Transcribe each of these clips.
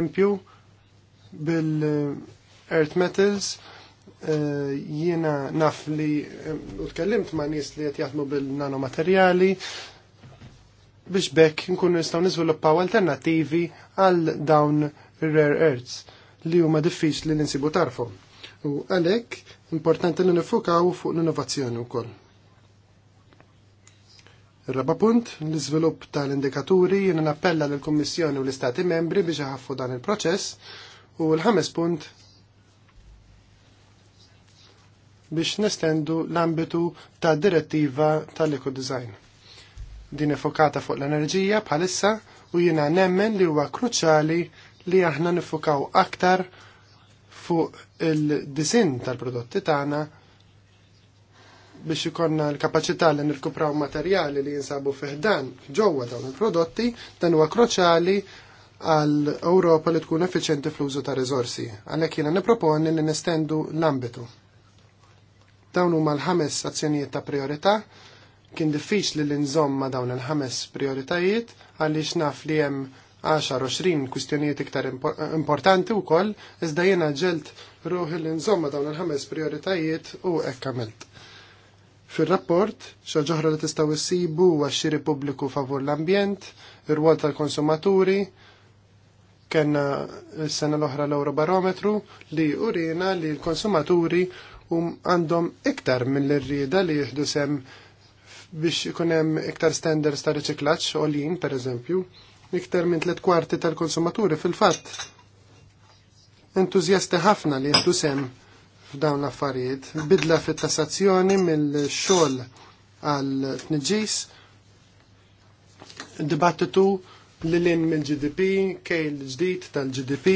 Empju bil-earth eh, metals eh, jiena naf li eh, u tkellimt ma' nies li qed jaħdmu bil-nanomaterjali biex bekk nkunu nistgħu niżviluppaw alternattivi għal dawn rare earths li huma diffiċli li nsibu tarfhom. U għalhekk importanti li nifukaw fuq l-innovazzjoni wkoll. Raba punt, l-izvilupp tal-indikaturi jenna nappella l kommissjoni u l-Istati membri biex ħaffu dan il-proċess u l-ħames punt biex nestendu l-ambitu ta' direttiva tal-eco design. Din effokata fuq l-enerġija bħalissa u jiena nemmen li huwa kruċali li aħna nifukaw aktar fuq il-disin tal-prodotti tagħna biex ikonna l-kapacità li nirkupraw materjali li jinsabu fiħdan ġewwa dawn il-prodotti, dan huwa kruċjali għal Ewropa li tkun effiċenti fl-użu ta' riżorsi. Għalhekk jiena nipproponi li nestendu l-ambitu. Dawn huma l-ħames azzjonijiet ta' priorità. Kien diffiċli li nżomm ma' dawn il-ħames prioritajiet għaliex naf li hemm 10-20 kwistjonijiet iktar importanti wkoll iżda jiena ġelt ruħi li inżomma dawn il-ħames prioritajiet u hekk għamilt. Fil-rapport, xaġoħra li tistaw issibu għaxxiri pubbliku favur l-ambjent, ir-rwol tal-konsumaturi, kena s-sena l-oħra l-Eurobarometru li urina li l-konsumaturi um għandhom iktar minn l-rrida li jihdu sem biex ikunem iktar standards ta' riċiklaċ olin, per eżempju, iktar minn tlet kwarti tal-konsumaturi fil-fatt. Entuzjasti ħafna li jihdu sem f'dawn l-affarijiet. Bidla fit-tassazzjoni mill-xogħol għal tniġis dibattitu li lin mill-GDP, l ġdid tal-GDP,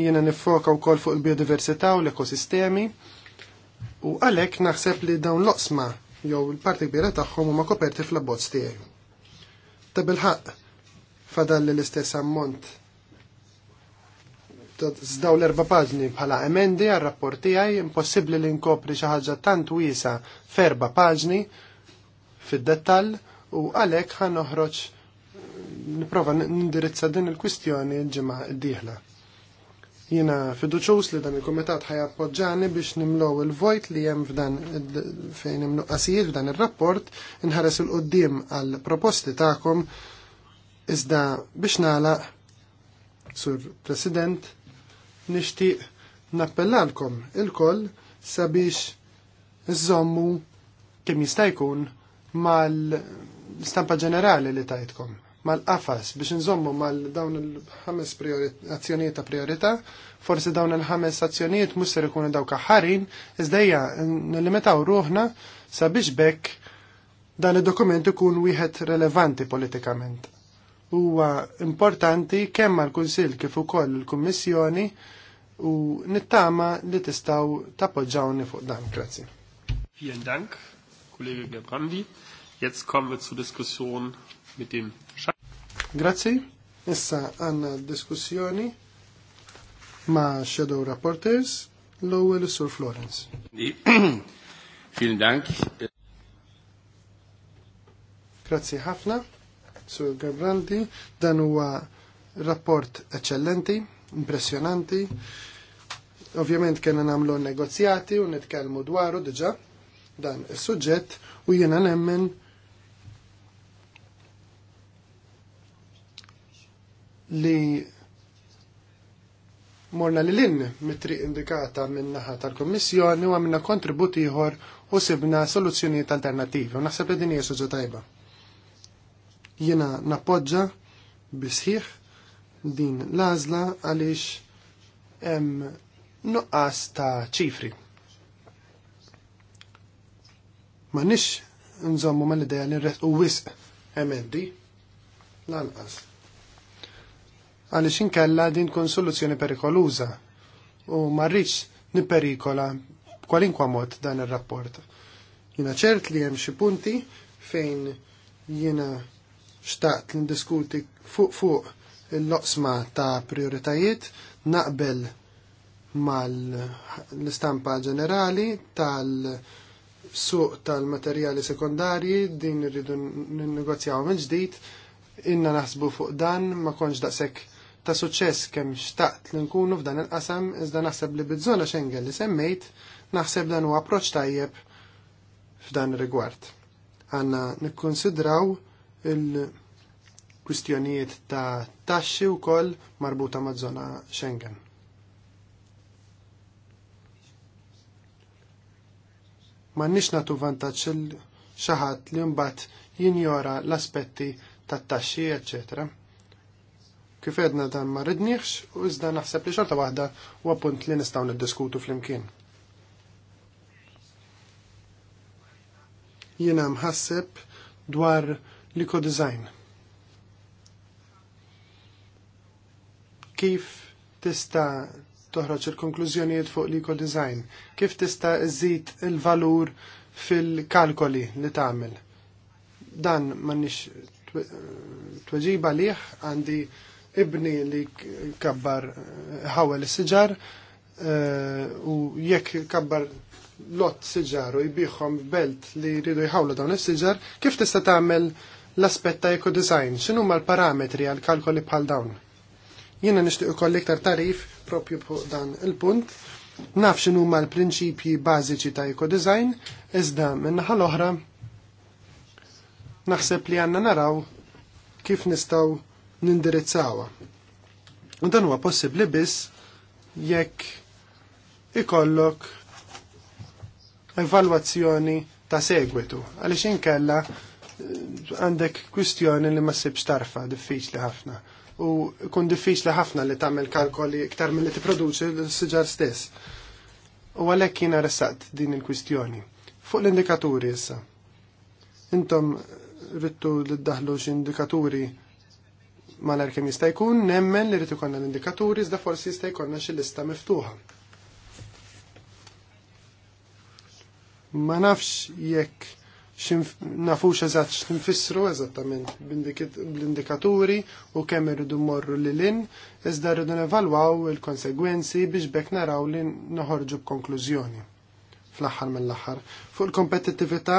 jiena nifoka wkoll fuq il-biodiversità u l-ekosistemi. U għalhekk naħseb li dawn l-oqsma jew il-parti kbira tagħhom huma koperti fl-abbozz tiegħi. Ta' ħaq fadal l-istess ammont Zdaw l-erba' paġni bħala emendi għal rapport tiegħi impossibbli li nkopri xi ħaġa tant wiesa f'erba' paġni fid-dettall u għalhekk ħa uħroċ niprofa nindirizza din il-kwistjoni l-ġimgħa d-dieħla. Jiena fiduċus li dan il-komitat appoġġani biex nimlow il-vojt li jem f'dan fejn hemm nuqqasijiet f'dan ir-rapport inħares il qoddim għal proposti tagħkom iżda biex nagħlaq sur President nixtieq nappellalkom il-koll sabiex zommu kem jista' jkun mal-stampa ġenerali li tajtkom, mal-qafas biex nżommu mal dawn il-ħames azzjonijiet ta' priorità, forsi dawn il-ħames azzjonijiet mhux ser ikunu dawk ħarin, iżda hija nlimitaw ruħna sabiex bekk dan id-dokument ikun wieħed relevanti politikament. Huwa importanti kemm għall kunsill kif ukoll il-Kummissjoni u nittama li tistaw tappoġġawni fuq dan. Grazzi. Vielen Dank, Kollege Gebrandi. Jetzt kommen wir zur Diskussion mit dem Schatz. Grazzi. Issa għanna diskussjoni ma' Shadow Rapporteurs, l-ewwel Sur Florence. Vielen Dank. Grazzi ħafna, Sur Gabrandi, dan huwa rapport eccellenti impressjonanti. Ovvjament kena namlu negozjati u nitkellmu dwaru diġa dan is-suġġett u jiena nemmen li morna li l mit-triq indikata minn naħa tal-Kommissjoni u għamilna kontribut ieħor u sibna soluzzjonijiet alternattivi u naħseb li din hija suġġa tajba. Jiena nappoġġa bisħiħ din l-għażla għaliex hemm nuqqas ta' ċifri. Ma nix nżommu mal-ideja li u wisq emendi l-anqas. Għaliex inkella din kun soluzzjoni perikoluża u ma rridx nipperikola kwalinkwa mod dan ir-rapport. Jina ċert li hemm xi punti fejn jiena xtaqt l-indiskuti fuq fuq il-loqsma ta' prioritajiet naqbel mal-istampa ġenerali tal-suq tal-materjali sekondarji din irridu n-negozjaw minn ġdid inna naħsbu fuq dan ma konġ daqsek ta' suċċess kemm xtaqt li nkunu f'dan il-qasam iżda naħseb li biż-żona li semmejt naħseb dan huwa approċċ tajjeb f'dan ir-rigward. Għanna nikkonsidraw il- kwistjonijiet ta' taxxi wkoll marbuta maż-żona Schengen. nix natu vantaċ il xaħat li mbagħad jinjora l-aspetti tat-taxxi, eċetera. Kif edna dan ma ridniex u iżda naħseb li xorta waħda huwa punt li nistgħu niddiskutu flimkien. Jiena mħasseb dwar l-eco-design. kif tista' toħroġ il-konklużjonijiet fuq l design, kif tista' iżid il-valur fil-kalkoli li tagħmel. Dan m'għandniex tweġiba liħ għandi ibni li kabbar ħawel is-siġar eh, u jekk kabbar lot siġar u jbiħħom belt li jridu jħawlu dawn is-siġar, kif tista' tagħmel l-aspett ta' eco design? X'inhuma l-parametri għal kalkoli bħal dawn? Jiena nixtieq ukoll iktar tarif propju fuq dan il-punt. Naf x'inhu ma l-prinċipji bażiċi ta' eco-design, iżda min-naħa l-oħra naħseb li għandna naraw kif nistgħu nindirizzawha. U dan huwa possibbli biss jekk ikollok evalwazzjoni ta' segwitu, għaliex inkella eh, għandek kwistjoni li ma sibx tarfa, diffiċli ħafna u kun diffiċli ħafna li tagħmel kalkoli iktar milli tipproduċi l-siġar stess. U għalhekk jien ressaqt din il-kwistjoni. Fuq l-indikaturi issa. Intom rittu li ddaħlu x'indikaturi malar kem jista' jkun nemmen li rrid ikollna l-indikaturi iżda forsi jista' jkollna xi lista miftuħa. Ma nafx jekk nafux eżatt x'tinfissru eżattament bl-indikaturi u kemm irridu mmorru lil in, iżda rridu nevalwaw il-konsegwenzi biex bekk naraw li noħorġu b'konklużjoni fl-aħħar mill-aħħar. Fuq il-kompetittività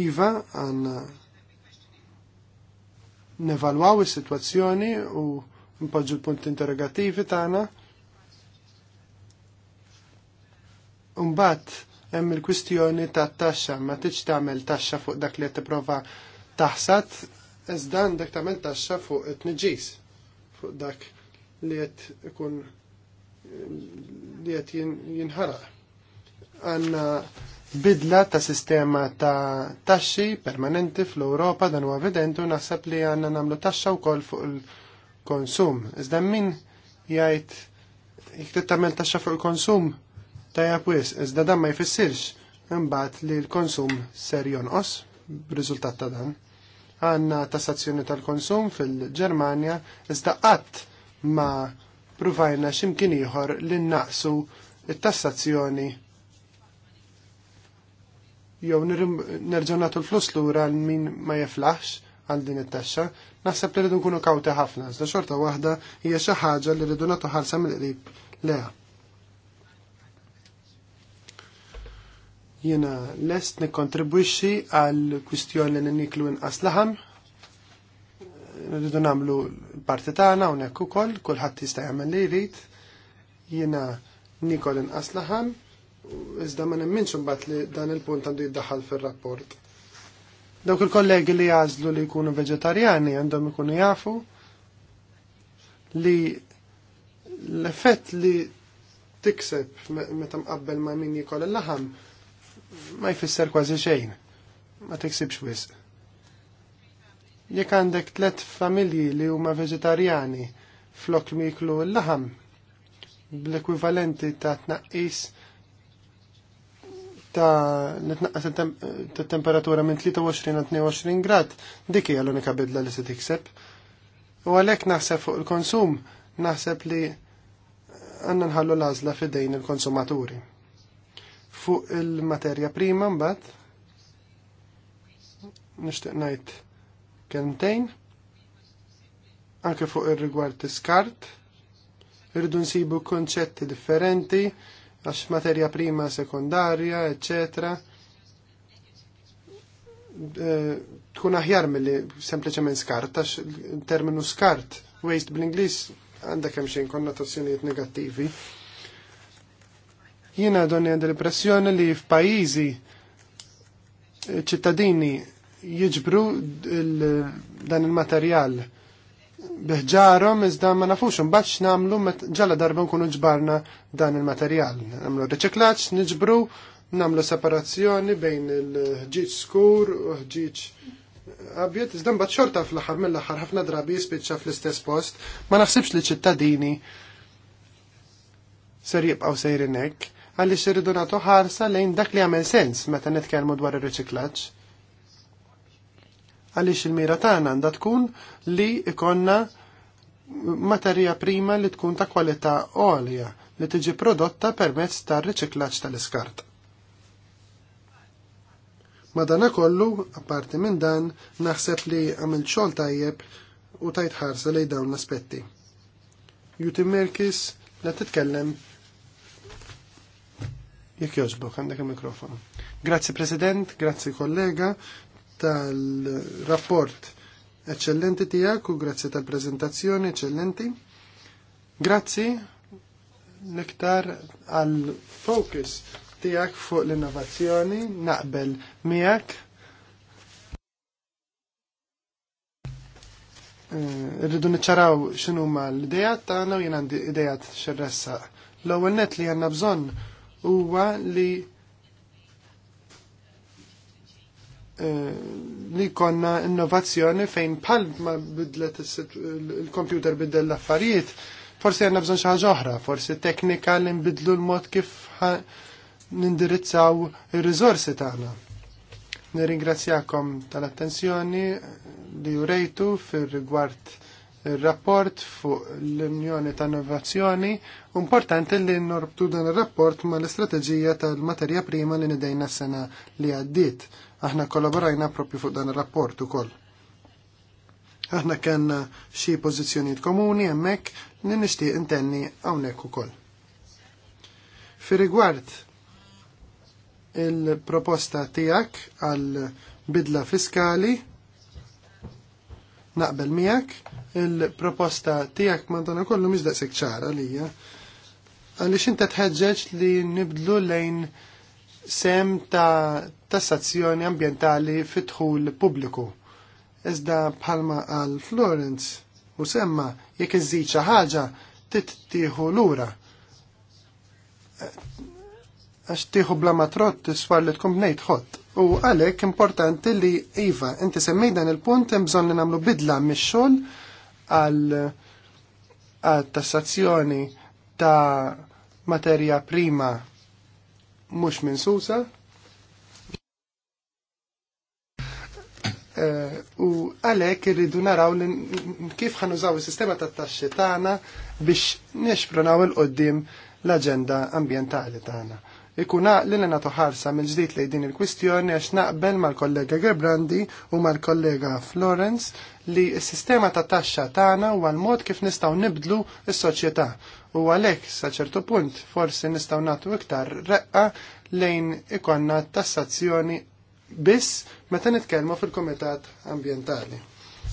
iva għandna nevalwaw is-sitwazzjoni u npoġġu l-punti interrogativi tagħna. Umbat, hemm il-kwistjoni ta' taxxa ma tiġ tagħmel taxxa fuq dak li qed tipprova taħsad iżda għandek tagħmel taxxa fuq it-tniġis fuq dak li qed ikun li qed jinħaraq. Għandna bidla ta' sistema ta' taxxi permanenti fl ewropa dan huwa evidenti u naħseb li għandna nagħmlu taxxa wkoll fuq il-konsum. Iżda min jgħid jekk tagħmel taxxa fuq il-konsum tajab wis, iżda dan ma jfissirx imbagħad li l-konsum ser jonqos b'riżultat ta' dan. Għandna tassazzjoni tal-konsum fil-Ġermanja iżda qatt ma pruvajna x'imkien ieħor li naqsu it-tassazzjoni jew nerġgħu nagħtu l-flus lura għal min ma jeflaħx għal din it-taxxa, naħseb li rridu nkunu kawti ħafna, iżda xorta waħda hija xi ħaġa li rridu nagħtu ħarsa mill-qrib leha. Jiena lest nikkontribwixxi għal kwistjoni li niklu inqas Rridu nagħmlu l-parti tagħna hawnhekk ukoll, kulħadd jista' jagħmel li jrid. Jiena nikol inqaslaħam, u iżda ma nemminx imbagħad li dan il-punt għandu jiddaħħal fir-rapport. Dawk il-kollegi li jażlu li jkunu veġetarjani għandhom ikunu jafu li l-effett li tikseb meta mqabbel ma' min jikol il-laħam ma jfisser kważi xejn, ma tiksibx wisq. Jekk għandek tlet familji li huma veġetarjani flok miklu jiklu l-laħam bl-ekwivalenti ta' tnaqqis ta' nitnaqqas ta' temperatura minn 23 għal 22 grad, dik hija l-unika bidla li se tikseb. U għalhekk naħseb fuq il-konsum, naħseb li għandna nħallu l-għażla fidejn il-konsumaturi. Fuq il-materja prima mbagħad nixtieq ngħid kelmtejn anke fuq ir-rigward iskart irridu nsibu konċetti differenti għax materja prima sekundarja, eccetera eh, tkun aħjar mill-li skart, għax terminu skart, waste bl-Inglis għandha kemm xejn konnotazzjonijiet negattivi, Jiena donni għandi l-impressjoni li f'pajjiżi ċittadini jiġbru dan il-materjal biħġarhom iżda ma nafux imbagħad x'namlu ġalla darba nkunu ġbarna dan il-materjal. Nagħmlu riċiklaġġ, niġbru, nagħmlu separazzjoni bejn il-ħġiġ skur u ħġiġ abjed, iżda mbagħad xorta fl-aħħar mill-aħħar ħafna drabi jispiċċa fl-istess post, ma naħsibx li ċittadini ser jibqgħu sejrin hekk għaliex irridu nagħtu ħarsa lejn dak li għamel sens meta nitkellmu dwar ir-riċiklaġġ. Għaliex il-mira tagħna għandha tkun li ikonna materja prima li tkun ta' kwalità għolja li tiġi prodotta permezz tar-riċiklaġġ tal-iskart. Madana kollu, apparti minn dan, naħseb li għamil xol tajjeb u tajt ħarsa li dawn l-aspetti. Jutim Merkis la titkellem Jek joġbok, għandek il-mikrofonu. Grazzi President, grazzi kollega tal-rapport eccellenti tijak u grazzi tal-prezentazzjoni eccellenti. Grazzi l-iktar għal-focus tijak fuq l-innovazzjoni, naqbel miegħek. Eh, rridu niċċaraw x'inhuma l-idejat tagħna u jien għandi idejat xerressa. L-ewwel net li għandna bżonn huwa li eh, li konna innovazzjoni fejn pal ma bidlet il-kompjuter bidel l-affarijiet, forsi għanna bżon xaħġa oħra, forsi teknika li nbidlu l-mod kif nindirizzaw il-rizorsi tagħna. Nirringrazzjakom tal-attenzjoni li jurejtu fir rigward il-rapport fuq l-Unjoni ta' Innovazzjoni, importanti li norbtu dan il-rapport ma' l-istrateġija tal-materja prima li nidejna s-sena li għaddit. Aħna kollaborajna propju fuq dan il-rapport u koll. Aħna kanna xie pozizjoniet komuni emmek li nishtiq intenni għawnek u koll. Fi rigward il-proposta tijak għal bidla fiskali, naqbel miegħek il-proposta tiegħek madonna kollu miżdaqsek ċara lija. Għaliex inta tħeġġeġ li nibdlu lejn sem ta' tassazzjoni ambientali l pubbliku. Iżda bħalma għal Florence u semma jekk iżżid xi ħaġa tittieħu lura. Għax tieħu bla matrott iswar li tkun bnejt ħodd U għalhekk importanti li iva, inti semmej dan il-punt hemm bżonn li nagħmlu bidla mix-xogħol għal tassazzjoni ta' materja prima mhux minsusa. Eh, u għalhekk irridu naraw kif kif użaw is-sistema tat-taxxi tagħna biex nexprunaw il-qoddim l-aġenda ambjentali tagħna ikun li nena nagħtu ħarsa mill-ġdid lejn din il-kwistjoni għax naqbel mal-kollega Gerbrandi u mal-kollega Florence li s-sistema ta' taxxa tagħna huwa l-mod kif nistgħu nibdlu s-soċjetà u għalhekk sa ċertu punt forsi nistgħu nagħtu iktar reqqa lejn ikonna tassazzjoni biss meta nitkellmu fil-Kumitat Ambjentali.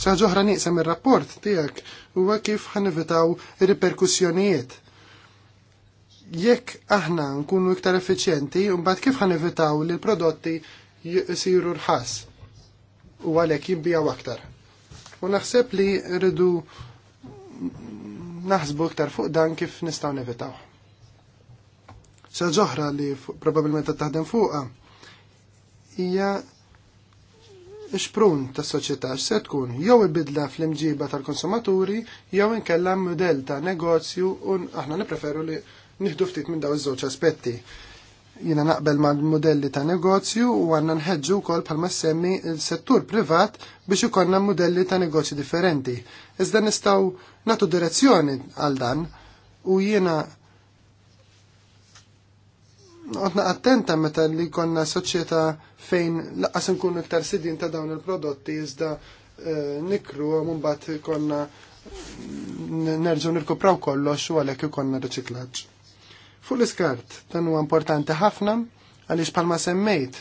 Saġoħra niqsem ir-rapport tiegħek huwa kif ħanivitaw ir-riperkussjonijiet jekk aħna nkunu iktar effiċjenti, mbagħad kif ħanevitaw li l-prodotti jisiru rħas u għalhekk jimbijaw aktar. U naħseb li rridu naħsbu iktar fuq dan kif nistgħu nevitaw. Sa ġoħra li probabbilment qed taħdem fuqha hija xprun tas soċjetà x'se tkun jew ibidla fl-imġiba tal-konsumaturi jew inkella mudell ta' negozju u aħna nipreferu li nieħdu ftit minn daw iż-żewġ aspetti. Jiena naqbel mal-modelli ta' negozju u għandna nħeġġu wkoll bħalma semmi il settur privat biex ikollna modelli ta' negozju differenti. Iżda nistgħu nagħtu direzzjoni għal dan u jiena għotna attenta meta li konna soċieta fejn laqas nkunu iktar sidin ta' dawn il-prodotti iżda eh, nikru u bat konna nerġu nirkupraw kollox u għalek konna riċiklaġġ. Fuq l-iskart, dan huwa importanti ħafna għaliex palma semmejt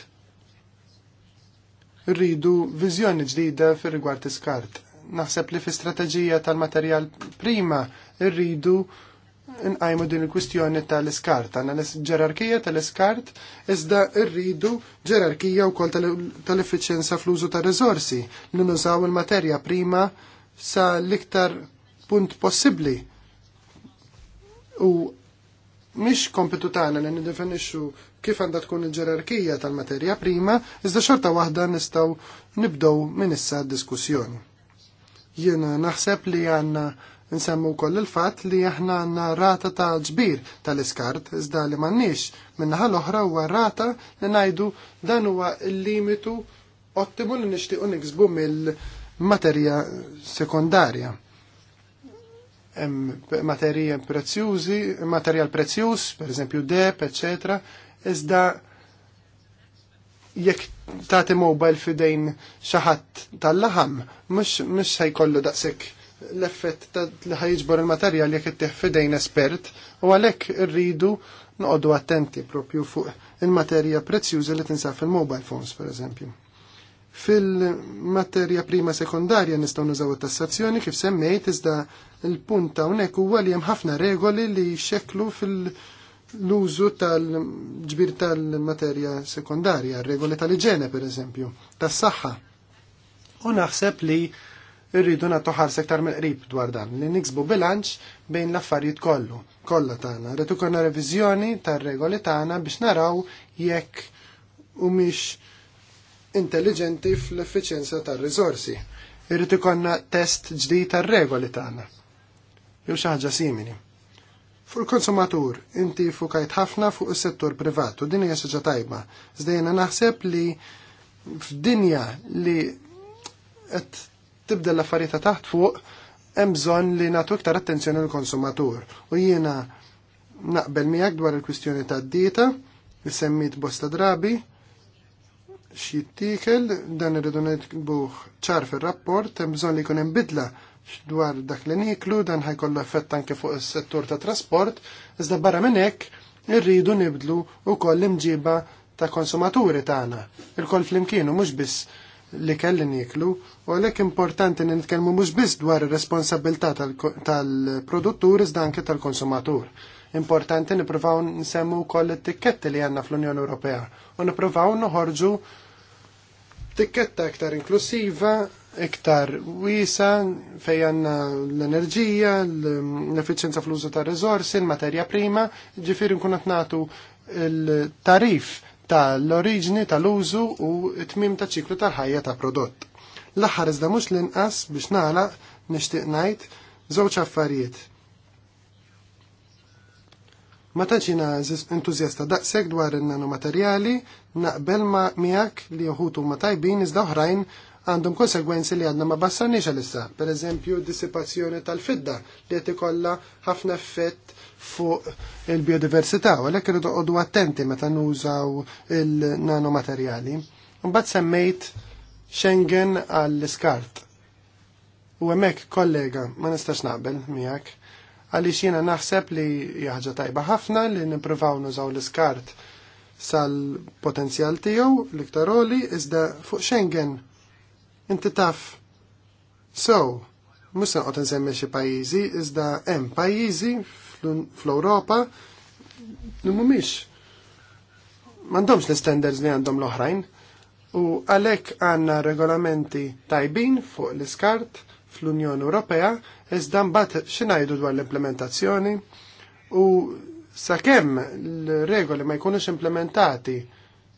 rridu viżjoni ġdida fir rigward iskart. Naħseb li fi strateġija tal-materjal prima rridu nqajmu din il-kwistjoni tal-iskart. Għanna ġerarkija tal-iskart, iżda rridu ġerarkija wkoll tal-effiċjenza fl-użu ta' riżorsi li nużaw il-materja prima sa l-iktar punt possibbli u Mish kompetu tagħna li niddefinixxu kif għandha tkun il-ġerarkija tal-materja prima, iżda xorta waħda nistgħu nibdew minn issa d-diskussjoni. Jien naħseb li għandna nsemmu wkoll il-fatt li aħna għandna rata ta' ġbir tal-iskart iżda li m'għandniex minnaħa l-oħra huwa rata li ngħidu dan huwa l-limitu ottimu li nixtiequ niksbu mill-materja sekondarja hemm materjal prezzjużi, materjal prezzjuż, pereżempju deb, eċetera, iżda jekk tagħti mobile f'idejn xi ħadd tal-laħam, mhux mhux ħajkollu daqshekk l-effett li ħajġbor il-materjal jekk ittieħ f'idejn espert u għalhekk irridu noqogħdu attenti propju fuq il-materja prezzjuża li tinsab fil-mobile phones pereżempju. Fil-materja prima sekundarja nistgħu nużaw it-tassazzjoni kif semmejt iżda Il-punta unek u għal ħafna regoli li xeklu fil-użu tal-ġbir tal-materja sekundarja, regoli tal-iġene per eżempju, tas-saħħa. U naħseb li irridu nagħtu ħarsek tar mill-qrib dwar dan li niksbu bilanċ bejn l-affarijiet kollu, kollha tagħna. Rid ukoll reviżjoni tar-regoli tagħna biex naraw jekk humiex intelligenti fl-effiċjenza tar-riżorsi. Irrid ikollna test ġdid tar-regoli tagħna jew xi ħaġa simili. Fuq il-konsumatur, inti fukajt ħafna fuq is-settur privat u din hija xi tajba. Zdejna naħseb li f'dinja li qed tibda l-affarijiet ta' taħt fuq hemm bżonn li nagħtu iktar attenzjoni l-konsumatur. U jiena naqbel miegħek dwar il-kwistjoni tad-dieta li semmit bosta drabi xittikel dan irridu nitbuh ċar fil-rapport hemm bżonn li jkun hemm bidla dwar dak li niklu dan ħajkollu effett anke fuq is-settur ta' trasport, iżda barra minn hekk irridu nibdlu wkoll imġiba ta' konsumaturi tagħna. Il-koll flimkienu mhux biss li kelli niklu, u għalhekk importanti li nitkellmu mhux biss dwar ir-responsabilità tal-produttur iżda anke tal-konsumatur. Importanti nippruvaw nsemmu wkoll it-tikketti li għandna fl-Unjoni Ewropea u nippruvaw noħorġu tikketta aktar inklusiva iktar wisa fej l-enerġija, l-efficienza fl-użu ta' rizorsi, l-materja prima, ġifiri nkun natu l-tarif ta' l-oriġni tal-użu u t-tmim ta' ċiklu tal-ħajja ta' prodott. L-aħħar iżda mhux l-inqas biex nagħlaq nixtieq ngħid żewġ affarijiet. Ma tantx entużjasta daqshekk dwar in-nanomaterjali naqbel ma' miegħek li joħutu ma tajbin iżda oħrajn għandhom konsegwenzi li għadna ma bassarniex għalissa. Per eżempju, dissipazzjoni tal-fidda li qed ikollha ħafna effett fuq il-biodiversità, u għalhekk irid toqgħodu attenti meta nużaw il-nanomaterjali. Mbagħad semmejt Schengen għall-iskart. U hemmhekk kollega, ma nistax naqbel miegħek, għaliex jiena naħseb li jaħġa tajba ħafna li nippruvaw nużaw l-iskart sal-potenzjal tiegħu l-iktar oli iżda fuq Schengen Inti taf. So, mhux għot nsemmi xi pajjiżi, iżda hemm pajjiżi fl-Ewropa li mhumiex m'għandhomx l-standards li għandhom l-oħrajn. U għalhekk għandna regolamenti tajbin fuq l-iskart fl-Unjoni Ewropea, iżda mbagħad xinajdu dwar l-implementazzjoni u sakemm l-regoli ma jkunux implementati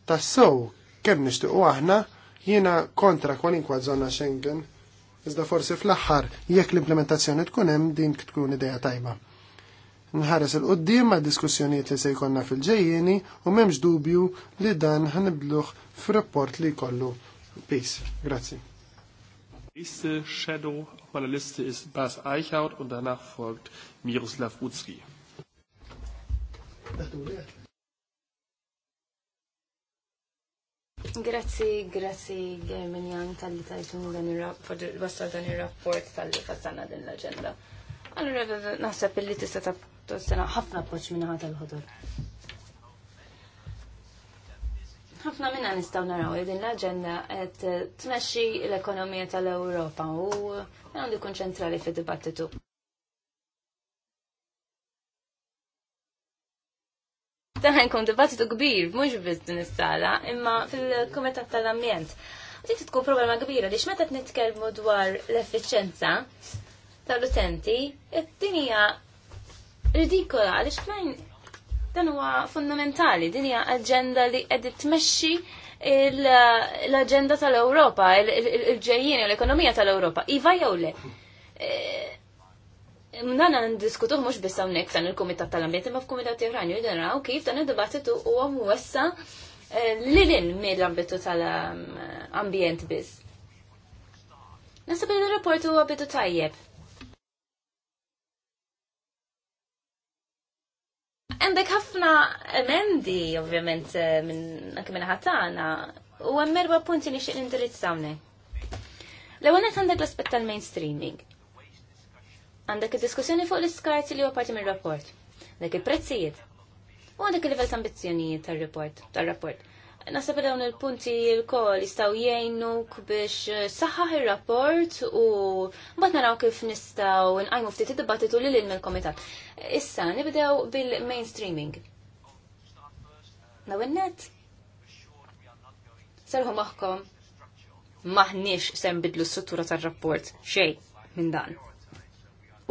tassow kemm nixtiequ aħna, Jiena kontra kwalinkwa żona Schengen, iżda forsi fl-aħħar jekk l-implementazzjoni tkun hemm din tkun idea tajba. Nħares il-qoddim ma' diskussjonijiet li se jkollna fil-ġejjieni u m'hemmx dubju li dan ħanibluh f'rapport li jkollu Peace. Grazzi. Nächste Shadow auf meiner Liste ist Bas Eichhaut und danach folgt Miroslav Utski. Grazzi, grazzi Germanian tal-li tajtun dan il-rapport tal-li fazzana din l-agenda. Allora, naħseb li tista ta' tossena ħafna poċ minna tal-ħodur. ħafna minna nistaw naraw li din l-agenda għed tmexxi l-ekonomija tal-Europa u għandu kun ċentrali fid-dibattitu. Dan ħankun dibattitu kbir, mhux biss din is-sala, imma fil-Kumitat tal-Ambjent. Dik tkun problema kbira li meta nitkellmu dwar l-effiċenza tal-utenti, id-dinja ridikola għaliex fejn dan huwa fundamentali, din hija aġenda li qed tmexxi l agenda tal-Ewropa, il-ġejjien u l-ekonomija tal-Ewropa. Iva jew le. Eh, Mnana għan diskutuħ mux biss hawnhekk f'dan il-Kumitat tal-Ambjent u f'Kumitat oħrajn jidenraw kif dan id-dibattitu huwa mwessa eh, lilin mill-ambitu tal-ambjent biss. Nasa li l-rapport huwa bidu tajjeb. Għandek ħafna emendi, ovvjament, eh, minn anke minn ħatana, u hemm erba' punti li xieq indirizz hawnhekk. L-ewwel għandek l-aspett tal-mainstreaming Għandek il-diskussjoni fuq l iskarzi li huwa parti minn rapport Għandek il-prezzijiet. U għandek il-livell ta' ambizzjonijiet tar-rapport. Tar-rapport. Nasab dawn il-punti il kol jistaw jgħinuk biex eh, saħħaħ il-rapport u mbagħad naraw kif nistaw nqajmu ftit id-dibattitu lil ilm il-komitat. Issa nibdew bil-mainstreaming. Naw net Serħu maħkom maħniex sem bidlu s-suttura tar-rapport xej minn dan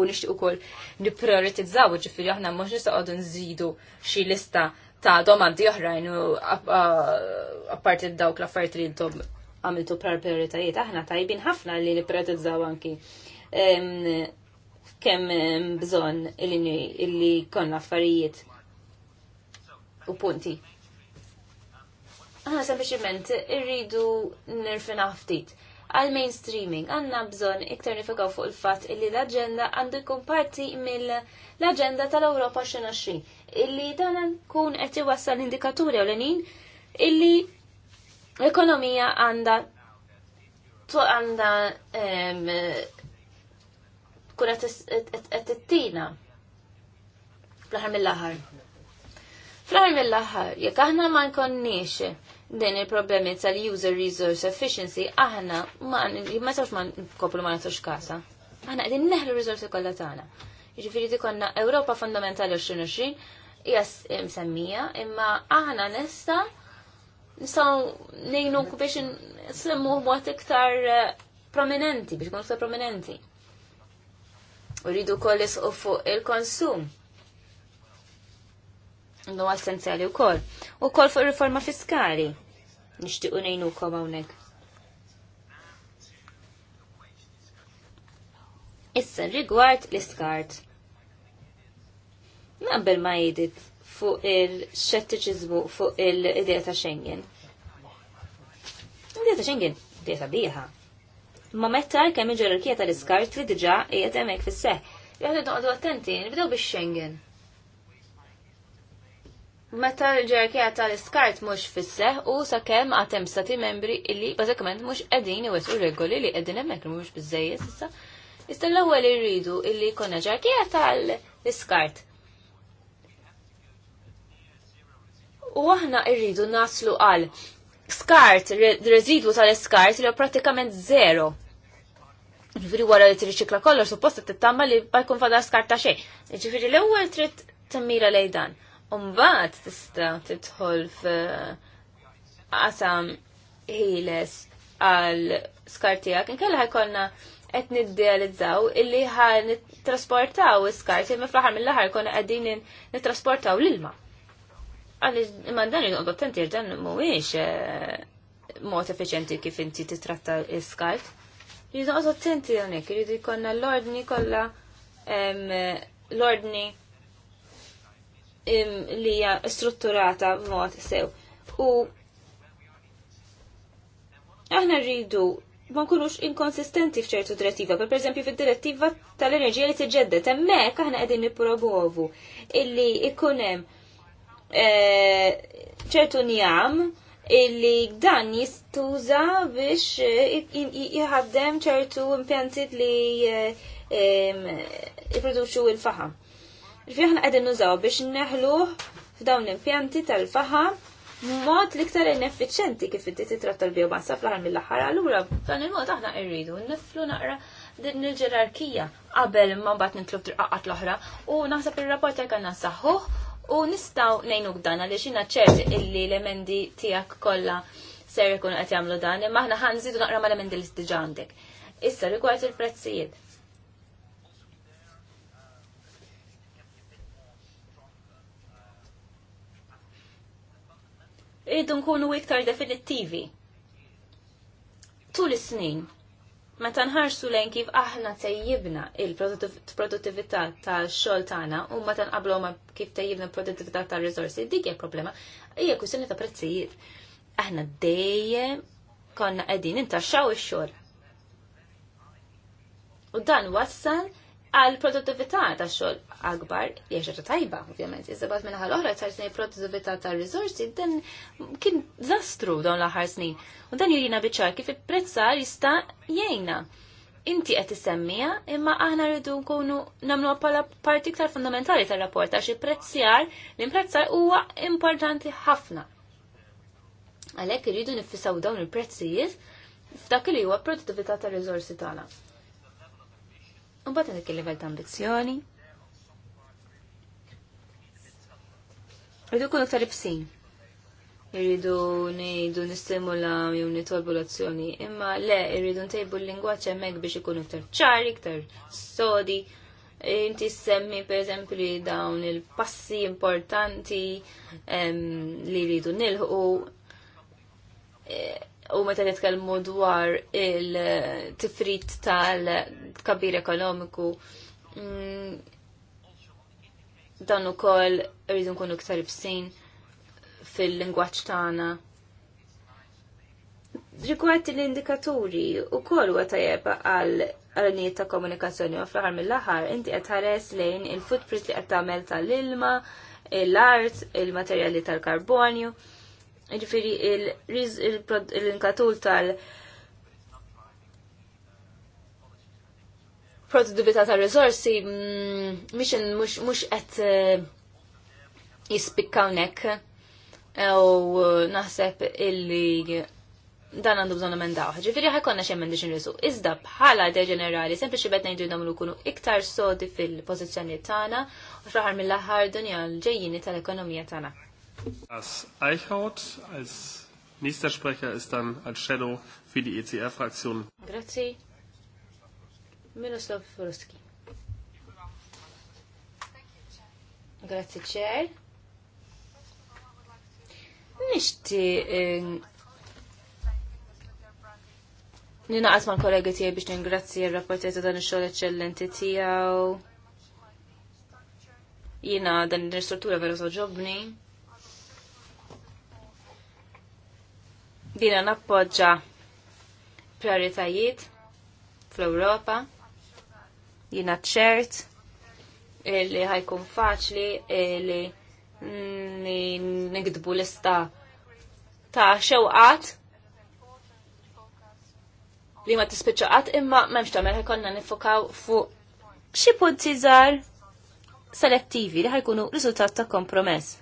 u nixtieq ukoll nipprioritizzaw ġifiri aħna mhux nistgħu nżidu xi lista ta' domandi oħrajn u apparti dawk l-affarijiet li intom għamiltu prioritajiet aħna tajbin ħafna li nipprioritizzaw anki kemm bżonn illi konna affarijiet u punti. Aħna sempliciment irridu nirfina ftit għal mainstreaming. Għanna bżon iktar nifikaw fuq il-fat illi l-agenda għandu jkun parti mill-agenda tal-Europa 2020. Illi dan kun qed iwassal indikaturi ewlenin illi l-ekonomija għanda għanda kuna t-tina fl-ħar mill-ħar. Fl-ħar mill-ħar, jek aħna ma nkonniex din il-problemi tal-user resource efficiency aħna ma nistax ma nkoplu ma nagħtux kasa. Aħna qegħdin neħlu r kollha tagħna. Jiġifieri di konna Ewropa fondamentali 2020 hija msemmija, imma aħna nista nistgħu ngħinu biex nsemmu mod eh, iktar prominenti, biex ikun iktar prominenti. Uridu koll u fuq il-konsum. Ndu essenzjali u koll. U koll fuq riforma fiskali nixtiequ ngħinukom hawnhekk. Issa rigward l-iskart. Naqbel ma jidit fuq il-xettiċizmu fuq il-idea ta' Schengen. Idea ta' Schengen, idea ta' biħa. Ma metta kemm iġġorrikija tal-iskart li diġa qiegħed hemmhekk fis-seħ. Jaħdu noqogħdu attenti, nibdew bix-Schengen. Meta l-ġerkija tal-iskart mux fisseħ u kem għatem stati membri illi bazzikament mux edin u regoli li edin emmek mux bizzeje issa. Istan l-ewwel rridu illi konna ġerkija tal-iskart. U aħna rridu naslu għal skart, residwu tal-iskart li pratikament zero. Ġifiri wara li tirriċikla kollox, supposta tittamma li bajkun fada skart ta' xej. Ġifiri l-ewwel trid temmira lejdan. dan Umbaħt tista titħol f'qasam ħiles għal skartijak, nkella ħajkonna qed niddealizzaw illi ħan nittrasportaw iskarti imma fl-aħħar mill-aħħar konna qegħdin nittrasportaw l-ilma. Għaliex imma dan inqgħod attenti dan mhuwiex eh, mod effiċjenti kif inti titratta iskart. Jridu nqgħod attenti hawnhekk, jridu jkollna l-ordni kollha eh, l-ordni li hija strutturata b'mod sew. U aħna rridu ma nkunux inkonsistenti f'ċertu direttiva, per eżempju fid-direttiva tal-enerġija li tiġġedded, hemmhekk aħna qegħdin nipprovovu illi ikun hemm e, ċertu njam illi dan jistuża biex jħaddem e, ċertu impjanti li e, jipproduċu il-faħam. Ġifieri aħna qegħdin nużaw biex neħluh f'dawn l-impjanti tal faħa mod l-iktar ineffiċenti kif inti titratta l-biomassa fl-aħħar mill-aħħar allura dan il-mod aħna rridu niflu naqra din il-ġerarkija qabel ma mbagħad nitlob tirqaqat l-oħra u naħseb ir-rapport jek għanna saħħuh u nistgħu ngħinuk dan għaliex xina ċert illi l-emendi tiegħek kollha ser jkun qed jagħmlu dan imma aħna ħanżidu naqra mal-emendi li diġà għandek. Issa rigward il-prezzijiet. irridu nkunu iktar definittivi. Tul is-snin, meta nħarsu lejn kif aħna tejjibna il-produttività tal-xogħol tagħna u meta nqablu ma kif tejjibna l-produttività tal-riżorsi, dik hija problema, hija kwistjoni ta' prezzijiet. Aħna dejjem konna qegħdin intaxxaw ix-xogħol. U dan wassal għal produttività ta' xogħol akbar jiex ta' tajba, ovvjament, iżda bad minn ħal oħra tar snin produttività ta' rizorsi, dan kien zastru dawn l-aħħar snin. U dan jirina biċar kif il-prezzar jista' jgħinna. Inti qed isemmija, imma aħna rridu nkunu nagħmlu bħala parti iktar fundamentali tar-rapport għax il-prezzjar, l-imprezzar huwa importanti ħafna. Għalhekk irridu nifissaw dawn il-prezzijiet f'dak li huwa produttività tar-riżorsi tagħna. Un bat dak il-level ta' ambizjoni. Rridu kunu ktar ibsin. Irridu nejdu nistimula jew nitolbu l-azzjoni. Imma le, irridu ntejbu l-lingwaċ hemmhekk biex ikun iktar ċari, iktar sodi. Inti semmi per eżempju dawn il-passi importanti li rridu nilħu eh, u meta nitkellmu dwar il-tifrit tal-kabir ekonomiku mm, dan ukoll rridu nkunu iktar ibsin fil-lingwaġġ tagħna. Rigward l-indikaturi u koll huwa tajjeb għal għal-nijiet ta' komunikazzjoni u fl-ħar mill-ħar inti qed ħares lejn il-footprint li qed tagħmel tal-ilma, l-art, il-materjali tal-karbonju. il materjali tal karbonju ġifiri il-inkatul tal- produttività ta' rizorsi mux mm, mhux qed eh, nek u naħseb illi dan għandu bżonn emendaw. Ġifiri ħajkonna xi emendi rizu. Iżda bħala idea ġenerali sempliċi bed ngħidu nagħmlu jkunu iktar sodi fil pozizjoni tagħna u fl mill-aħħar dunja l-ġejjini tal-ekonomija tagħna. As Eichhaut als nächster Sprecher ist dann als Shadow für die ECR-Fraktion. Grazie. Miroslav Ruski. Grazie, Chair. Nishti eh, Ninaqas ma' kollega tijaj biex ningrazzi il-rapportiet dan il-xol eccellenti tijaw. Jina dan il-struttura vera soġobni. dina nappoġġa prioritajiet fl-Ewropa, jina ċert li ħajkun faċli li nikdbu lista ta' xewqat li ma tispiċċa qatt imma m'hemmx tagħmel ħajkonna nifokaw fuq xi punti żgħar selettivi li ħajkunu riżultat ta' kompromess.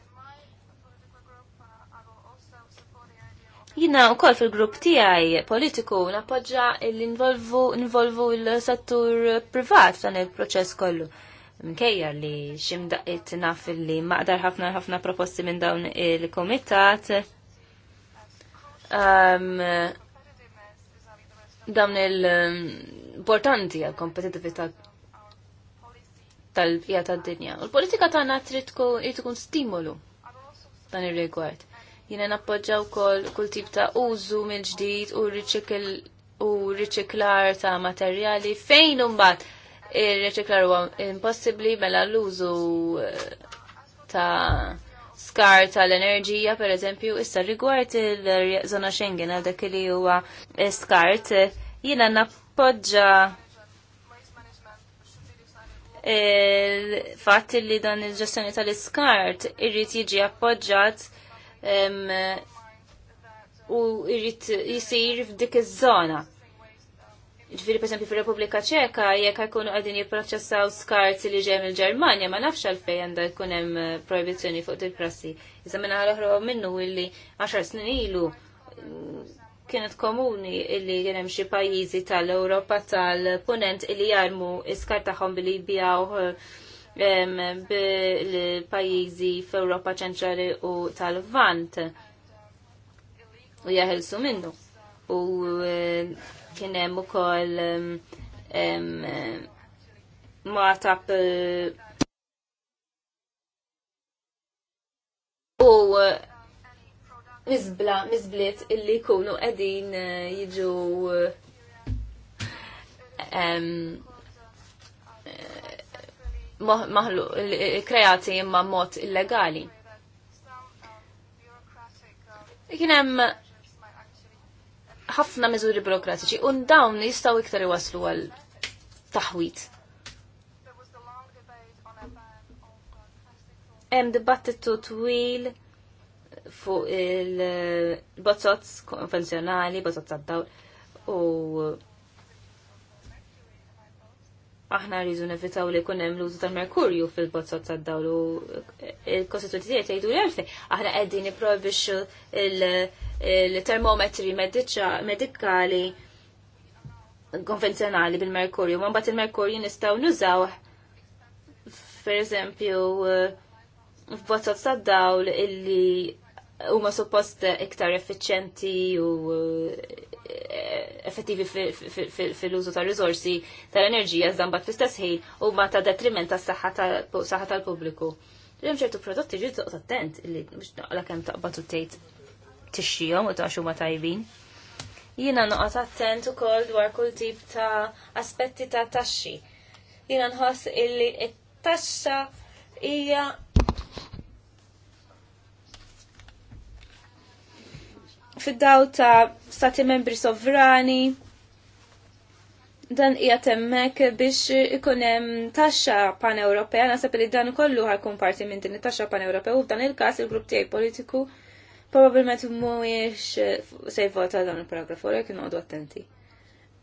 Jina u koll fil-grupp tijaj politiku napoġġa l-involvu l-settur privat dan il-proċess kollu. Mkejja li ximdaqit naf li maqdar ħafna ħafna proposti minn dawn il-komitat. Um, dawn il-importanti għal kompetitivita tal-pija tad-dinja. U l-politika tagħna trid tkun stimolu dan ir-rigward. Jiena nappoġġa wkoll kull tip ta' użu mill-ġdid u riċikl u riċiklar ta' materjali fejn imbagħad ir-riċiklar huwa impossibbli mela l-użu eh, ta' skar tal-enerġija, per eżempju, issa rigward il-zona Schengen għal dak li huwa eh, skart, jiena nappoġġa il-fatt li dan il-ġestjoni tal-iskart irrid jiġi appoġġat u jrid jisir f'dik iż-żona. Ġifiri, per esempio, fil-Repubblika Ċeka, jekk jkunu għadin jipproċessaw skarzi li ġem il-Ġermanja, ma nafx għalfej għandha jkun hemm eh, proibizzjoni fuq dil prassi. Iżda minna ħal-oħra minnu illi 10 snin ilu mm, kienet komuni illi kien hemm xi pajjiżi tal-Ewropa tal-Punent illi jarmu iskar tagħhom billi jbijgħu bil-pajizi f'Europa ċentrali u tal-Vant u jaħelsu minnu. U eh, kienem u koll martab eh, u mizbla, mizbliet illi kunu għedin eh, jiġu kreati imma mod illegali. Kien hemm ħafna miżuri burokratiċi u dawn jistgħu iktar iwaslu għal taħwit. Hemm dibattitu twil fuq il-bozzot konvenzjonali, bozzot tad-dawl u aħna rridu nevitaw li jkun hemm l-użu tal-merkurju fil-bozzot tad-dawl u il-kostituzzjoni jgħidu li għalfej aħna qegħdin nipprojbixxu il-termometri medikali konvenzjonali bil-merkurju, ma mbagħad il-merkurju nistgħu nużaw pereżempju f'bozzot tad-dawl illi huma suppost iktar effiċjenti u effettivi fil-użu ta' risorsi tal-enerġija zambat fl-istess ħin u ma ta' detriment ta' saħħa tal-pubbliku. Rem ċertu prodotti ġiet toqgħod attent li mhux naqla kemm t-tejt tgħid xijom u taqxu ma tajbin. Jiena noqgħod attent ukoll dwar kull tip ta' aspetti ta' taxxi. Jiena nħoss illi t-taxxa hija fid-daw ta' stati membri sovrani dan hija temmek biex ikun hemm taxxa pan-Ewropea, nasab li dan kollu ħakun parti minn din it-taxxa pan-Ewropea u f'dan il-każ il-grupp tiegħi politiku probabbilment mhuwiex se jvota dan il-paragrafu, jekk noqogħdu attenti.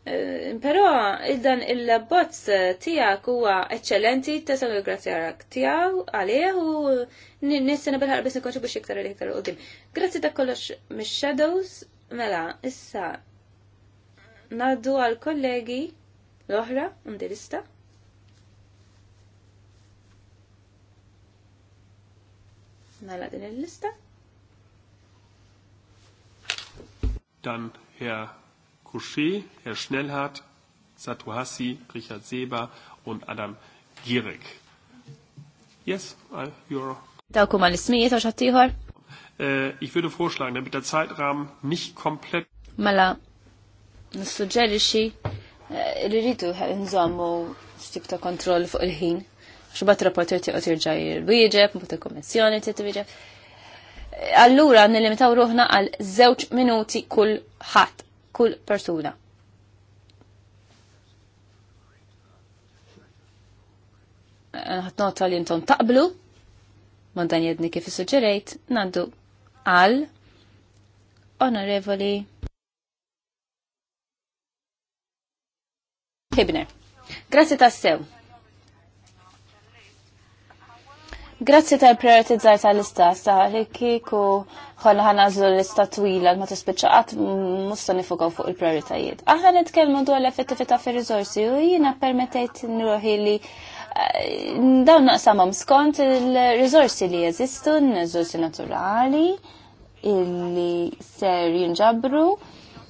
Eh, Pero il dan il bots tijak huwa eccellenti, tesal il għarak tijaw, għalih u nissena bil-ħarbis biex iktar il-iktar u Grazzi ta' kollox mis-shadows, mela, issa naddu għal kollegi l-oħra mdirista. Mela din il-lista. Dan, ja, Couchet, Herr Schnellhardt, Satuhassi, Richard Seba und Adam Gierig. Yes, you're... Dawkum eh, Ich würde vorschlagen, damit der Zeitrahmen nicht komplett... Mala, nissuġġerixi eh, li rridu nżommu ta' kontroll fuq il-ħin. Xubat il-wieġeb, kommissjoni wieġeb Allura, nilimitaw ruħna għal zewċ minuti kull ħadd kull persuna. Għatnota li intom taqblu, ma dan jedni kif suġġerejt, nandu għal onorevoli Hibner. Grazzi tassew. Grazzi tal-prioritizzar tal-istat, saħri kiku ħolli għazlu l-istat twila ma tispiċċa qatt musta nifugaw fuq il-prioritajiet. Aħna nitkellmu dwar l-effettività fir rizorsi u jiena permettejt nruħi li eh, dawn naqsamhom skont il rizorsi li jeżistu, n rizorsi naturali illi ser jinġabru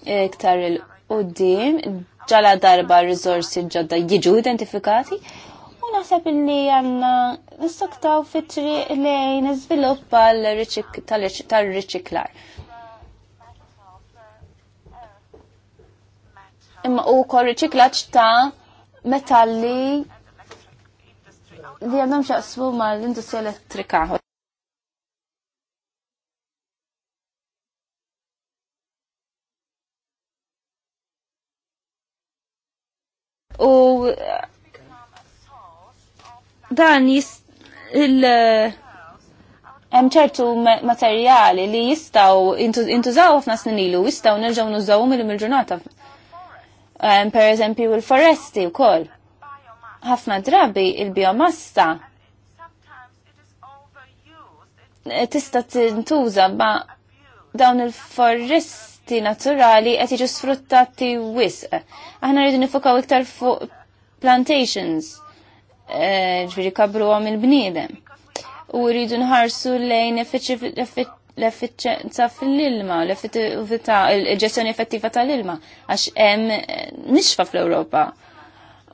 eh, iktar il-qudiem ġala darba rizorsi ġodda jiġu identifikati naħseb li għanna nistaktaw fitri li nizviluppa tal-riċiklar. Imma u kol riċiklaċ ta' metalli li għandhom xaqsmu ma' l-industrija elettrika. U dan jis il eh, hemm ċertu materjali li jistaw intużaw ħafna snin ilu, jistaw nerġgħu nużaw mill il-ġurnata. Ehm, per eżempju il-foresti wkoll. Ħafna drabi il-biomassa tista' tintuża ma dawn il-foresti naturali qed jiġu sfruttati wisq. Aħna rridu nifokaw iktar fuq plantations Eh, ġviri kabru għom il-bnidem. U rridu nħarsu lejn l-effiċenza fil-ilma, l-ġestjoni effettiva tal-ilma, għax hemm eh, nixfa fl-Ewropa.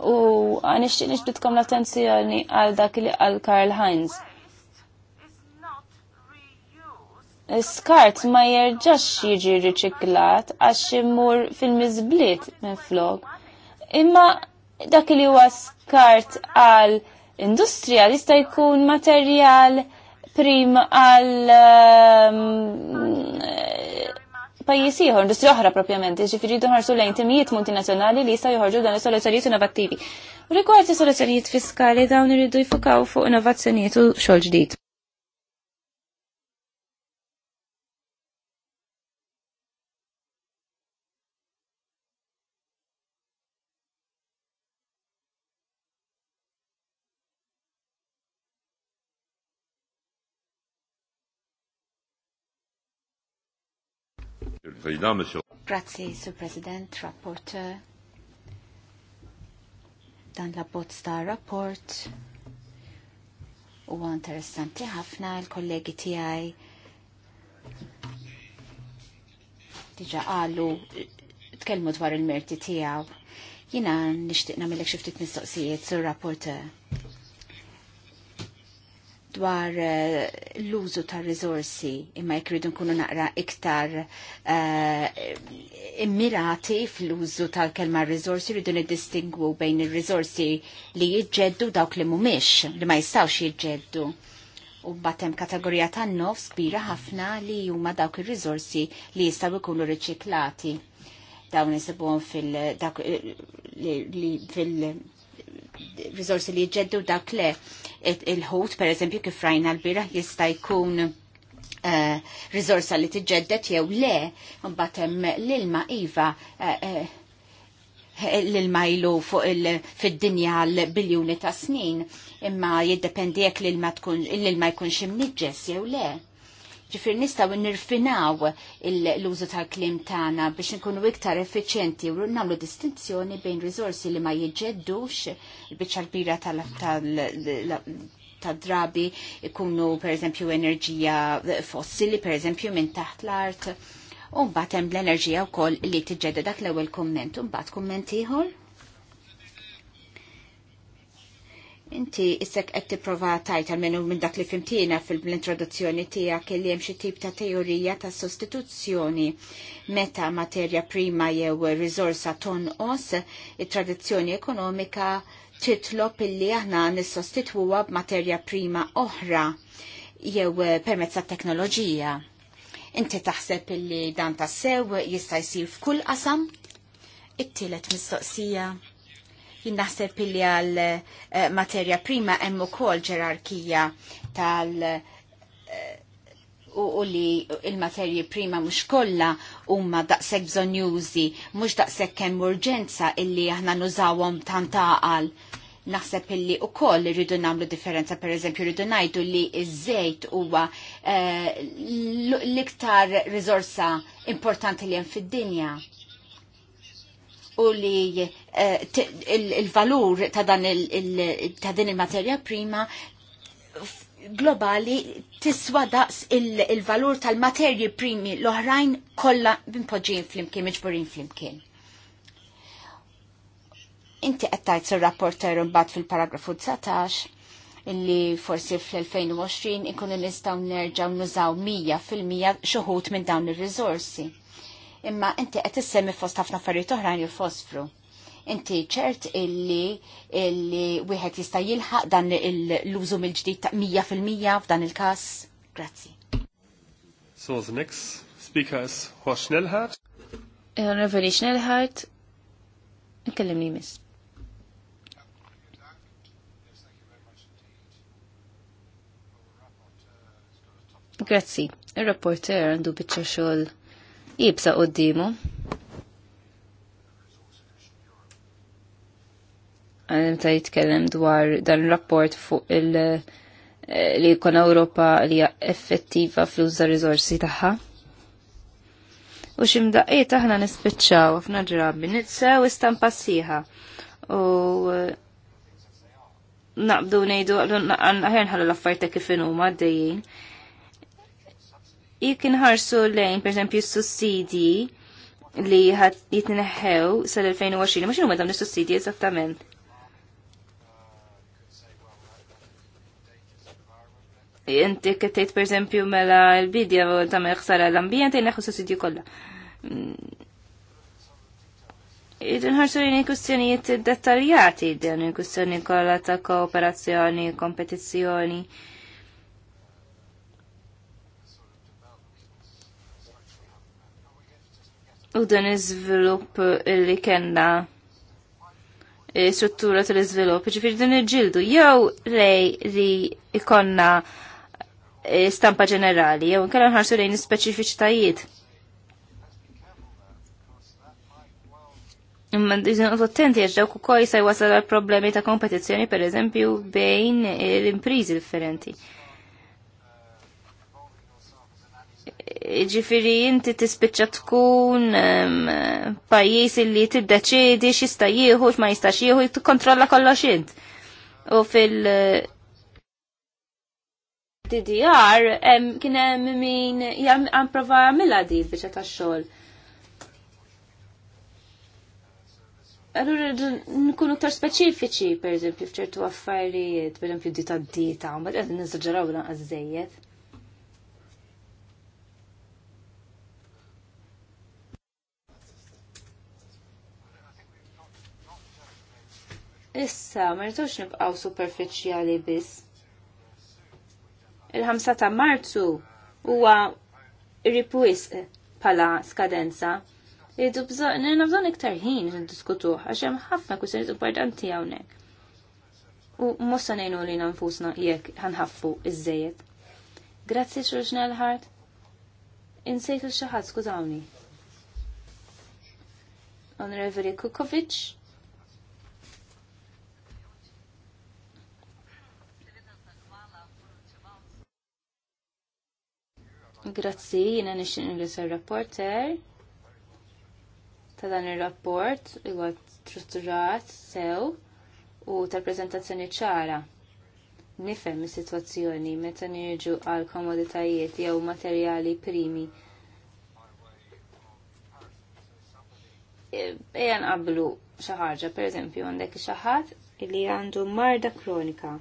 U għanixtieq nixbitkom l-attenzjoni għal dak li għal Karl Heinz. Skart ma jerġax jiġi riċiklat għax imur fil mizblit minn flok. Imma dak li huwa kart għal industrija jista' jkun materjal prim għal ehm, pajjiż ieħor, industrija oħra propjament, ġifieri ħarsu lejn timijiet multinazzjonali li jistgħu joħorġu dan is-soluzzjonijiet innovattivi. U rigward is-soluzzjonijiet fiskali dawn iridu jfukaw fuq innovazzjonijiet u xogħol ġdid. Grazie, Sir President, Rapporteur. Dan la bozza ta' rapport huwa interessanti ħafna l-kollegi tiegħi diġa qalu tkellmu dwar il-merti tiegħu. Jiena nixtieq nagħmel xi ftit mistoqsijiet sur rapporteur dwar eh, l-użu ta' rizorsi imma jkridu nkunu naqra iktar eh, immirati fl-użu tal-kelma rizorsi rridu nidistingwu bejn ir rizorsi li jiġġeddu dawk li mhumiex li ma jistgħux jiġġeddu. U batem kategorija ta' nofs kbira ħafna li huma dawk ir rizorsi li jistgħu jkunu riċiklati dawn isibhom fil-dawk eh, li fil rizorsi li jġeddu dak le il-ħut, per eżempju, kif rajna l-bira jista' jkun uh, eh, rizorsa li tiġġeddet jew le, mbagħad hemm l-ilma iva eh, eh, l-ilma ilu fuq fid-dinja l-biljuni ta' snin, imma jiddependi jekk l-ilma jkun jkunx imniġġes jew le ġifir nistaw nirfinaw l-użu tal-klim tagħna biex nkunu iktar effiċjenti u nagħmlu distinzjoni bejn rizorsi li ma jiġġeddux il l-bira tal-drabi ikunu eżempju enerġija fossili pereżempju minn taħt l-art. Umbat hemm l-enerġija wkoll li tiġġedda dak l-ewwel kumment, umbat kumment ieħor? Inti issek qed tipprova tajt għalmenu minn dak li fimtina fil-introduzzjoni tiegħek li hemm xi tip ta' teorija ta' sostituzzjoni meta materja prima jew risorsa tonqos it-tradizzjoni ekonomika titlob illi aħna nissostitwuha b'materja prima oħra jew permezz tat-teknoloġija. Inti taħseb illi dan tassew jista' jsir f'kull qasam? It-tielet mistoqsija Jien naħseb illi għal eh, materja prima hemm ukoll ġerarkija tal- eh, u li il-materji prima mhux kollha huma daqshekk jużi, mhux daqshekk hemm urġenza illi aħna nużawhom tant taqal naħseb illi u koll rridu namlu differenza, per eżempju, rridu najdu li iż-żejt huwa eh, l-iktar rizorsa importanti li hemm fid-dinja u li eh, il-valur ta' din il-materja prima globali tiswa daqs il-valur tal-materji primi l-oħrajn kollha poġin flimkien, miġburin flimkien. Inti qed tgħid sir-rapporter bat fil-paragrafu 19 illi forsi fl-2020 inkunu nistaw nerġaw nużaw 100% xuħut minn dawn ir rizorsi imma inti qed issemmi fost ħafna affarijiet oħrajn il-fosfru. Inti ċert illi illi wieħed jista' jilħaq dan l-użu mill-ġdid ta' 100% f'dan il-każ? Grazzi. So the next speaker is Horst Schnellhardt. Reverend Schnellhardt, nkellimni miss. Grazzi, il-rapporter għandu bieċa xogħol jibsa qoddimu. Għanem ta' jitkellem dwar dan rapport fuq il- li jkun Ewropa li hija effettiva fl-użda riżorsi tagħha. U x'imdaqqiet aħna nispiċċaw ħafna ġrabi u istampa sieħa. U naqbdu ngħidu ħajn ħallu l-affarijiet kif in huma għaddejjin jekk nħarsu lejn pereżempju s-sussidji li ħat jitneħħew sal-2020, mhux huma dawn is-sussidji eżattament. Inti kettejt esempio mela l-bidja tagħmel ħsara l-ambjent s sussidi kollha. Mm. id ħarsu li kustjonijiet dettaljati, dan il-kustjoni kollha ta' kooperazzjoni, kompetizzjoni U dan iżvilupp illi kellna struttura tal-iżvilupp, ġifieri din il-ġildu jew lej li ikonna stampa ġenerali, jew nkella nħarsu lejn speċifiċitajiet. Imma dizin u attenti għax dawk ukoll se jwasal għal problemi ta' kompetizzjoni pereżempju bejn l-imprizi differenti. ġifiri inti tispiċċa tkun pajjiż t tiddeċiedi x'jista' jieħu x'ma jistax jieħu kontrolla kollox int. U fil- DDR kien hemm min jamprova jagħmilha di biċċa tax-xogħol. Allura nkunu aktar speċifiċi, pereżempju, f'ċertu affarijiet, per di dita dita mbagħad qed niżġaraw lanqas Issa, ma nibqaw nibqgħu superfiċjali biss. il ħamsa ta' Marzu huwa ripwis pala skadenza. Irridu bżonn bżon iktar ħin n għax hemm ħafna kwistjonijiet importanti hawnhekk. U mossa nejnu li nfusna jekk ħanħaffu iż-żejjed. Grazzi Xorġ Nelħart. Insejt il xi ħadd skużawni. Onorevoli Kukovic. Grazzi, jina nixin il-lis rapporter ta' dan il-rapport huwa strutturat sew u ta' prezentazzjoni ċara. Nifhem il sitwazzjoni meta nirġu għal komoditajiet jew materjali primi. Ejan qablu xi ħaġa, pereżempju għandek xi ħadd li għandu marda kronika.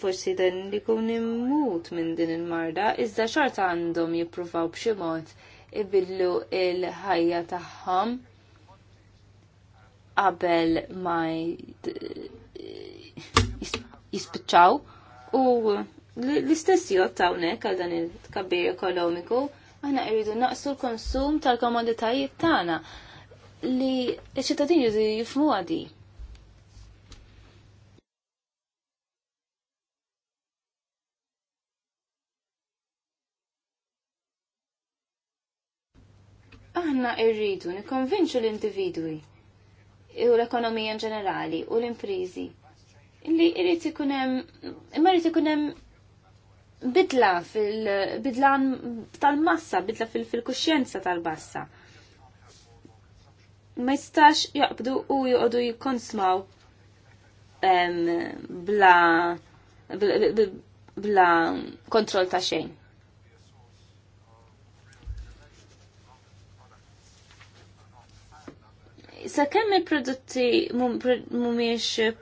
forsi dan li kun immut minn din il-marda, iżda xorta għandhom jippruvaw b'xi mod ibillu il-ħajja tagħhom qabel ma jispiċċaw u l-istess jott hawnhekk għal dan il-tkabbir ekonomiku aħna irridu naqsu l-konsum tal-komoditajiet tagħna li ċ-ċittadini jifmu għadi. aħna irridu nikkonvinċu l-individwi u l-ekonomija ġenerali u l-imprizi li irrid ikun hemm imma irrid ikun hemm bidla fil-bidla tal-massa, bidla fil-kuxjenza tal-bassa. Ma jistax joqbdu u joqdu jikonsmaw bla bla kontroll ta' xejn. kemm il-prodotti mhumiex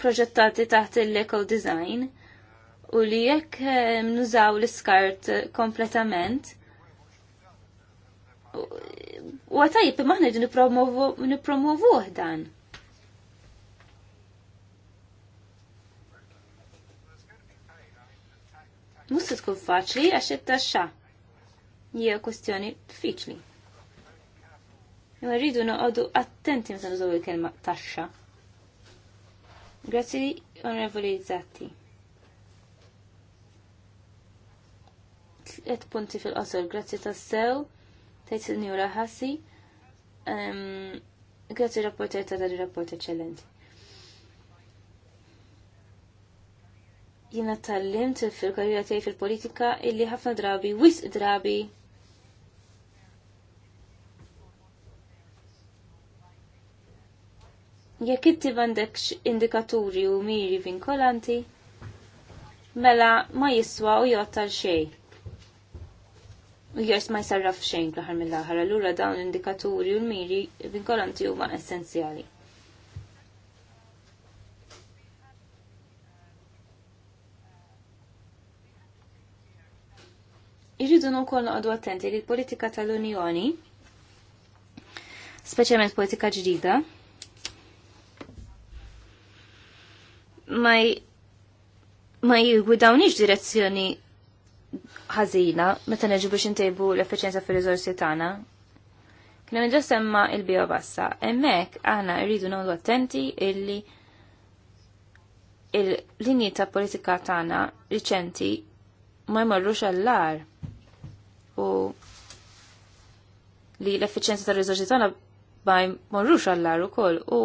proġettati taħt il-eco design u li jekk eh, nużaw l-iskart kompletament, u għatajib maħna id nipromovuh dan. Musta tkun faċli għax it-taxxa. Hija kwestjoni diffiċli. Imma rridu noqogħdu attenti ma nużaw il-kelma taxxa. Grazzi onorevoli Zatti. Tliet punti fil-qosor, grazzi tas-sew, tajt il-njura ħassi. Ehm, grazzi rapporter ta' dan rapport eċċellenti. Jiena tal lim fil-karriera tiegħi fil-politika illi ħafna drabi, wisq drabi, Jekk inti għandek indikaturi u miri vinkolanti, mela ma jiswa u jgħattar xejn. U jers ma jisarraf xejn fl-aħħar mill-aħħar, allura dawn l-indikaturi u l-miri vinkolanti huma essenzjali. Irridu wkoll noqogħdu attenti li l-politika tal-Unjoni, speċjalment politika ġdida, ma ma jgwidawniex direzzjoni ħażina meta neġu biex intejbu l efficienza fir rizorsi tagħna. Kien hemm semma l-bio bassa. Hemmhekk aħna rridu nagħmlu attenti illi il-linji ta' politika tagħna riċenti ma jmorrux għall-ar u li l-effiċenza tar rizorsi tagħna ma jmorrux għall-ar ukoll u, u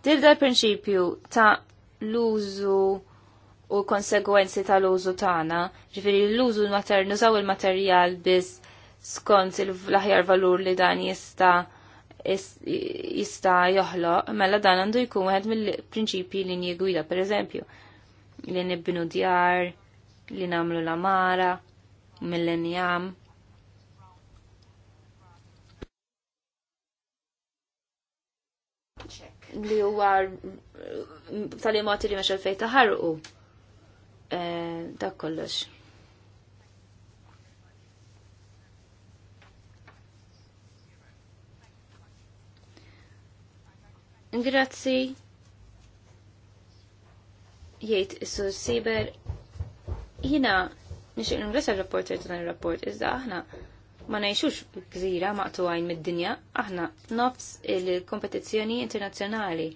Dilda l-prinċipju ta' l-użu u konsegwenzi tal-użu tagħna, ġifieri l-użu l-mater nużaw il-materjal biss skont l-aħjar valur li dan jista' jista' joħloq, mela dan għandu jkun wieħed mill-prinċipji li njegwida, pereżempju, li nibbinu djar, li nagħmlu l-amara, mill-injam, li huwa tal-imot li meċel fej taħarqu. E, dak kollox. Grazzi. Jgħid issu siber jina nixtieq ningresa r-rapporter dan ir-rapport iżda aħna ma ngħixux gżira għajn mid-dinja, aħna nofs il-kompetizzjoni internazzjonali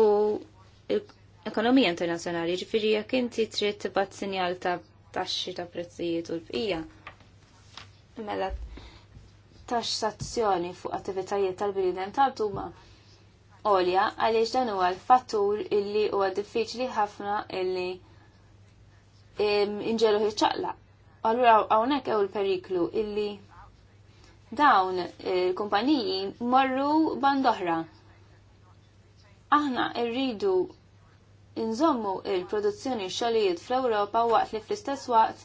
u l-ekonomija internazzjonali, ġifiri jekk inti trid tibgħat sinjal ta' taxxi ta' prezzijiet u l-bqija. Mela taxxazzjoni fuq attivitajiet tal bridem tal-tuma għolja għaliex dan huwa l-fattur illi huwa diffiċli ħafna illi inġelu ċaqla. Allura hawnhekk hew il-periklu illi dawn il-kumpaniji marru bandoħra. Aħna rridu inżommu il-produzzjoni xogħlijiet fl-Ewropa waqt li fl-istess waqt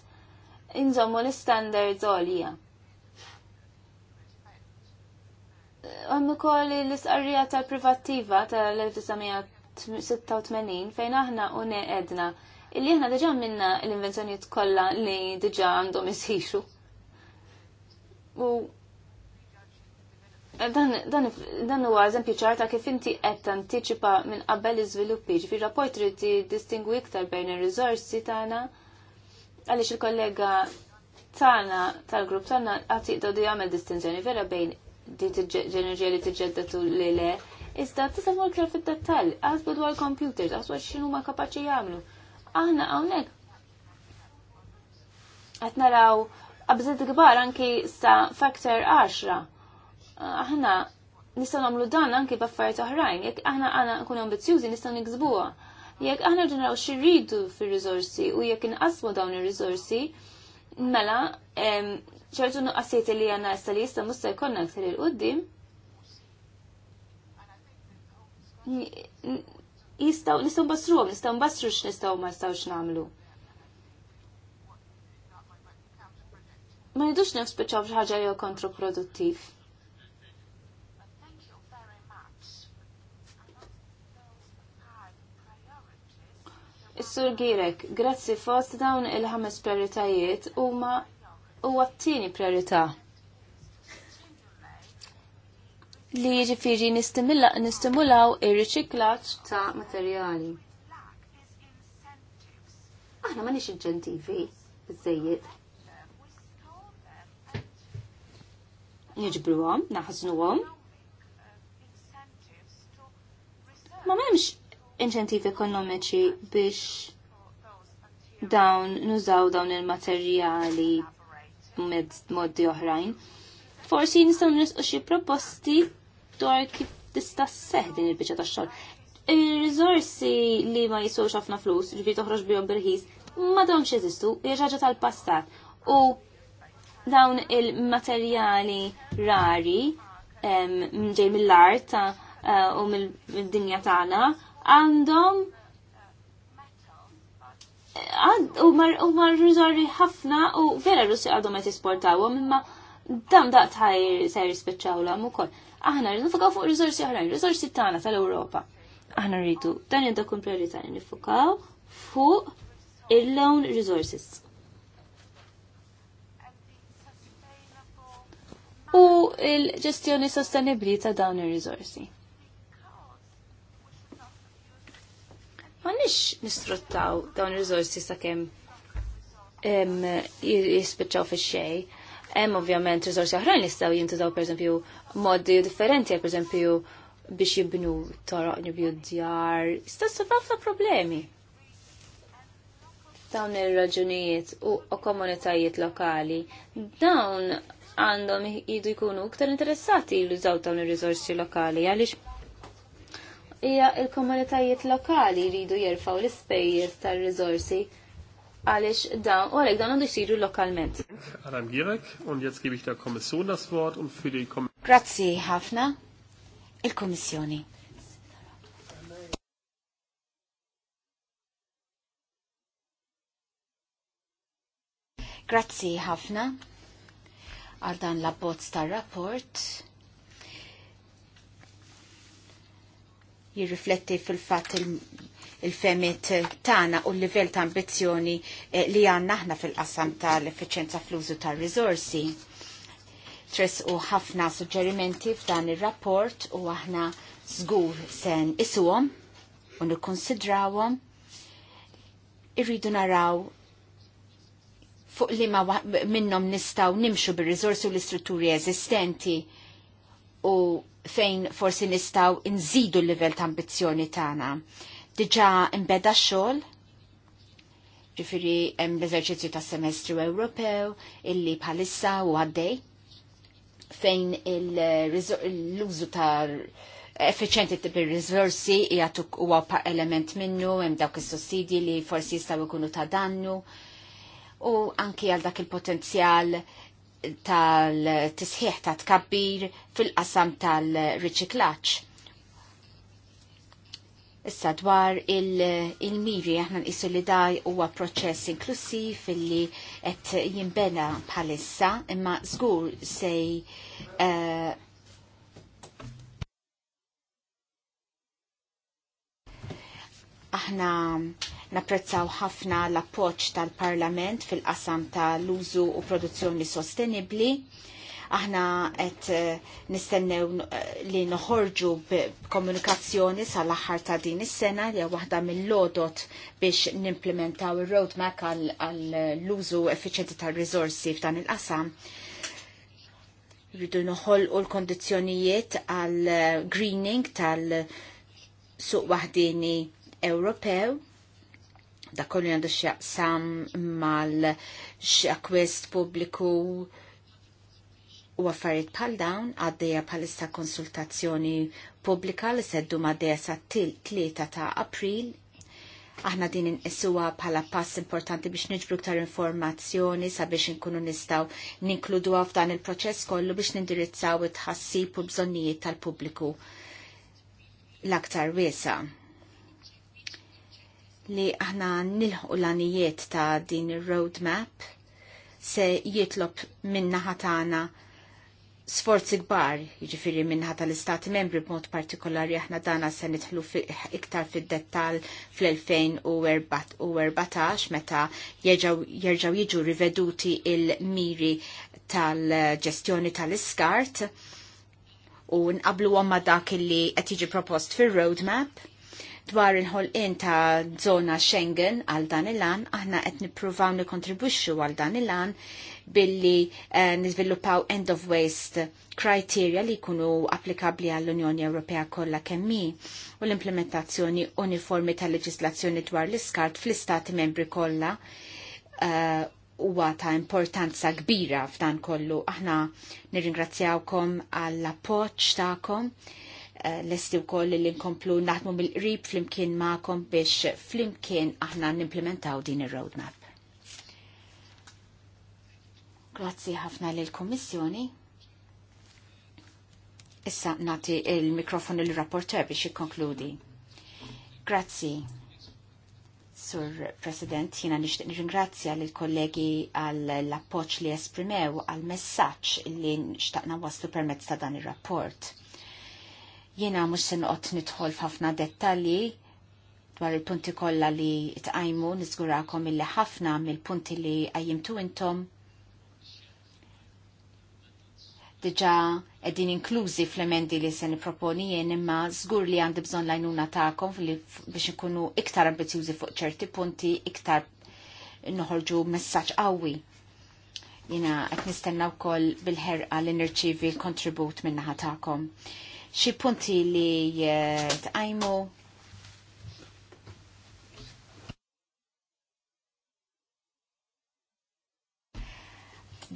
inżommu l-standards għolija. Għam ukoll l-isqarrija tal-privattiva tal-1986 fejn aħna unne edna illi aħna diġà minna l-invenzjonijiet kollha li diġà għandhom isħixu. U dan, huwa eżempju ċarta kif inti qed tantiċipa minn qabel iżviluppi, ġifieri rapport trid distingwi iktar bejn ir-riżorsi tagħna għaliex il-kollega tagħna tal-grupp tagħna għati jgħidu jagħmel distinzjoni vera bejn di ġenerġija li tiġġeddatu li le. Iżda tisa mor ktar fit-dettall, għazbu dwar computers, għazbu xinu ma kapaċi jagħmlu aħna hawnhekk. Qed raw għabżid kbar anki sa faktor 10. Aħna nistgħu nagħmlu dan anki b'affarijiet oħrajn, jekk aħna għana kun ambizzjużi nistgħu nikzbuwa. Jekk aħna ġeneraw xirridu fir rizorsi u jekk inqasmu dawn ir rizorsi mela ċertu nuqqasiet li għanna issa li jista musta jkollna aktar il-qoddim jistaw nistaw mbassru għom, nistaw mbassru x nistaw ma jistaw x namlu. Ma jidux nispiċċaw xi ħaġa jew kontraproduttiv. Is-sur Girek, grazzi fost dawn il-ħames prioritajiet u ma u għattini priorità li ġifiri nistimulaw ir riċiklaġġ ta' materjali. Aħna ma nix inċentivi, bizzejiet. Nġibru għom, naħsnu għom. Ma memx inċentivi ekonomiċi biex dawn, nużaw dawn il-materjali mod oħrajn. Forsi nistaw nisqu xie proposti dwar kif tista' sseħħ din il-biċċa tax-xogħol. Ir-riżorsi li ma jiswewx ħafna flus, ġifieri toħroġ bihom birħis, ma domx jeżistu, hija ħaġa tal-passat. U dawn il-materjali rari ġej mill-art eh, u mill-dinja tagħna għandhom eh, u mar rizorri ħafna u vera russi għadhom qed jisportawhom imma dam daqt ħaj se jispiċċaw l ukoll. Aħna rridu nfukaw fuq rizorsi oħrajn, rizorsi tagħna tal-Ewropa. Aħna rridu dan jadda kun prioritarju nifukaw fuq il-lawn resources. U il-ġestjoni sostenibli ta' dawn ir rizorsi Ma nix dawn ir-riżorsi sakemm jispiċċaw fix-xejn Hemm ovvjament riżorsi oħrajn jistgħu jintużaw pereżempju modi differenti għal pereżempju biex jibnu toroq nibju djar, stess ħafna problemi. Dawn ir-raġunijiet u komunitajiet lokali, dawn għandhom jidu jkunu iktar interessati li użaw dawn ir-riżorsi lokali għaliex hija il-komunitajiet lokali jridu jerfaw l-ispejjeż tar rizorsi għalix dawn, u għalek dawn għandu jisiru lokalment. Adam għirek, un jetzt gebe ta' komissjon Kommission das Wort und um für die Grazzi ħafna, il komissjoni Grazzi ħafna għal dan l-abbozz tar-rapport. Jirrifletti fil fat il il-femit tana u l-livell ta' ambizjoni eh, li għanna ħna fil-qassam tal-efficienza fl-użu tal-rizorsi. Tres u ħafna suġġerimenti f'dan il-rapport u aħna zgur sen isuwom u nikkonsidrawhom irridu naraw fuq li ma minnom nistaw nimxu bil-rizorsi u l-istrutturi eżistenti u fejn forsi nistaw nżidu l-level ta' ambizjoni tagħna diġa imbeda xol, ġifiri hemm l-eżerċizzju ta' semestru Ewropew illi palissa u għaddej fejn l-użu ta' effiċenti bir rizorsi jgħatuk huwa element minnu hemm dawk is-sussidji li forsi jistgħu jkunu ta' dannu u anki għal dak il-potenzjal tal-tisħiħ ta' tkabbir fil-qasam tal-riċiklaċ Issa dwar il-miri, aħna nqisu li daj huwa proċess inklusiv li qed jinbena bħalissa, imma żgur se eh, aħna napprezzaw ħafna l-appoġġ tal-Parlament fil-qasam tal-użu u produzzjoni sostenibbli Aħna qed eh, nistennew eh, li noħorġu b'komunikazzjoni sal-aħħar ta' din is-sena li waħda mill-lodot biex nimplementaw ir-roadmap għall-użu effiċjenti tar-riżorsi f'dan il-qasam rridu noħolqu u l-kondizjonijiet għal eh, greening tal suq wahdini Ewropew. Da kollu għandu xaqsam mal xakwist publiku U affarijiet bħal dawn għaddejja bħalissa konsultazzjoni pubblika li seddu maddeja sa' tlieta ta' April. Aħna din n-essuwa bħala pass importanti biex niġbru ktar informazzjoni sabiex inkunu nistgħu ninkluduha f'dan il-proċess kollu biex nindirizzaw it-ħassib u bżonnijiet tal-pubbliku l-aktar wiesa li aħna nilħu l-anijiet ta' din il-roadmap se jitlob minna ħatana sforzi kbar, jiġifieri minnħa tal-Istati membri b'mod partikolari aħna dana se nidħlu iktar fid-dettal fl-2014 meta jerġgħu jiġu riveduti il-miri tal-ġestjoni tal-iskart u nqablu ma dak li qed jiġi propost fir-roadmap dwar il-ħolqien ta' zona Schengen għal dan il lan aħna qed nippruvaw nikontribwixxu għal dan il lan billi eh, niżviluppaw end of waste criteria li jkunu applikabli għall-Unjoni Ewropea kollha kemmi u l-implementazzjoni uniformi tal-leġislazzjoni dwar l-iskart fl-istati membri kollha eh, huwa ta' importanza kbira f'dan kollu. Aħna nirringrazzjawkom għall-appoġġ tagħkom. Ta Eh, lesti u koll li nkomplu naħdmu mill-qrib flimkien ma'kom biex flimkien aħna nimplementaw din ir-roadmap. Grazzi ħafna lill komissjoni Issa nati il-mikrofon il-rapporter biex jikkonkludi. Grazzi. Sur President, jina nishtiq nirringrazzja lill kollegi għall appoġġ li esprimew għall messaġġ li nishtaqna waslu permezz ta' dan ir rapport Jiena mhux se noqgħod nidħol f'ħafna dettalji dwar il-punti kollha li tqajmu niżgurakom illi ħafna mill-punti li qajjimtu intom diġa qegħdin inklużi fl-emendi li se niproponi jien imma żgur li għandi bżonn lajnuna tagħkom biex ikunu iktar ambizjużi fuq ċerti punti, iktar noħorġu messaġġ qawwi. Jiena qed nistenna wkoll bil-ħerqa li nirċievi l-kontribut min-naħa tagħkom xi punti li eh, tqajmu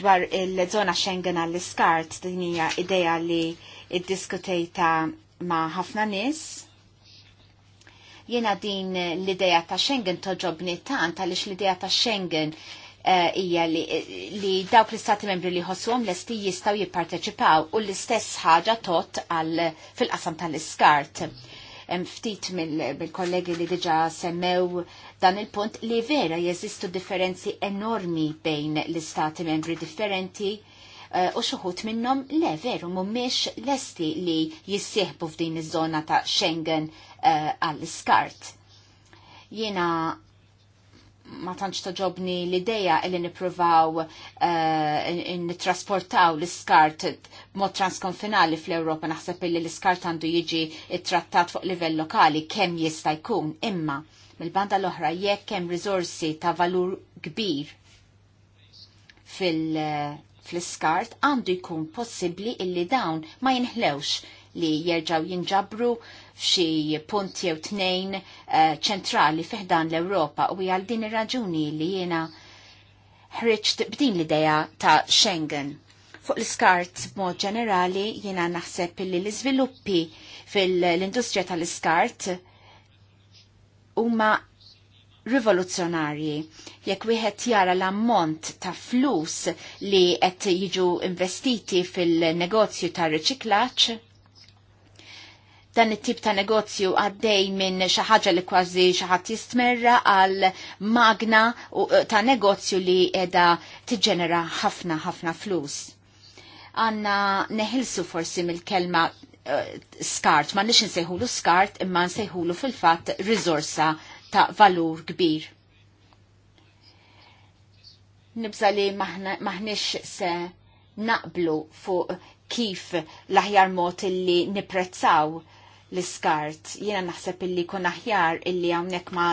dwar il-zona Schengen għall-iskart din hija idea li id-diskutejta ma' ħafna nies. Jiena din l-idea ta' Schengen toġobni tant għaliex l-idea ta' Schengen Eh, hija li dawk l-istati membri li ħossuhom lesti jistgħu jipparteċipaw u l-istess ħaġa tot fil-qasam tal-iskart ftit mill-kollegi li diġa semmew dan il-punt li vera jeżistu differenzi enormi bejn l-istati membri differenti eh, u xuħut minnom le veru mumiex lesti li jissieħbu f'din iż-żona ta' Schengen eh, għall-iskart. Jiena ma tantx toġobni l-ideja li nippruvaw eh, nittrasportaw l-iskart mod transkonfinali fl-Ewropa naħseb li l-iskart għandu jiġi trattat fuq livell lokali kemm jista' jkun imma mill-banda l-oħra jekk hemm riżorsi ta' valur kbir fl iskart għandu jkun possibbli illi dawn ma jinħlewx li jerġaw jinġabru f'xi punti jew tnejn eh, ċentrali fiħdan l-Ewropa u għal din ir-raġuni li jiena ħriġt b'din l-idea ta' Schengen. Fuq l iskart b'mod ġenerali jiena naħseb li l-iżviluppi fil-industrija tal-iskart huma rivoluzzjonarji. Jekk wieħed jara l-ammont ta' flus li qed jiġu investiti fil-negozju ta' riċiklaġġ, dan it-tip ta' negozju għaddej minn xi ħaġa li kważi xi ħadd jistmerra għal magna eh, ta' negozju li qiegħda tiġġenera ħafna ħafna flus. Għanna neħilsu forsi mill-kelma uh, skart, ma nix nsejħulu skart imma nsejħulu fil-fatt riżorsa ta' valur kbir. Nibza li maħnix se naqblu fuq kif l-aħjar mod li niprezzaw l-iskart. Jiena naħseb illi kun aħjar illi hawnhekk ma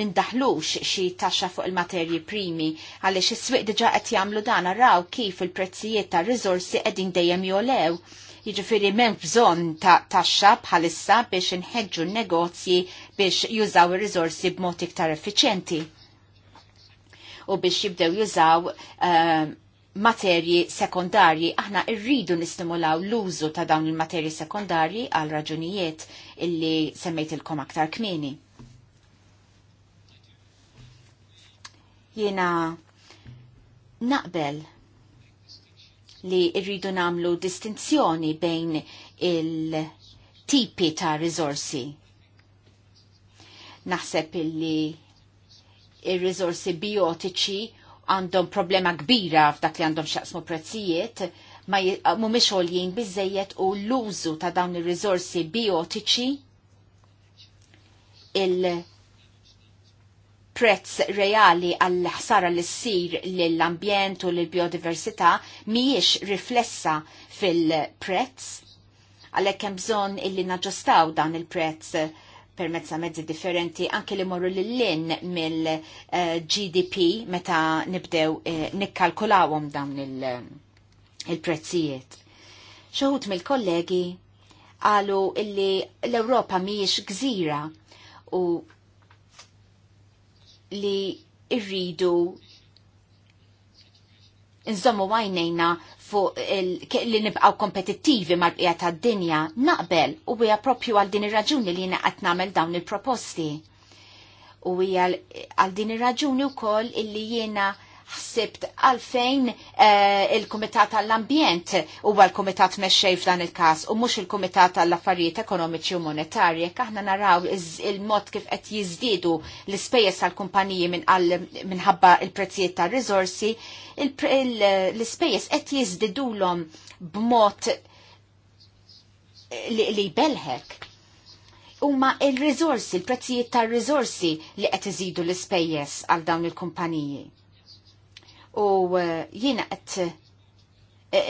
nindaħlux xi taxxa fuq il-materji primi għaliex is-swieq diġà qed jagħmlu dan raw kif il-prezzijiet ta' riżorsi qegħdin dejjem jolew. Jiġifieri m'hemm bżonn ta' taxxa bħalissa biex inħeġġu n-negozji biex jużaw ir-riżorsi b'mod iktar effiċjenti u biex jibdew jużaw uh, materji sekondarji. Aħna irridu nistimulaw l-użu ta' dawn il-materji sekondarji għal raġunijiet illi semmejtilkom aktar kmini. Jena naqbel li irridu namlu distinzjoni bejn il-tipi ta' rizorsi. Naħseb illi il-rizorsi biotiċi għandhom problema kbira f'dak li għandhom xaqsmu prezzijiet, ma uh, mumiex għoljien bizzejiet u l-użu ta' dawn ir-riżorsi biotiċi il-prezz reali għall-ħsara l ssir l-ambjent u l-biodiversità miex riflessa fil-prezz, għalhekk hemm bżonn illi naġġustaw dan il-prezz permezz ta' mezzi differenti anke li morru l lin mill-GDP eh, meta nibdew eh, nikkalkulawhom dawn il-prezzijiet. Xoħut mill-kollegi għalu illi l-Ewropa mhijiex gżira u li irridu nżommu għajnejna fuq li nibqaw kompetittivi mal-bqija tad-dinja naqbel u hija propju għal din ir-raġuni li jiena qed nagħmel dawn il-proposti. U hija għal din ir-raġuni wkoll illi jiena ħsibt għalfejn eh, il-Kumitat għall-Ambjent huwa l-Kumitat mexxej f'dan il-każ u mhux il-Kumitat għall-Affarijiet Ekonomiċi u Monetarji. Aħna naraw il-mod kif qed jiżdiedu l-ispejjeż tal-kumpaniji minħabba il-prezzijiet tar rizorsi, l-ispejjeż qed jiżdidulhom b'mod li belħek. Huma il rizorsi il-prezzijiet tar rizorsi li qed iżidu l-ispejjeż għal dawn il-kumpaniji u eh, jiena qed eh,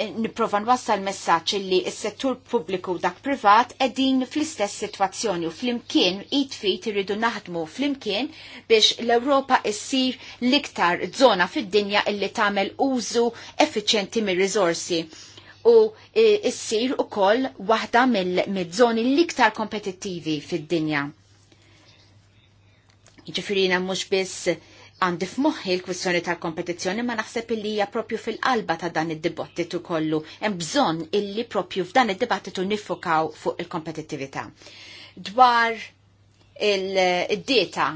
eh, niprofa nwassal messaġġ li s-settur pubbliku dak privat edin fl-istess situazzjoni u fl-imkien it fit irridu naħdmu fl-imkien biex l-Ewropa issir l-iktar zona fid-dinja illi tagħmel użu effiċjenti mir rizorsi u issir ukoll waħda mill-żoni l-iktar kompetittivi fid-dinja. Ġifirina mhux biss għandi f'moħħi l-kwistjoni tal-kompetizzjoni ma naħseb illi hija propju fil-qalba ta' dan id-dibattitu kollu. Hemm bżonn illi propju f'dan id-dibattitu nifokaw fuq il-kompetittività. Dwar il-dieta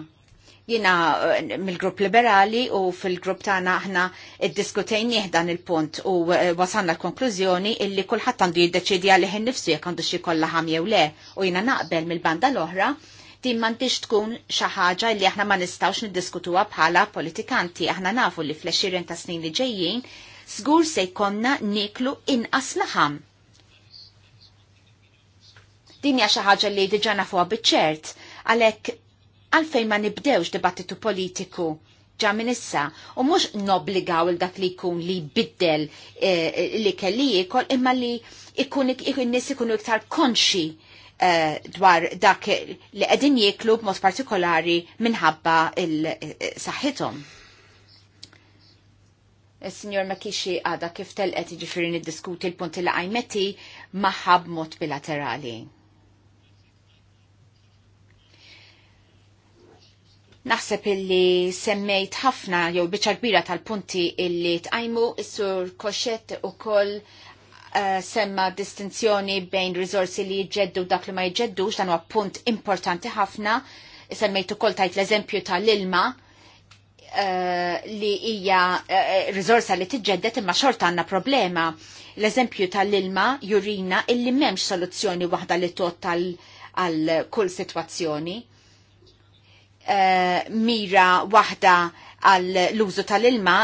jina eh, mill-grupp liberali u fil-grupp tagħna aħna iddiskutejn dan il-punt u eh, wasanna l-konklużjoni illi kulħadd għandu jiddeċidi għalih innifsu jekk għandu xi kollha ħam jew le u jina naqbel mill-banda l-oħra Din m'għandix tkun xi ħaġa li aħna ma nistgħux niddiskutuha bħala politikanti. Aħna nafu li fl-20 ta' snin li ġejjin żgur se jkollna niklu inqas laħam. Din hija xi ħaġa li diġà nafuha biċ-ċert, għalhekk għalfejn ma nibdewx dibattitu politiku ġa issa u mhux nobligaw il-dak li jkun li biddel eh, li kelli jiekol imma li jkun nies ikunu iktar konxi Eh, dwar dak li qegħdin jieklu b'mod partikolari minħabba il-saħħithom. Signor Makixi għada kif telqet ġifiri niddiskuti l-punti li għajmetti maħab mod bilaterali. Naħseb illi semmejt ħafna jew biċa kbira tal-punti illi tqajmu is-sur koxet u koll Eh, semma distinzjoni bejn risorsi li jġeddu dak li ma jġeddu, dan huwa punt importanti ħafna, semmejtu kol tajt l-eżempju tal-ilma, eh, li hija eh, rizorsa li tġeddet imma xorta għanna problema. L-eżempju tal-ilma jurina illi memx soluzzjoni waħda li tot għal kull situazzjoni. mira waħda għal l-użu tal-ilma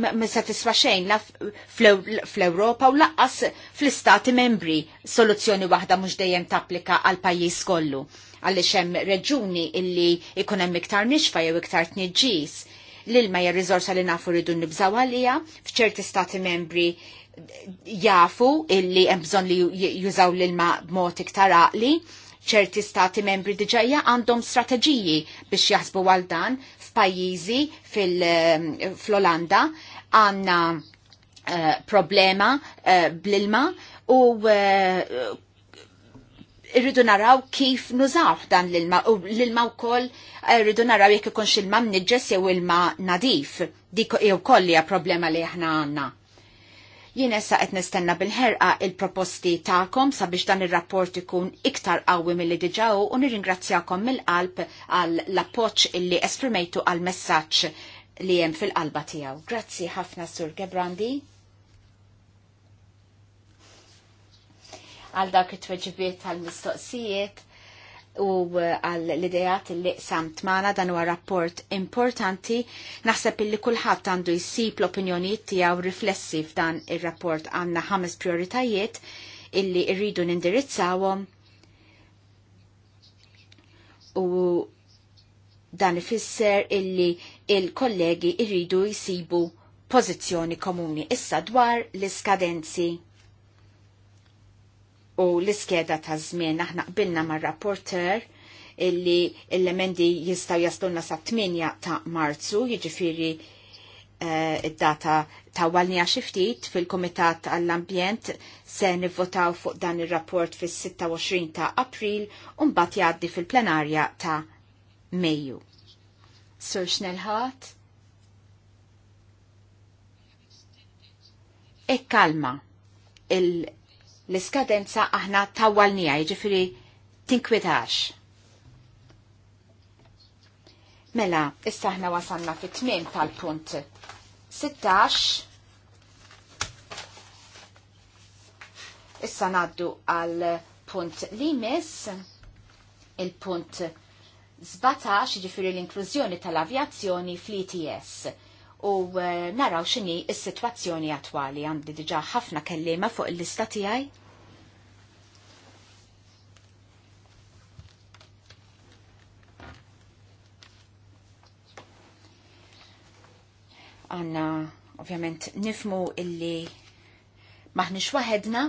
ma satisfa xejn fl-Ewropa u laqqas fl-istati membri soluzzjoni waħda mhux dejjem tapplika għal pajjiż kollu għaliex hemm reġuni illi ikun hemm iktar nixfa jew iktar tniġġis l-ilma hija riżorsa li nafu rridu nibżaw għalija f'ċerti stati membri jafu illi hemm bżonn li jużaw l-ilma b'mod iktar għaqli ċerti stati membri diġajja għandhom strateġiji biex jaħsbu għal dan pajjiżi fil-Olanda eh, għandna eh, problema eh, bl-ilma u rridu irridu naraw kif nużaw dan l-ilma u l-ilma u koll irridu naraw jekk ikunx ilma mniġġes jew ilma nadif. Dik jew koll hija problema li aħna għandna. Jien issa qed nistenna bil-ħerqa il-proposti tagħkom sabiex dan ir-rapport ikun iktar qawwi milli diġà u nirringrazzjakom mill-qalb għal l-appoġġ illi esprimejtu għal messaġġ li hemm fil-qalba tiegħu. Grazzi ħafna Sur Gebrandi. Għal dak it-tweġibiet tal-mistoqsijiet u uh, għall l-idejat li samt Tmana dan huwa rapport importanti. Naħseb illi kulħadd għandu jsib l-opinjonijiet tiegħu riflessi f'dan ir-rapport għandna ħames prioritajiet illi rridu nindirizzawhom u dan ifisser illi il-kollegi rridu jsibu pożizzjoni komuni issa dwar l-iskadenzi u l-iskeda ta' żmien aħna qbilna mar-rapporter illi l-emendi jistaw jaslunna sa' 8 ta' marzu, jġifiri uh, eh, id-data ta' walnija xiftit fil-Komitat għall-Ambjent se nivvotaw fuq dan il-rapport fil-26 ta' april un-bat jaddi fil-plenarja ta' Mejju. Sur xnelħat? E kalma, il l-iskadenza aħna tawwalnija, ġifiri tinkwitax. Mela, issa aħna wasanna fit tmiem tal-punt 16. Issa naddu għal punt li limes, il-punt 17, ġifiri l-inklużjoni tal-avjazzjoni fl-ITS u eh, naraw xini is-sitwazzjoni attwali għandi diġa ħafna kellima fuq il-lista tiegħi. Għanna ovvjament nifmu illi maħnix waħedna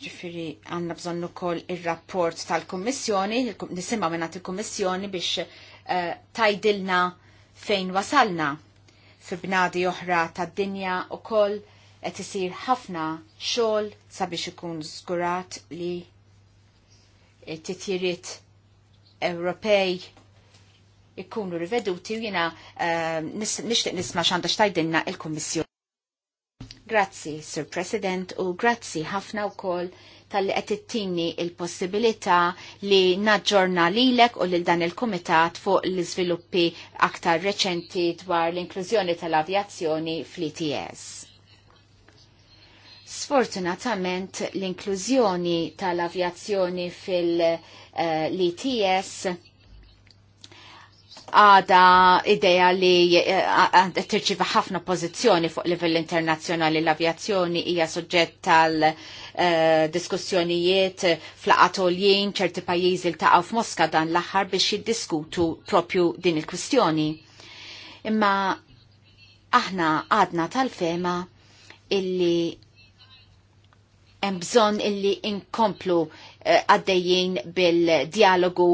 ġifiri għanna bżonnu kol il-rapport tal-kommissjoni, nisimma minnat il-kommissjoni biex uh, tajdilna fejn wasalna. Fi bnadi oħra tad-dinja u koll qed isir ħafna xogħol sabiex ikun żgurat li titjiriet Ewropej ikunu riveduti u jina uh, eh, nishtiq nisma xanda xtajdinna il-Kommissjoni. Grazzi, Sir President, u grazzi ħafna u koll tal-li qed ittini il-possibilità li naġġorna lilek u lil dan il-kumitat fuq l-iżviluppi aktar reċenti dwar l-inklużjoni tal-avjazzjoni fl-ITS. Sfortunatament l-inklużjoni tal-avjazzjoni fil-ITS eh, għada ideja li eh, tirċiva ħafna pozizjoni fuq livell internazzjonali l-avjazzjoni hija suġġett tal-diskussjonijiet eh, fl-aqatoljien ċerti pajjiżi l taqgħu f'Mosca dan l-aħħar biex jiddiskutu propju din il-kwistjoni. Imma aħna għadna tal-fema illi hemm bżonn illi inkomplu eh, għaddejjin bil-dialogu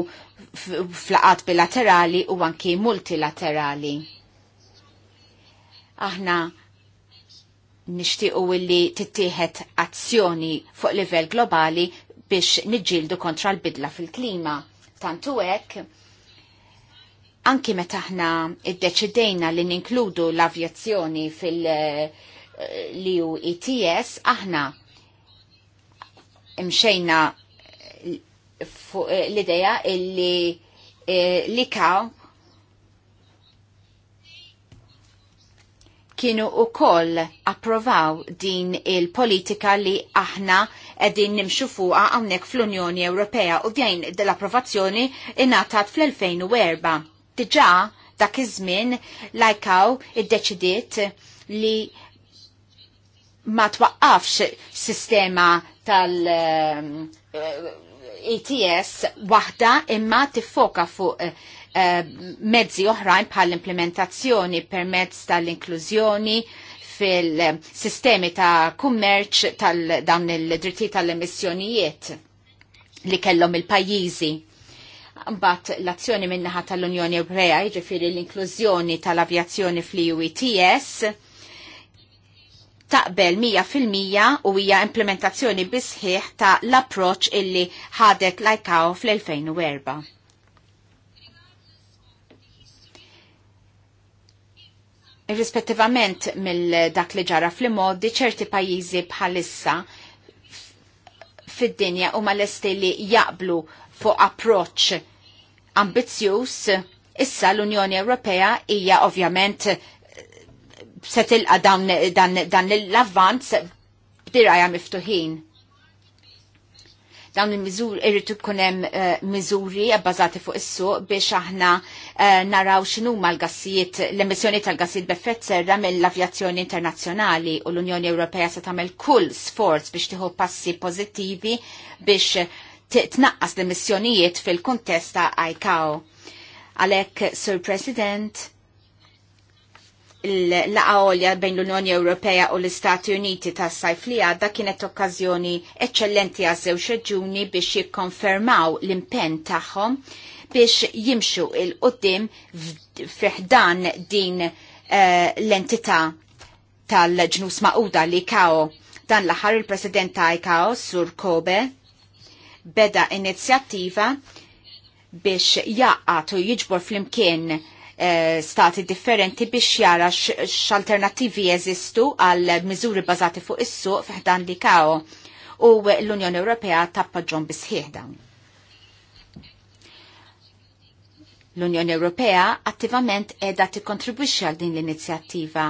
flaqat bilaterali u anki multilaterali. Aħna nishtiqu illi tittieħed azzjoni fuq livell globali biex niġġieldu kontra l-bidla fil-klima. Tantu hekk anki meta aħna iddeċidejna li ninkludu l-avjazzjoni fil-EU eh, ETS aħna imxejna Eh, l-ideja illi eh, li kaw kienu u koll approvaw din il-politika li aħna edin nimxu fuqa għawnek fl-Unjoni Ewropea u djajn dell-approvazzjoni innatat fl-2004. Diġa dak iż-żmien lajkaw id-deċidiet li ma twaqqafx sistema tal- eh, ETS waħda imma tiffoka fuq uh, mezzi oħrajn bħal implementazzjoni permezz tal-inklużjoni fil-sistemi ta' kummerċ tal-dawn il-dritti tal-emissjonijiet li kellhom il-pajjiżi. Mbagħad l-azzjoni minnaħa tal-Unjoni Ewropea jiġifieri l-inklużjoni tal-avjazzjoni fl-EU ETS taqbel 100% u hija implementazzjoni bisħiħ ta' l-approċ illi ħadet lajkaw fl-2004. Irrispettivament mill-dak li ġara fl-modi ċerti pajjiżi bħalissa fid-dinja u mal-esti li jaqblu fuq approċ ambizzjuż issa l-Unjoni Ewropea hija ovvjament se tilqa dan, dan, dan l-avvanz b'dirajja miftuħin. Dawn il mizur irritu kunem uh, miżuri abbażati fuq is-suq biex aħna uh, naraw x'inhuma l-gassijiet l-emissjoni tal-gassijiet b'effett serra mill-avjazzjoni internazzjonali u l-Unjoni Ewropea se tagħmel kull sforz biex tieħu passi pożittivi biex tnaqqas l-emissjonijiet fil-kontesta ICAO. Għalhekk, Sir President, l aqolja bejn l-Unjoni Ewropea u l-Istati Uniti ta' sajf li għadda kienet okkażjoni eccellenti għazzew żewġ reġuni biex jikkonfermaw l-impenn tagħhom biex jimxu il-qoddim fiħdan din uh, l-entità tal-ġnus maquda li kao dan l-aħħar il-President ta' ICAO, Sur Kobe, beda inizjattiva biex jaqqat u jiġbor flimkien Eh, stati differenti biex jara x'alternattivi jeżistu għal miżuri bażati fuq is-suq fiħdan li kaw u l-Unjoni Ewropea tappaġġon bisħieħ dawn. L-Unjoni Ewropea attivament edha tikkontribwixxi għal din l-inizjattiva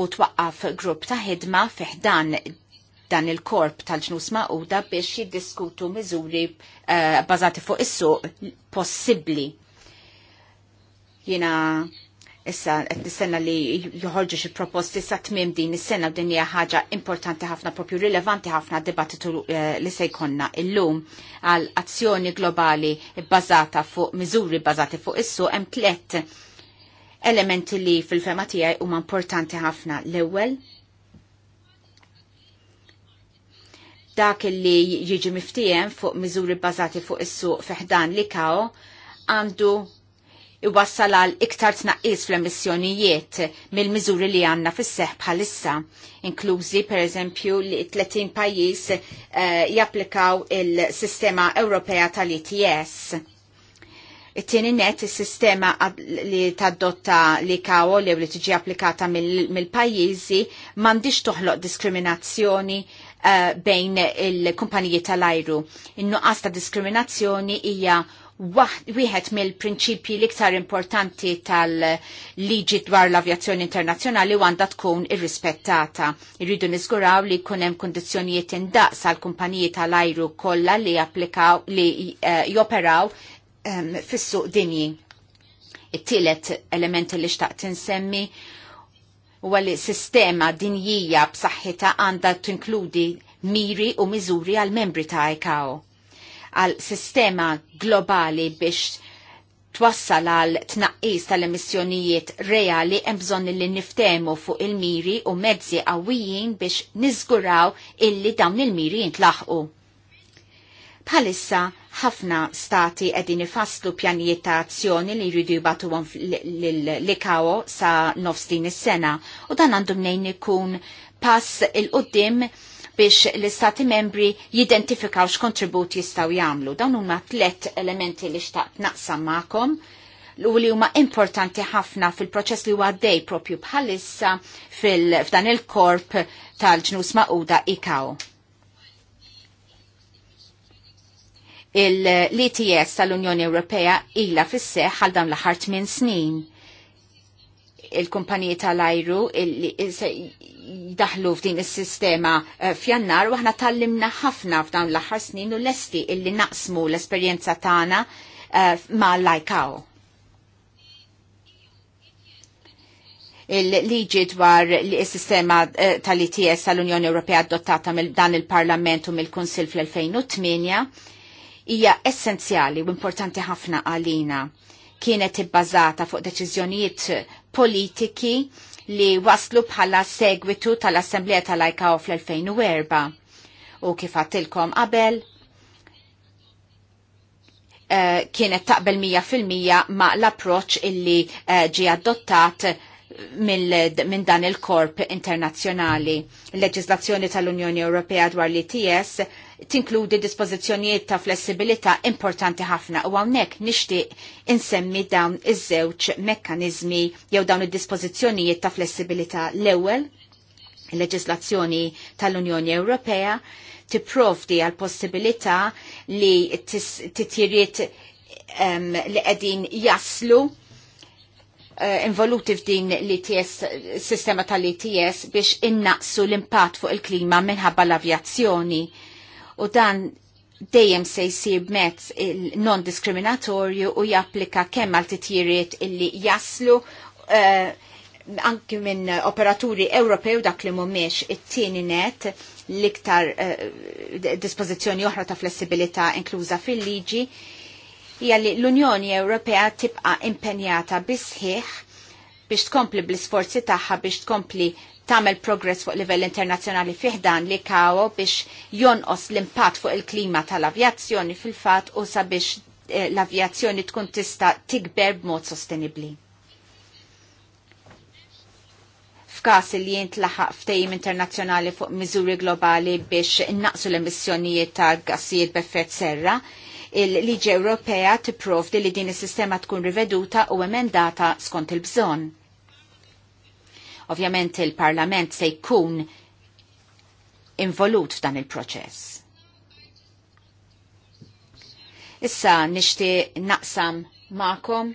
u twaqqaf grupp ta' ħidma fiħdan dan il-korp tal-ġnus maquda biex jiddiskutu miżuri uh, eh, bazati fuq is-suq possibbli jina issa qed nistenna li joħorġu xi proposti sa tmiem din is-sena din hija ħaġa importanti ħafna propju rilevanti ħafna dibattitu eh, li se jkollna illum għal azzjoni globali bbażata fuq miżuri bbażati fuq issu hemm tliet elementi li fil-fema tiegħi huma importanti ħafna. L-ewwel dak li jiġi miftijem fuq miżuri bbażati fuq is-suq fiħdan li kaw għandu iwassal għal iktar tnaqqis fl-emissjonijiet mill-miżuri li għanna fis-seħ bħalissa, inklużi per eżempju li 30 pajjiż uh, japplikaw il-sistema Ewropea tal-ETS. It-tieni net is-sistema li tadotta li kawo li li tiġi applikata mill-pajjiżi mil m'għandix toħloq diskriminazzjoni uh, bejn il-kumpaniji tal-ajru. In-nuqqas ta' diskriminazzjoni hija wieħed mill-prinċipji l-iktar importanti tal-liġi dwar l-avjazzjoni internazzjonali għandha tkun irrispettata. Irridu niżguraw li jkun hemm kundizzjonijiet indaqs għal kumpaniji tal-ajru kollha li applikaw li eh, joperaw ehm, fis-suq dinji. It-tielet element li xtaqt insemmi huwa li sistema dinjija b'saħħitha għandha tinkludi miri u miżuri għal membri ta' ICAO għal sistema globali biex twassal għal tnaqqis tal-emissjonijiet reali hemm bżonn li niftemu fuq il-miri u mezzi qawwijin biex niżguraw illi dawn il-miri jintlaħqu. Bħalissa ħafna stati qegħdin ifasslu pjanijiet ta' azzjoni li jridu għom l-ikawo sa' nofs din is-sena u dan għandu mnejn ikun pass il qoddim biex l-istati membri jidentifikaw x-kontribut jistgħu jagħmlu. Dawn huma tliet elementi li xtaqt naqsam ma'kom u li huma importanti ħafna fil-proċess li huwa propju bħalissa f'dan il-korp tal-ġnus ma'uda ikaw. Il-LTS tal-Unjoni Ewropea ila fis-seħ għal dawn l-ħart minn snin il-kumpaniji tal-ajru jidaħlu f'din is-sistema eh, f'jannar u aħna tallimna ħafna f'dawn l-aħħar snin u lesti illi naqsmu l-esperjenza tagħna eh, ma' lajkaw. il-liġi dwar il-sistema eh, tal-ITS tal-Unjoni Ewropea adottata mill dan il-Parlament u mill-Kunsil fl-2008 hija essenzjali u importanti ħafna għalina kienet ibbażata fuq deċiżjonijiet politiki li waslu bħala segwitu tal-Assemblea tal-ICAO fl-2004. U kif għattilkom qabel, uh, kienet taqbel 100% ma' l-approċ illi uh, ġi adottat minn dan il-korp internazzjonali. Il-leġislazzjoni tal-Unjoni Ewropea dwar l-ITS tinkludi dispożizzjonijiet ta' flessibilità importanti ħafna u hawnhekk nixtieq insemmi dawn iż-żewġ mekkaniżmi jew dawn id-dispożizzjonijiet ta' flessibilità l-ewwel il-leġislazzjoni tal-Unjoni Ewropea tipprovdi għal possibilità li titjiriet um, li qegħdin jaslu eh, involuti f'din l-ITS, sistema tal-ITS biex innaqsu l-impatt fuq il-klima minħabba l-avjazzjoni u dan dejjem se jsir mezz non diskriminatorju u japplika kemm għal titjiriet illi jaslu uh, anki minn operaturi Ewropew dak li mhumiex it-tieni net l-iktar uh, dispożizzjoni oħra ta' flessibilità inkluża fil-liġi hija li l-Unjoni Ewropea tibqa' impenjata bisħiħ biex tkompli bl-isforzi tagħha biex tkompli tamel progress fuq livell internazzjonali fiħdan li kawo biex jonqos l-impatt fuq il-klima tal-avjazzjoni fil-fat u sabiex eh, l-avjazzjoni tkun tista tikber b'mod sostenibli. F'każ li jintlaħaq laħaq ftejim internazzjonali fuq miżuri globali biex innaqsu l-emissjonijiet ta' gassijiet b'effett serra, il-liġi Ewropea tipprovdi li din is-sistema tkun riveduta u emendata skont il-bżonn Ovvjament il-Parlament se jkun involut f'dan il-proċess. Issa nixti naqsam ma'kom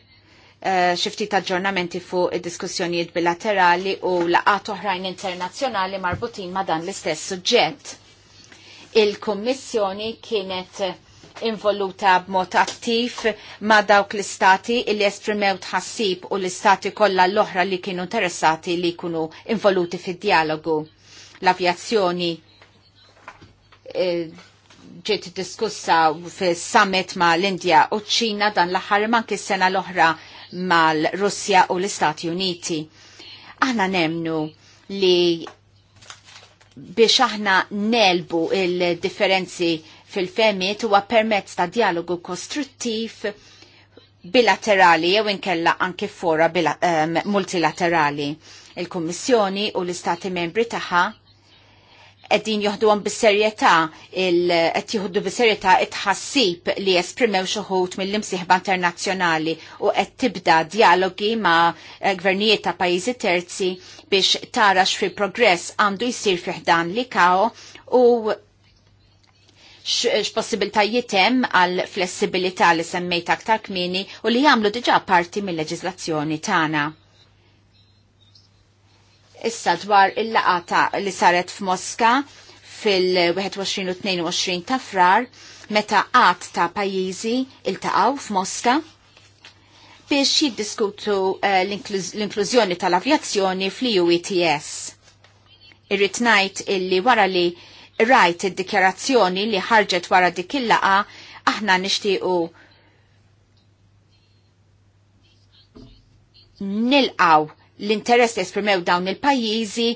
eh, xifti ta' ġornamenti fuq id-diskussjonijiet bilaterali u laqat oħrajn internazzjonali marbutin ma' dan l-istess suġġett. Il-Kommissjoni kienet involuta b'mod attiv ma' dawk l-istati illi esprimew tħassib u l-istati kollha l-oħra li kienu interessati li jkunu involuti fid-dialogu. L-avjazzjoni eh, ġiet diskussa fis-summit ma' l-Indja u ċ-Ċina dan l-aħħar manki sena l-oħra mal-Russja u l-Istati Uniti. Aħna nemnu li biex aħna nelbu il-differenzi fil-femiet huwa permezz ta' dialogu kostruttiv bilaterali jew inkella anke fora um, multilaterali. Il-Kummissjoni u l-Istati membri tagħha qegħdin joħduhom bis-serjetà qed jieħdu bis-serjetà it-ħassib li esprimew xi ħut mill-imsieħba internazzjonali u qed tibda dialogi ma' eh, gvernijiet ta' pajjiżi terzi biex tara x'fi progress għandu jsir fih dan li kaw u x'possibiltajiet hemm għal flessibilità li semmejt aktar kmini u li jagħmlu diġà parti mill-leġiżlazzjoni tagħna. Issa dwar il-laqata li saret f'Mosca fil-21 u 22 ta' frar meta qatt ta' pajjiżi iltaqgħu f'Mosca biex jiddiskutu uh, l-inklużjoni tal-avjazzjoni fl uets Irrit ngħid illi wara li rajt id-dikjarazzjoni li ħarġet wara dik il-laqa aħna nixtiequ nilqaw l-interess li esprimew dawn il-pajjiżi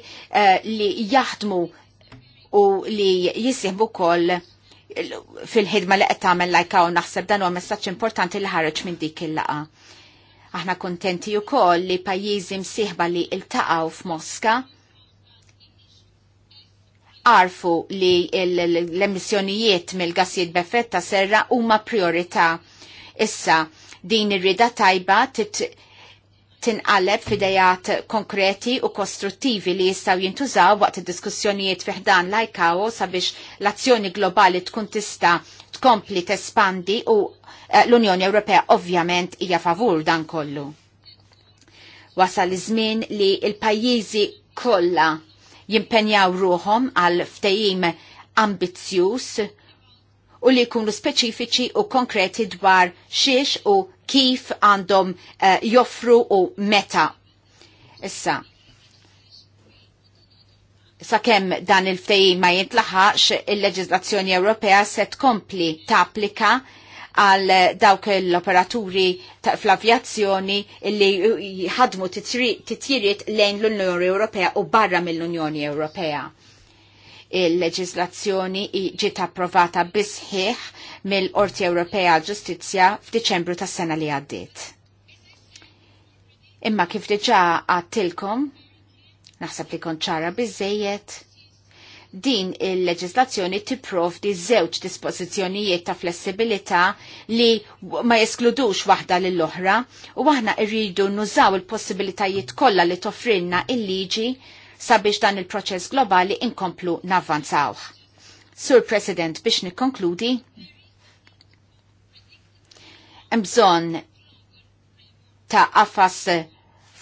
eh, li jaħdmu u li jisihbu kol fil-ħidma li qed tagħmel lajka u naħseb dan u messaċ importanti li ħarġ minn dik il-laqa. Aħna kontenti wkoll li pajjiżi msieħba li iltaqgħu f'Moska arfu li l-emissjonijiet mill-gassijiet beffetta serra huma priorità. Issa, din ir-rida tajba tinqaleb f'idejat konkreti u kostruttivi li jistaw jintużaw waqt id-diskussjonijiet fiħdan lajkaw sabiex l-azzjoni globali tkun tista tkompli tespandi u eh, l-Unjoni Ewropea ovvjament hija favur dan kollu. Wasal iż-żmien li l-pajjiżi kollha jimpenjaw ruhom għal ftejim ambizzjuż u li jkunu speċifiċi u konkreti dwar xiex u kif għandhom uh, joffru u meta. Issa, sakemm dan il-ftejim ma jintlaħax il-leġizlazzjoni Ewropea se tkompli tapplika applika għal dawk l-operaturi fl-avjazzjoni li jħadmu titjiriet lejn l-Unjoni Ewropea u barra mill-Unjoni Ewropea. Il-leġislazzjoni ġiet approvata bisħiħ mill-Qorti Ewropea Ġustizzja f'Diċembru tas-sena li għaddiet. Imma kif diġà għattilkom, naħseb li kont ċara biżejjed, din il-leġislazzjoni tipprovdi żewġ dispożizzjonijiet ta' flessibilità li ma jeskludux waħda lill oħra u aħna rridu nużaw il-possibilitajiet kollha li toffrinna il-liġi sabiex dan il-proċess globali inkomplu navvanzawh. Sur President, biex nikkonkludi, hemm bżonn ta' affas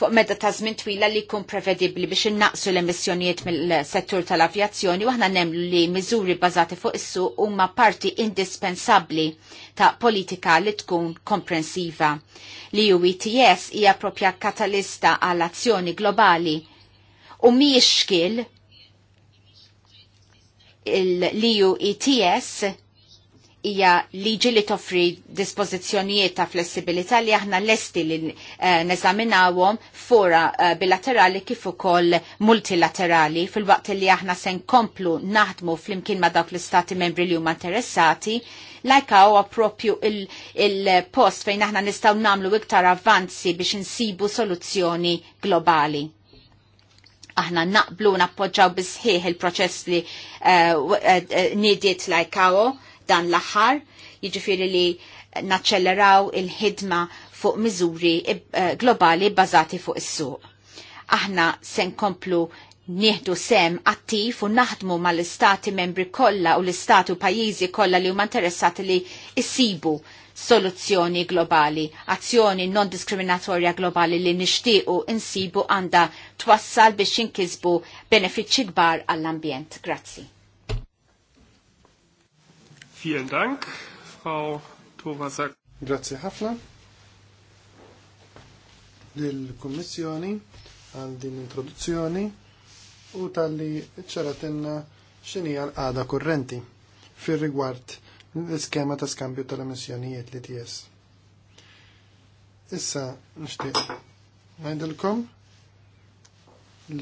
fuq medda ta' żmien twila li jkun prevedibbli biex innaqsu l-emissjonijiet mill-settur tal-avjazzjoni u aħna nemlu li miżuri bażati fuq issu huma parti indispensabbli ta' politika li tkun komprensiva. l uets hija propja katalista għal azzjoni globali u mhijiex il l ETS hija liġi li toffri dispożizzjonijiet ta' flessibilità li aħna lesti li eh, neżaminawhom fora eh, bilaterali kif ukoll multilaterali fil-waqt li aħna se nkomplu naħdmu flimkien ma' dawk l-istati membri li huma interessati lajka huwa propju il-post il fejn aħna nistgħu nagħmlu iktar avvanzi biex insibu soluzzjoni globali aħna naqblu nappoġġaw bisħieħ il-proċess li uh, uh, nidiet lajkawo. Like dan l-aħħar, jiġifieri li naċċelleraw il-ħidma fuq miżuri eh, globali bbażati fuq is-suq. Aħna se nkomplu nieħdu sem attiv u naħdmu mal-istati membri kollha u l-istati u pajjiżi kollha li huma interessati li issibu soluzzjoni globali, azzjoni non diskriminatorja globali li nixtiequ insibu għandha twassal biex jinkisbu benefiċċji kbar għall-ambjent. Grazzi. Vielen Dank, Frau Tovasak. Grazie ħafna. Lill-Kummissjoni għal din introduzzjoni u tal-li ċaratinna xinija l-għada kurrenti fir rigward l-iskema ta' skambju tal-emissjonijiet li ties. Issa nishtiq najdilkom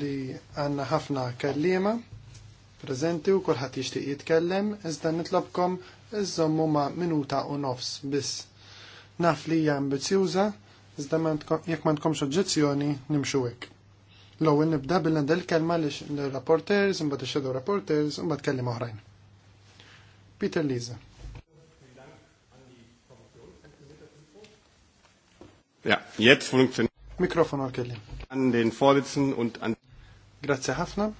li għanna ħafna kallima prezenti u kolħat jixtieq jitkellem, iżda nitlobkom iżommu ma' minuta u nofs biss. Naf li hija ambizjuża, iżda jekk m'għandkomx oġġezzjoni nimxu hekk. L-ewwel nibda bil il kelma lix rapporters imbagħad ix-shadow rapporters u mbagħad kellim oħrajn. Peter Lisa. Ja, jetzt funktioniert. Mikrofon għal-kellim. An den Vorsitzenden und an. Grazie ħafna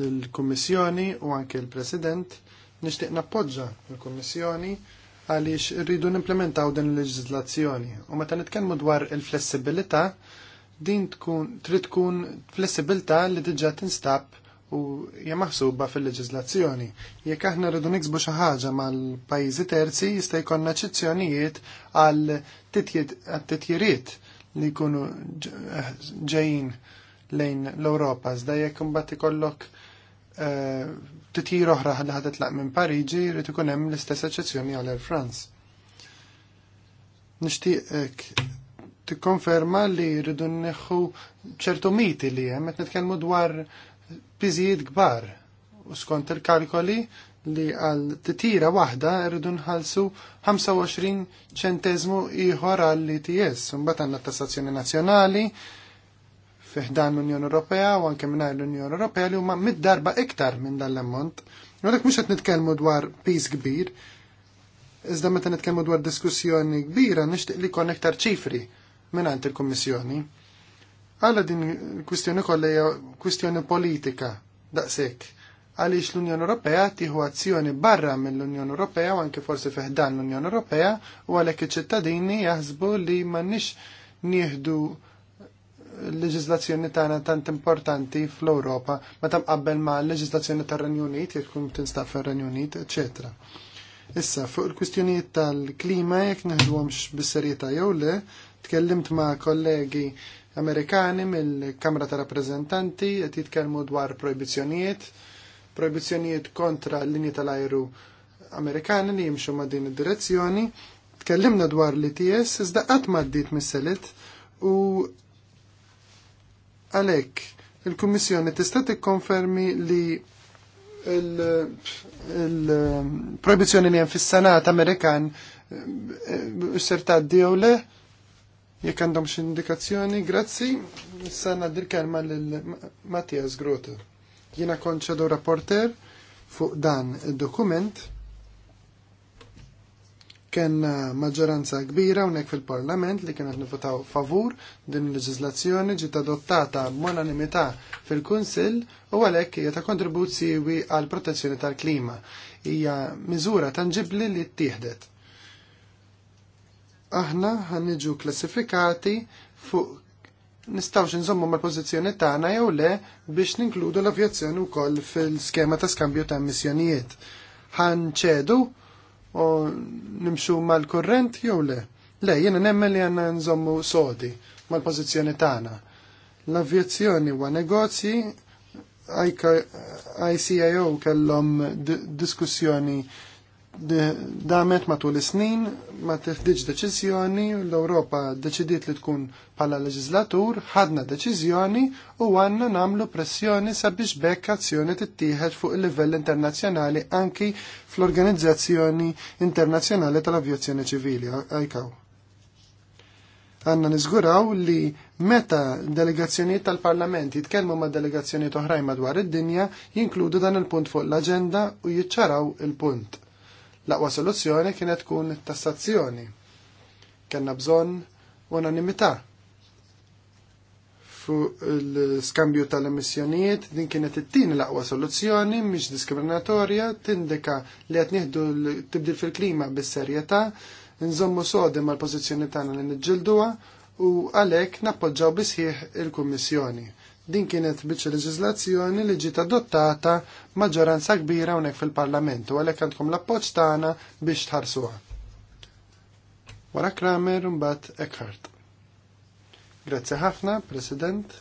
l-Kummissjoni u anke l-President nixtieq nappoġġa l kommissjoni għaliex rridu nimplementaw din il-leġizlazzjoni. U meta nitkellmu dwar il-flessibilità, din tkun trid tkun flessibilità li diġà tinstab u hija maħsuba fil-leġizlazzjoni. Jekk aħna rridu niksbu xi ħaġa mal-pajjiżi terzi jista' jkollna eċezzjonijiet għal titjiriet li jkunu ġejjin lejn l-Ewropa. Iżda jekk imbagħad ikollok Eh, titjir oħra ħalli ħadet laq minn Pariġi jrid ikun hemm l-istess eċċezzjoni għal Air France. Nixtieqek eh, tikkonferma li rridu nneħħu ċertu miti li hemm qed nitkellmu dwar piżijiet kbar u skont il-kalkoli li għal titira waħda rridu nħallsu 25 ċentezmu ieħor għall ITS, mbagħad għandna t-tassazzjoni nazzjonali, fiħdan l-Unjoni Ewropea u anke mingħajr l-Unjoni Ewropea li huma mid-darba iktar minn dan l-ammont. Għalhekk mhux qed nitkellmu dwar piż kbir, iżda meta nitkellmu dwar diskussjoni kbira nixtieq li jkun iktar ċifri mingħand il-Kummissjoni. Alla din il-kwistjoni kollha hija kwistjoni politika daqshekk għaliex l-Unjoni Ewropea tieħu azzjoni barra mill-Unjoni Ewropea u anke forsi fiħdan l-Unjoni Ewropea u għalhekk iċ-ċittadini jaħsbu li m'għandniex nieħdu l-leġizlazzjoni tagħna tant importanti fl-Ewropa meta mqabbel ma' l-leġizlazzjoni tar-Renju Unit jekk tkun tinstab fir-Renju Unit, eċetera. Issa, fuq il-kwistjonijiet tal-klima jekk neħduhomx bis-serjetà jew le, tkellimt ma' kollegi Amerikani mill-Kamra ta' Rappreżentanti qed jitkellmu dwar proibizzjonijiet, proibizzjonijiet kontra l-linji tal-ajru Amerikani li jimxu ma' din id-direzzjoni. Tkellimna dwar l-ITS, iżda qatt ma' għaddiet mis-selit u għalek il-Kummissjoni tista' tikkonfermi li il-proibizjoni li hemm fis-Senat Amerikan eh, ser tgħaddi jew le? Jekk għandhom xi indikazzjoni, grazzi. Issa ngħaddi l-kelma lil Mattias Grota. Jiena konċedu rapporter fuq dan id-dokument Kenna maġġoranza kbira unek fil-parlament li kienet nifutaw favur din il-leġizlazzjoni ġiet adottata b'unanimità fil-Kunsill u għalhekk hija ta' wi għal protezzjoni tal-klima. Hija miżura tanġibli li ttieħdet. Aħna ħanniġu klassifikati fuq nistawx nżommu ma' pozizjoni tagħna jew le biex ninkludu l-avjazzjoni wkoll fil-skema ta' skambju ta' emissjonijiet. Ħanċedu u nimxu mal-kurrent jew le. Le, jena nemmen li għanna nżommu sodi mal-pozizjoni tagħna. L-avjazzjoni wa negozji ICIO kellhom diskussjoni damet matul is-snin ma teħdiġ deċiżjoni l-Ewropa deċidiet li tkun bħala leġislatur, ħadna deċiżjoni u għanna namlu pressjoni sabiex bekk azzjoni tittieħed fuq il-livell internazzjonali anki fl-Organizzazzjoni Internazzjonali tal-Avjazzjoni Ċivili, ICAO. Għanna niżguraw li meta d-delegazzjonijiet tal-Parlament jitkellmu ma' delegazzjonijiet oħrajn madwar id-dinja jinkludu dan il-punt fuq l-aġenda u jiċċaraw il-punt L-aqwa soluzzjoni kienet tkun tassazzjoni. Kenna bżonn unanimità Fu l-skambju tal-emissjonijiet, din kienet it-tieni l-aqwa soluzzjoni mhix diskriminatorja, tindika li qed nieħdu tibdil fil-klima bis-serjetà, nżommu sodi mal-pożizzjoni tagħna li niġġilduha u għalhekk nappoġġaw bisħieħ il-Kummissjoni Din kienet biċċa leġiżlazzjoni li ġiet adottata maġġoranza kbira hawnhekk fil-Parlament u għalhekk għandkom l-appoġġ tagħna biex tħarsuha. Wara Kramer mbagħad Eckhart. Grazzi ħafna, President.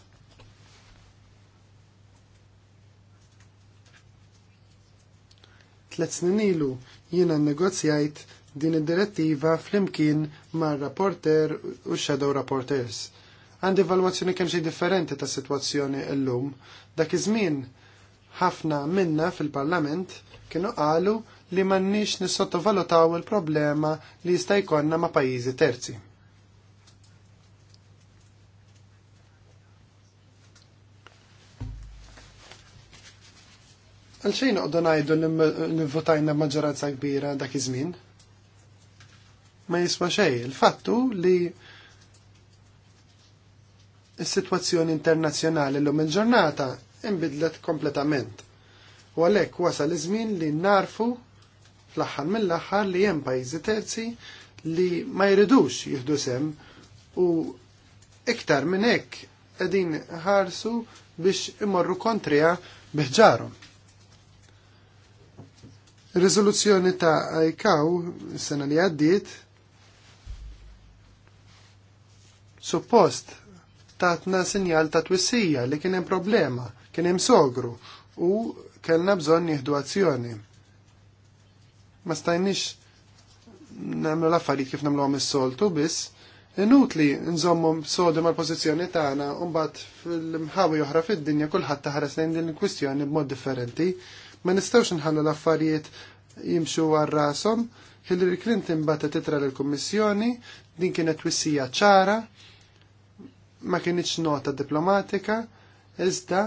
Tlet snin ilu jiena negozjajt din id-direttiva flimkien mar rapporter u shadow rapporters għandi valwazzjoni kemm differenti ta' sitwazzjoni llum. Dak iż-żmien ħafna minna fil-Parlament kienu qalu li m'għandniex nissottovalutaw il-problema li jista' jkollna ma' pajjiżi terzi. Għalxejn noqdu ngħidu li votajna maġġoranza kbira dak iż-żmien? Ma jiswa xejn, il-fattu li is-sitwazzjoni internazzjonali l-lum il-ġurnata imbidlet kompletament. U għalhekk wasal iż-żmien li narfu fl-aħħar mill-aħħar li hemm pajzi terzi li ma jridux jieħdu sem u iktar minn hekk qegħdin ħarsu biex imorru kontrija biħġarhom. Riżoluzzjoni ta' ICAW sena li għaddiet suppost tatna sinjal ta' twissija li kien hemm problema, kien hemm sogru u kellna bżonn nieħdu azzjoni. Ma stajniex nagħmlu l-affarijiet kif nagħmluhom is-soltu biss, inutli nżommu sodi mal-pożizzjoni tagħna u mbagħad fil-mħawi oħra fid-dinja kulħadd taħares lejn din il-kwistjoni b'mod differenti. Ma nistgħux nħallu l-affarijiet jimxu għal rashom Hillary Clinton bata titra l-Kommissjoni, din kienet wissija ċara, ma kienx nota diplomatika, iżda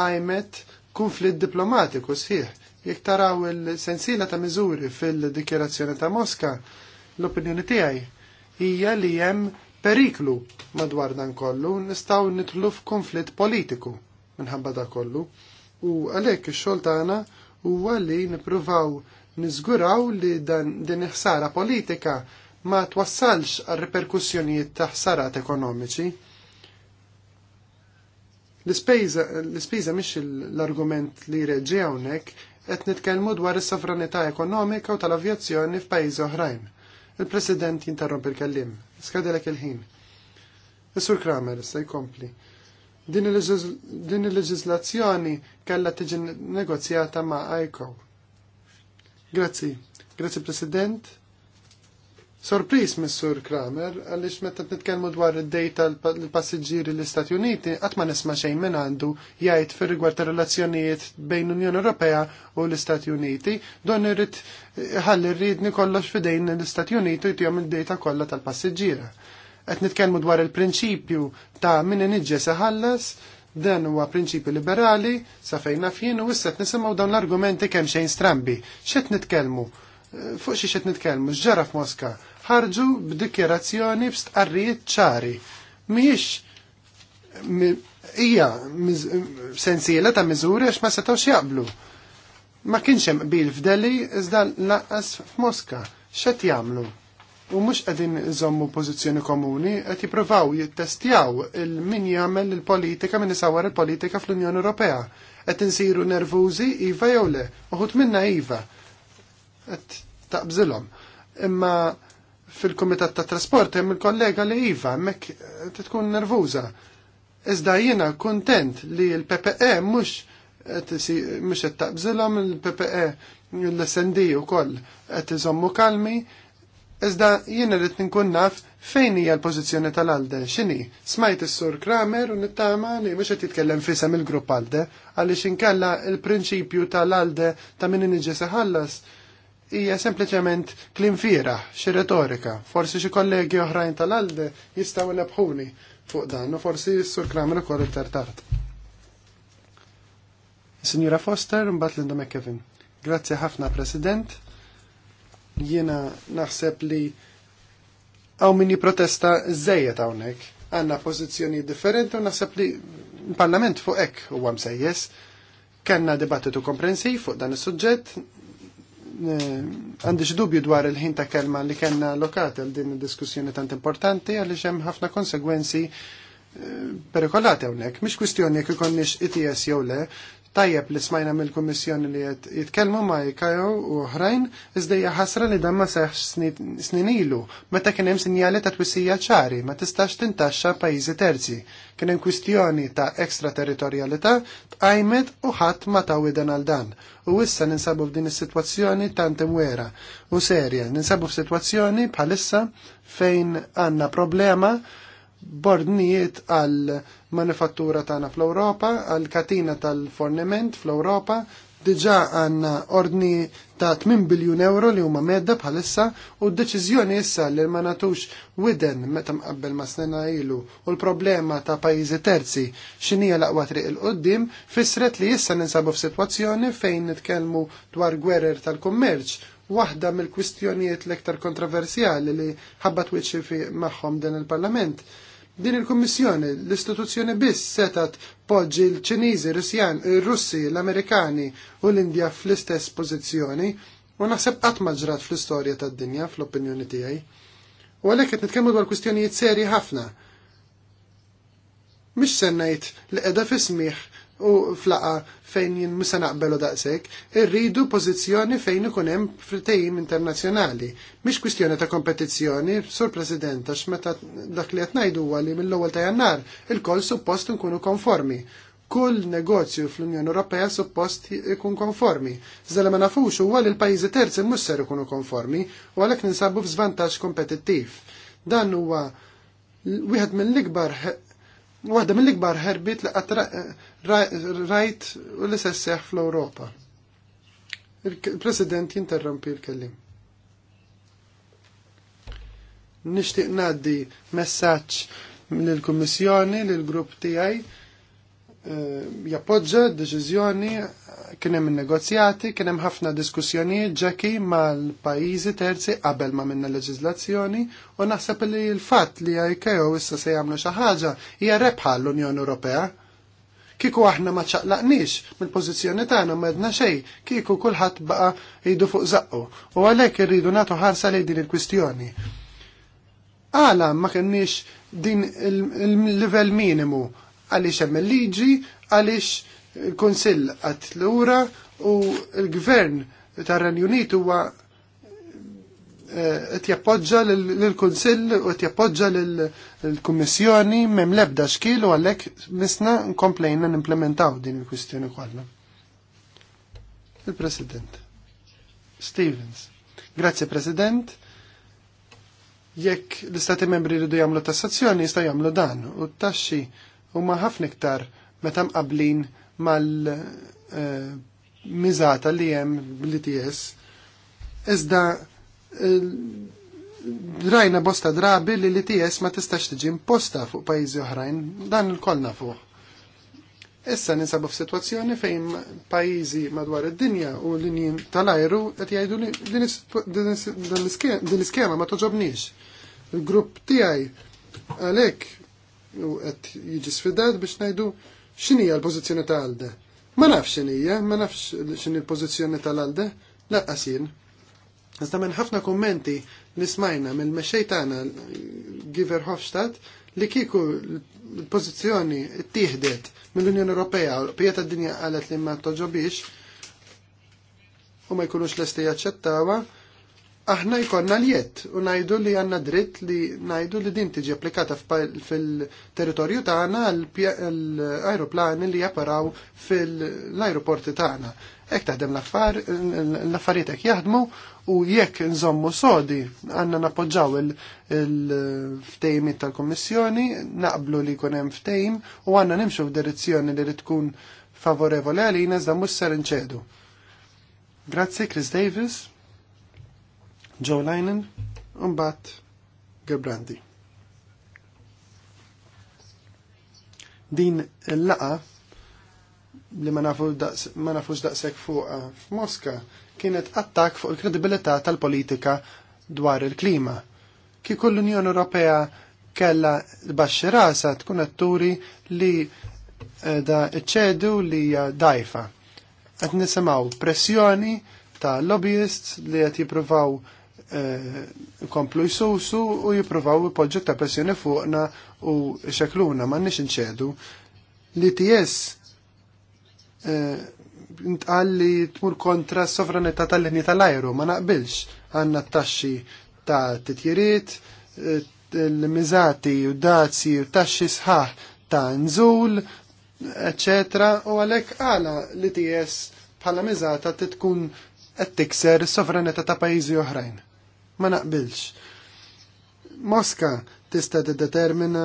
għajmet konflitt diplomatiku sħiħ. Jek taraw il-sensila ta' miżuri fil-dikjerazzjoni ta' Moska, l-opinjoni tiegħi hija li hemm periklu madwar dan kollu nistgħu nitlu f'konflitt politiku minħabba da kollu. U għalhekk ix-xogħol tagħna huwa li nippruvaw niżguraw li dan din ħsara politika ma twassalx għal reperkussjonijiet ta' ħsarat ekonomiċi L-ispiża mhix l-argument li jreġġi hawnhekk qed nitkellmu dwar is-sovranità ekonomika u tal-avjazzjoni f'pajjiżi oħrajn. Il-President jinterromp il-kellim. Skadilek il-ħin. Is-Sur Kramer issa jkompli. Din il-leġiżlazzjoni kellha tiġi negozjata ma' ICO. Grazzi. Grazzi President Sorpris mis-Sur Kramer għaliex meta nitkellmu dwar id-dejta l-passiġġieri l-Istati Uniti qatt ma nisma' xejn minn għandu jgħid fir-rigward relazzjonijiet bejn Unjoni Ewropea u l-Istati Uniti, don irrid ħalli rridni kollox f'idejn l-Istati Uniti jtihom id-dejta kollha tal-passiġġiera. Qed nitkellmu dwar il-prinċipju ta' min iniġġes iħallas, dan huwa prinċipju liberali sa fejn naf jien u issa nisimgħu dawn l-argumenti kemm xejn strambi. X'qed nitkellmu? fuq xi qed nitkellmu x'ġara f'Moska ħarġu b'dikjerazzjoni b'stqarrijiet ċari. Mhijiex hija sensiela ta' miżuri għax ma setgħux jaqblu. Ma kienx hemm qbil f'Deli iżda laqas f'Moska, X'qed jagħmlu? U mhux qegħdin iżommu pożizzjoni komuni qed jippruvaw jittestjaw il-min jagħmel il-politika min isawar il-politika fl-Unjoni Ewropea. Qed insiru nervużi iva jew le, uħud minna iva qed taqbżilhom. Imma fil-Kumitat ta' Trasport hemm il-kollega li iva hemmhekk eh, tkun nervuża. Iżda jiena kuntent li l-PPE mhux mux qed taqbżilhom il-PPE l-SND ukoll qed iżommu kalmi. Iżda jiena rrid nkun naf fejn hija l-pożizzjoni tal-Alde, x'inhi? Smajt is-Sur Kramer u nittama li mhux qed jitkellem fisem il-grupp Alde għaliex inkella il-prinċipju tal-Alde ta' min iniġi seħallas hija sempliċement klimfira, xi retorika. Forsi xi kollegi oħrajn tal-alde jistgħu lebħuni fuq dan, u forsi s-sur Kramer ukoll tartart. Signora Foster, mbagħad Linda McKevin. Grazzi ħafna, President. Jiena naħseb li għaw minni protesta żejjed hawnhekk. għanna pożizzjoni differenti u naħseb li l-Parlament fuq hekk huwa msejjes. Kanna dibattitu komprensiv fuq dan is-suġġett, għandix dubju dwar il-ħin ta' kelma li kellna lokat għal din id-diskussjoni tant importanti għaliex hemm ħafna konsegwenzi eh, perikolati hawnhekk. Mhix kwistjoni jekk ikonniex ITS jew le, Tajjeb li smajna mill-Kummissjoni li jitkellmu ma' Kajo u oħrajn iżdejja ħasra li dan ma seħħ snin ilu meta kien hemm sinjali ta' twissija ċari ma tistax tintaxxa pajjiżi terzi. Kien hemm kwistjoni ta' ekstraterritorjalità tqajmet u ħadd ma ta' dan għal dan. U issa ninsabu f'din is-sitwazzjoni tant imwera u serja. Ninsabu f'sitwazzjoni bħalissa fejn għandna problema bordnijiet għal manifattura tagħna fl-Ewropa, għal katina tal-forniment fl-Ewropa, diġà għandna ordni ta' 8 biljun euro li huma medda bħalissa u d-deċiżjoni issa li ma nagħtux widen meta mqabbel ma snena ilu u l-problema ta' pajjiżi terzi xinija l-aqwa triq il qudiem fisret li issa ninsabu f'sitwazzjoni fejn nitkellmu dwar gwerer tal-kummerċ waħda mill-kwistjonijiet l-ektar kontroversjali li ħabbat wiċċi magħhom din il-Parlament Din il-Kummissjoni, l-istituzzjoni biss setat poġġi l-Ċiniżi, Russi, l-Amerikani u l-Indja fl-istess pożizzjoni u naħseb qatt ma ġrat fl-istorja tad-dinja fl-opinjoni tiegħi. U għalhekk qed nitkellmu dwar kwistjonijiet serji ħafna. Mhix se ngħid li qiegħda fi smih u flaqa fejn jien misa naqbelu daqshekk, irridu pożizzjoni fejn ikun hemm fil-tejjim internazzjonali. Mhix kwistjoni ta' kompetizzjoni, Sur President, għax meta dak li qed ngħidu li mill-ewwel ta' Jannar il-koll suppost nkunu konformi. Kull negozju fl-Unjoni Ewropea suppost ikun konformi. Zala ma nafux huwa li l-pajjiżi terzi mhux ser ikunu konformi u għalhekk ninsabu f'żvantaġġ kompetittiv. Dan huwa wieħed mill-ikbar waħda mill-ikbar ħerbit li rajt u li sesseħ fl-Europa. Il-President jinterrompi l-kellim. Nishtiq naddi messaċ l-Kommissjoni, l-Grupp tijaj, eh, jappoġġa deċizjoni kien hemm negozjati, kien hemm ħafna diskussjonijiet ġeki mal-pajjiżi terzi qabel ma minna leġizlazzjoni u naħseb li l-fatt li IKEA issa se jagħmlu xi ħaġa hija rebħa l-Unjoni Ewropea Kieku aħna ma ċaqlaqnix mill-pożizzjoni tagħna ma għedna xejn, kieku kulħadd baqa' jgħidu fuq zaqqu. U għalhekk irridu nagħtu ħarsa lejn din il-kwistjoni. Għala ma kenniex din il-livell minimu għaliex hemm il-liġi, għaliex il-Kunsill l lura u l-Gvern tar-Renju Unit huwa Eh, qed jappoġġa lill-Kunsill u qed jappoġġa lill-Kummissjoni mem l-ebda xkil u għalhekk misna nkomplejna nimplementaw din il-kwistjoni kollha. Il-President. Stevens. Grazie, President. Jekk l-Istati membri rridu jagħmlu tassazzjoni jista' jagħmlu dan u t-taxxi huma ħafna iktar meta mqablin mal-miżata eh, li hemm l its Iżda Eh, rajna bosta drabi li li ties ma tistax tiġi imposta fuq pajjiżi oħrajn, dan il-kolna fuq. Issa ninsabu f'sitwazzjoni fejn pajjiżi madwar id-dinja u linjin tal-ajru qed jgħidu li din l-iskema ma toġobniex. Il-grupp tiegħi għalhekk u qed jiġi sfidat biex ngħidu xinija l-pożizzjoni tal alde Ma nafx x'inhija, ma nafx x'inhi l-pożizzjoni tal alde laqqasin. jien. Iżda minn ħafna kummenti nismajna mill-mexxej tagħna Giver Hofstadt li kieku l-pożizzjoni ttieħdet mill-Unjoni Ewropea u l-qija dinja qalet li ma toġobix u ma jkunux lesti jaċċettawha, aħna jkollna l-jett u najdu li għanna dritt li najdu li din tiġi applikata fil-territorju tagħna l-ajruplani li japparaw fil-ajruporti tagħna. Ek taħdem l-affarijiet ek jaħdmu u jekk nżommu sodi għanna napoġġaw il-ftejmit tal-Kommissjoni, naqblu li kunem ftejm u għanna nimxu f'direzzjoni li tkun favorevoli għalina iżda mhux ser inċedu. Grazzi Chris Davis, Joe Linen, u mbagħad Gerbrandi. Din il-laqa li ma nafux daqsek fuq eh, f'Mosca kienet attak fuq il-kredibilità tal-politika dwar il-klima. Kieku l-Unjoni Ewropea kella baxxi rasa tkun atturi li eh, da iċċedu li dajfa. Qed nisimgħu pressjoni ta' lobbyists li qed jippruvaw eh, komplu jsusu u jippruvaw ipoġġu ta' pressjoni fuqna u xekluna ma nix inċedu. L-ITS Għalli eh, li tmur kontra s-sovranità tal-linji tal-ajru, ma naqbilx għanna t-taxxi ta' titjiriet, eh, l-mizati u dazzi u taxxi sħaħ ta' nżul, eccetera, u għalek għala li tijes bħala mizata titkun qed tikser sovranità ta' pajjiżi oħrajn. Ma naqbilx. Moska tista' determina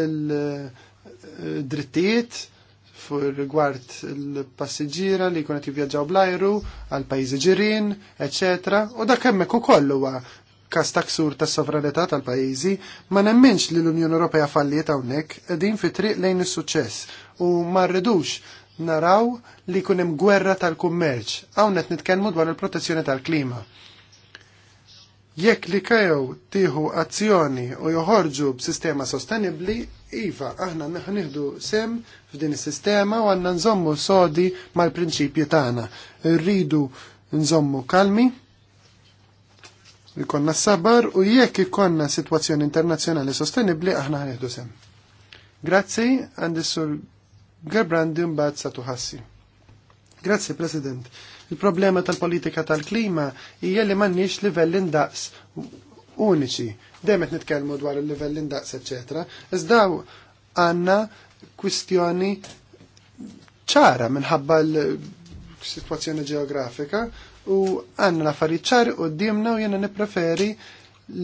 l-drittijiet rigward il-passiġġiera li jkun qed jivvjaġġaw bl-ajru għal pajjiżi ġirin, eċetera, u dak hemmhekk ukoll huwa kas taksur tas sovranità tal-pajjiżi, ma nemminx li l-Unjoni Ewropea falliet hawnhekk qegħdin fi triq lejn is-suċċess u ma rridux naraw li jkun hemm gwerra tal-kummerċ. Hawn qed nitkellmu dwar il-protezzjoni tal-klima. Jekk li kajew tieħu azzjoni u joħorġu b'sistema sostenibbli, iva aħna neħniħdu sem f'din is-sistema u għanna nżommu sodi mal-prinċipji tagħna. Rridu nżommu kalmi, ikonna sabar u jekk ikonna sitwazzjoni internazzjonali sostenibli aħna ħniħdu sem. Grazzi għandissur Gerbrandi mbagħad sa tuħassi. Grazzi, President. Il-problema tal-politika tal-klima hija li m'għandniex livell indaqs uniċi. Dejjem qed nitkellmu dwar il-livell indaqs, eċetera. Iżda għandna kwistjoni ċara minħabba l-sitwazzjoni ġeografika u għandna l-affarijiet ċari qudiemna u jiena nippreferi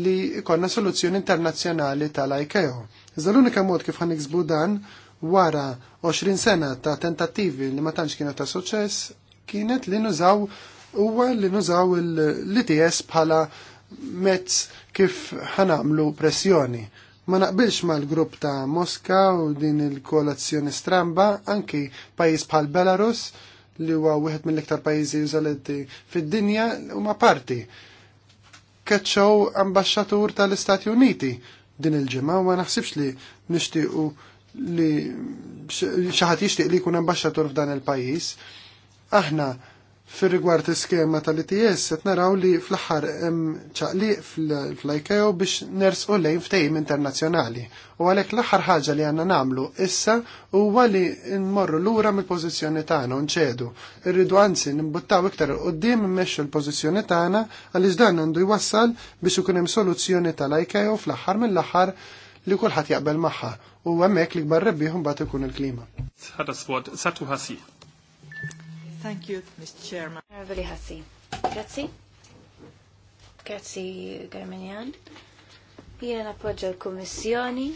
li ikonna soluzzjoni internazzjonali tal-ICAO. Iżda l-unika mod kif ħaniksbu dan wara 20 sena ta' tentattivi li ma tantx kienu ta' suċċess kienet li nużaw huwa li nużaw l-ITS bħala mezz kif ħanamlu pressjoni. Ma naqbilx mal-grupp ta' Mosca u din il-koalazzjoni stramba, anki pajis bħal Belarus, li huwa wieħed mill-iktar pajjiżi użalenti fid-dinja huma parti. Kaċċaw ambasċatur tal-Istati Uniti din il-ġimgħa u ma naħsibx li nixtiequ li xaħat jishtiq li kun ambasċator f'dan il-pajis. Aħna fir rigward iskema tal-ITS qed naraw li fl-aħħar ċaqli fl-IKEO biex nersqu lejn ftejm internazzjonali. U għalhekk l-aħħar ħaġa li għandna nagħmlu issa huwa li nmorru lura mill-pożizzjoni tagħna u nċedu. Irridu n nimbuttaw iktar d-dim immexxu l-pożizzjoni tagħna għaliex dan għandu jwassal biex ikun hemm soluzzjoni tal-IKEO fl-aħħar mill-aħħar li kulħadd jaqbel magħha u hemmhekk li kbar rebbieħ bat ikun il-klima. Satu Hassi. Thank you, Mr. Chairman. Għarveli Hassi. Grazzi. Grazzi, Garmenjan. Jena appoġġa l-Kummissjoni.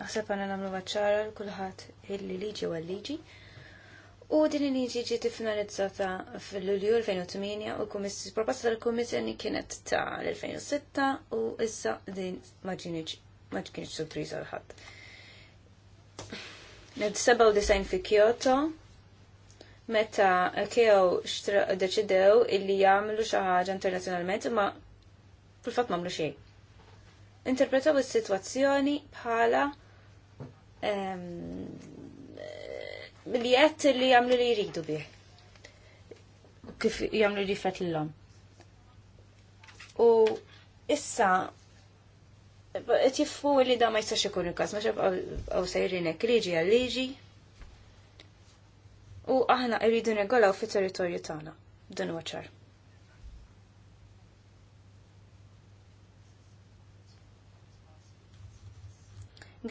Naħseb għandna nagħmlu maċċara kulħadd illi liġi u għal liġi U din il-liġi ġiet finalizzata fil-Lulju 2008 u l-proposta tal-Kummissjoni kienet ta' l-2006 u issa din ma ma tkienx surpriża l-ħadd. Ned 97 fi Kyoto, meta kew deċidew illi jagħmlu xi ħaġa internazzjonalment imma fil-fatt m'għamlu xejn. Interpretaw is-sitwazzjoni bħala ehm, li qed li jagħmlu li jridu bih. Kif jagħmlu li jifet l U issa Tifu li da ma jistax ikun il-kas, ma xaf għaw sejrinek liġi għal-liġi. U aħna irridu negolaw fit territorju tagħna. b'dan huwa ċar.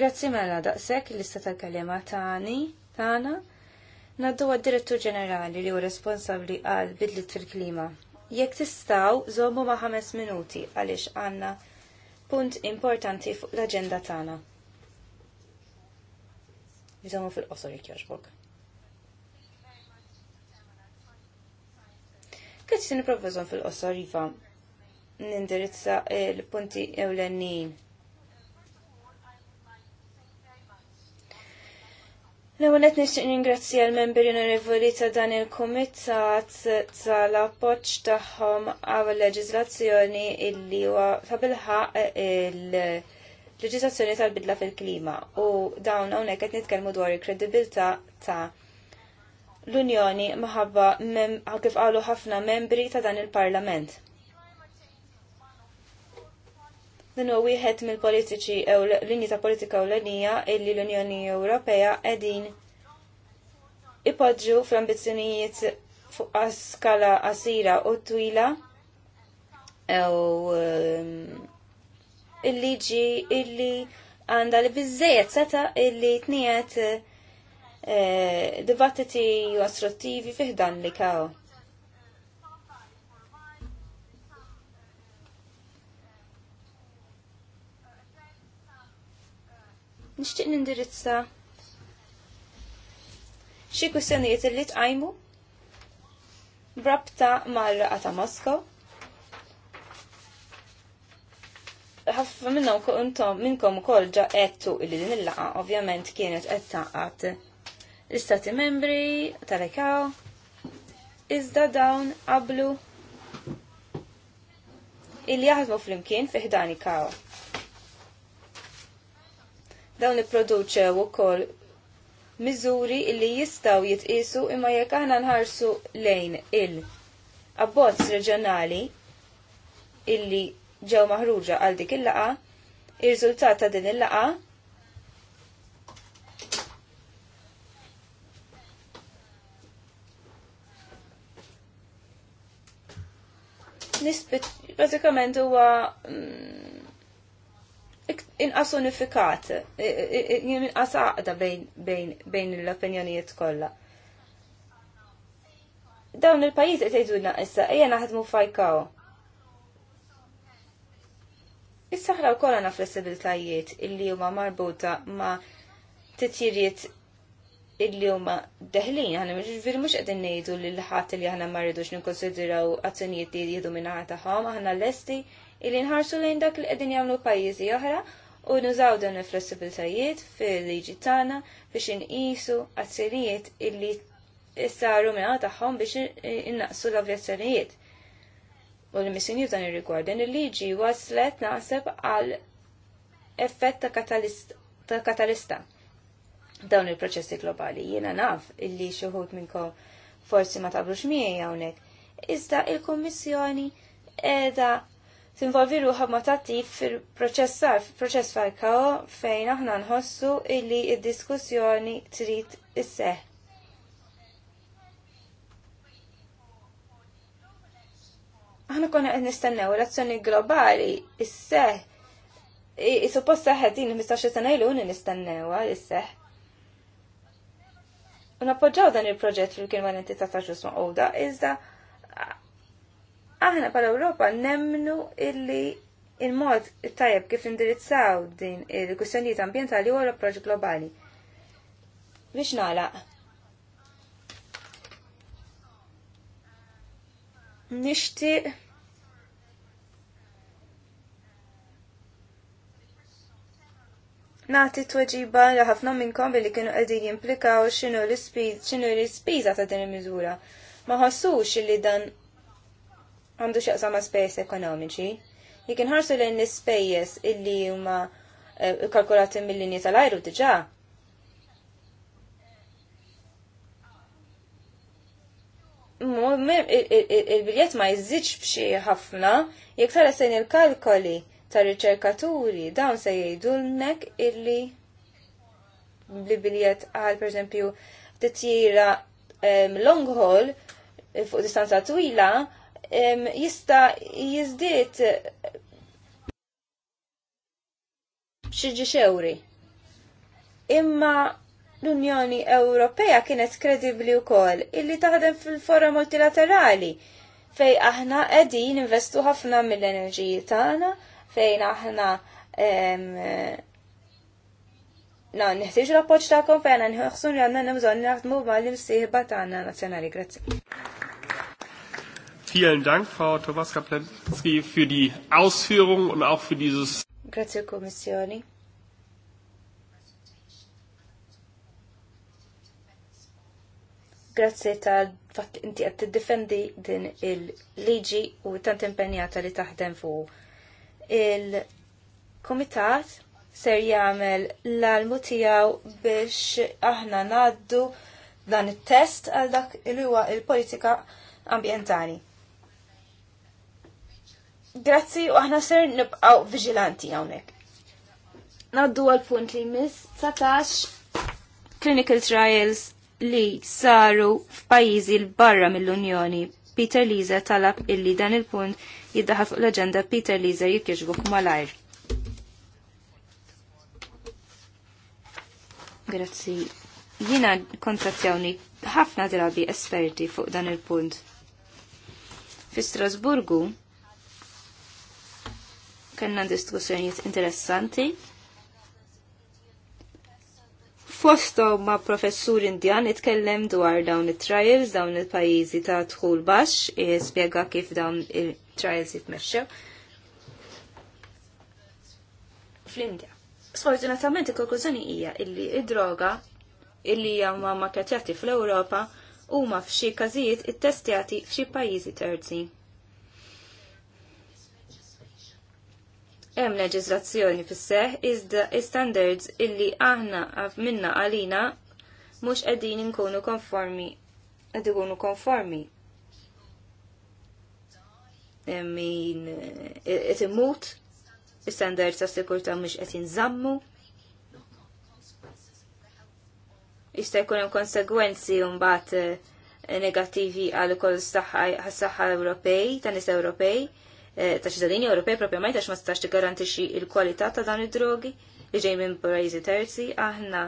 Grazzi mela daqshekk li sta tal-kelema tani, tagħna. Naddu għad-direttur ġenerali li hu responsabbli għal bidlit fil-klima. Jekk tistgħu żommu ma' ħames minuti għaliex għandna punt importanti fuq l-agenda tagħna. Niżommu fil-qosor jekk Kħiċ sin provvizon fil-qosor jiva nindirizza l-punti ewlenin l qed nixtieq ningrazzja l-membri onorevoli ta' dan il-kumitat tal-appoġġ tagħhom għal leġiżlazzjoni illi huwa ta' bilħaq il-leġiżlazzjoni tal-bidla fil-klima u dawn hawnhekk qed nitkellmu dwar il-kredibilità ta' l-Unjoni maħabba kif qalu ħafna membri ta' dan il-Parlament. Din huwa wieħed mill-politiċi ew linji ta' politika ewlenija illi l-Unjoni Ewropea qegħdin ipoġġu fl-ambizzjonijiet fuq skala qasira u twila ew ehm, il-liġi illi għandha li biżejjed seta illi tniet eh, dibattiti u astruttivi dan li kaw. nixtieq nindirizza xi kwistjonijiet li tqajmu brabta mar raqa Moskow. Ħafna minnhom kuntom minnkom ukoll ġa għettu illi din il-laqa ovvjament kienet qed taqgħat l-istati membri tal-ekaw iżda dawn qablu il jaħdmu fl-imkien fiħdani kaw. Dawn u ukoll miżuri li jistgħu jitqisu imma jekk aħna nħarsu lejn il-abbozz reġjonali illi ġew maħruġa għal dik il laqgħa ir-riżultat ta' din il laqgħa nispit, bazzikament huwa mm, inqas unifikat, inqas għaqda bejn l-opinjonijiet kollha. Dawn il-pajjiżi qed jgħidulna issa ejja naħdmu fajkaw. Issa ħra wkoll għandna flessibilitajiet illi huma marbuta ma' titjiriet illi huma deħlin, ħana ġifiri mux għedin nejdu li l-ħat li ma rridux nikonsidiraw azzjonijiet li jihdu minna ħataħom, ħana l-esti illi nħarsu lejn dak li qegħdin jagħmlu pajjiżi oħra u nużaw dan il-flessibiltajiet fil-liġi tagħna biex inqisu azzjonijiet illi saru minn tagħhom biex innaqsu l-avjazzjonijiet. U l-missjoni dan ir-rigward din il-liġi waslet naħseb għal effett ta' katalista dawn il-proċessi globali. Jiena naf illi xi wħud minnkom forsi ma tablux miegħi hawnhekk. Iżda il-Kummissjoni edha tinvolvi ruħa ma fil proċess fal fejn aħna nħossu illi id-diskussjoni trid isseħ. Aħna konna qed nistennew l-azzjoni globali isseħ. Suppost seħħet din 15 sena ilu nistennewha isseħ. U dan il-proġett fil-kien ma entità ta' ġus ma' iżda Aħna pal Ewropa nemnu illi il-mod tajjeb kif indirizzaw din il-kwistjonijiet ambjentali u l-approċ globali. Biex nagħlaq. Nixtieq nati tweġiba li ħafna minnkom billi kienu qegħdin jimplikaw x'inhu l-ispiża ta' din il-miżura. Ma ħassux li dan għandu xaqsa ma' ekonomiċi. Jek inħarsu lejn l-spejjeż illi huma eh, kalkulati mill-linji tal-ajru diġà. Il-biljet ma jżidx b'xi ħafna jekk tara sejn il-kalkoli ta' riċerkaturi dawn se jgħidulnek illi li biljet għal per esempio titjira eh, long haul eh, fuq distanza twila jista jizdiet b'xiġi xewri. Imma l-Unjoni Ewropea kienet kredibli wkoll illi taħdem fil-fora multilaterali fej aħna qegħdin investu ħafna mill-enerġiji tagħna fejn aħna na nħtieġ l-appoġġ tagħkom fejn nħossru li għandna bżonn naħdmu mal-imsieħba tagħna nazzjonali. Grazzi. Vielen Dank, Frau Tomaska-Plenski, für die Ausführungen und auch für dieses. Grazie, Kommissioni. Grazie tal fatt inti qed tiddifendi din il-liġi u tant impenjata li taħdem fuq. Il-Komitat ser jagħmel l-almu tiegħu biex aħna ngħaddu dan it-test għal dak li huwa il-politika ambientali. Grazzi u aħna ser nibqaw vigilanti hawnhekk. Naddu għal punt li miss satax. clinical trials li saru f'pajjiżi l barra mill-Unjoni. Peter Liza talab illi dan il-punt jiddaħal fuq l-agenda Peter Liza jiġbu malajr. Grazzi. Jina kontattjawni ħafna drabi esperti fuq dan il-punt. Fi Strasburgu, kellna diskussjonijiet interessanti. Fosto ma' professur Indjan itkellem dwar dawn it-trials dawn il-pajjiżi ta' dħul baxx, spjega kif dawn il-trials jitmexxew. Fl-Indja. Sfortunatament il-konklużjoni hija illi id-droga illi hija ma' markatjati fl-Ewropa huma f'xi każijiet ittestjati f'xi pajjiżi terzi. hemm leġiżlazzjoni fis-seħ iżda standards illi aħna minna għalina mhux qegħdin inkunu konformi qed ikunu konformi. Min qed e, imut, standards ta' sikurtà mhux qed jinżammu. Jista' jkun hemm konsegwenzi mbagħad e, negattivi għal ukoll għas-saħħa Ewropej, tan-nies Ewropej Eh, ta' ċittadini Ewropej propjament għax ma tistax tigarantixxi l-kwalità ta' dan id-drogi li ġej minn pajjiżi terzi aħna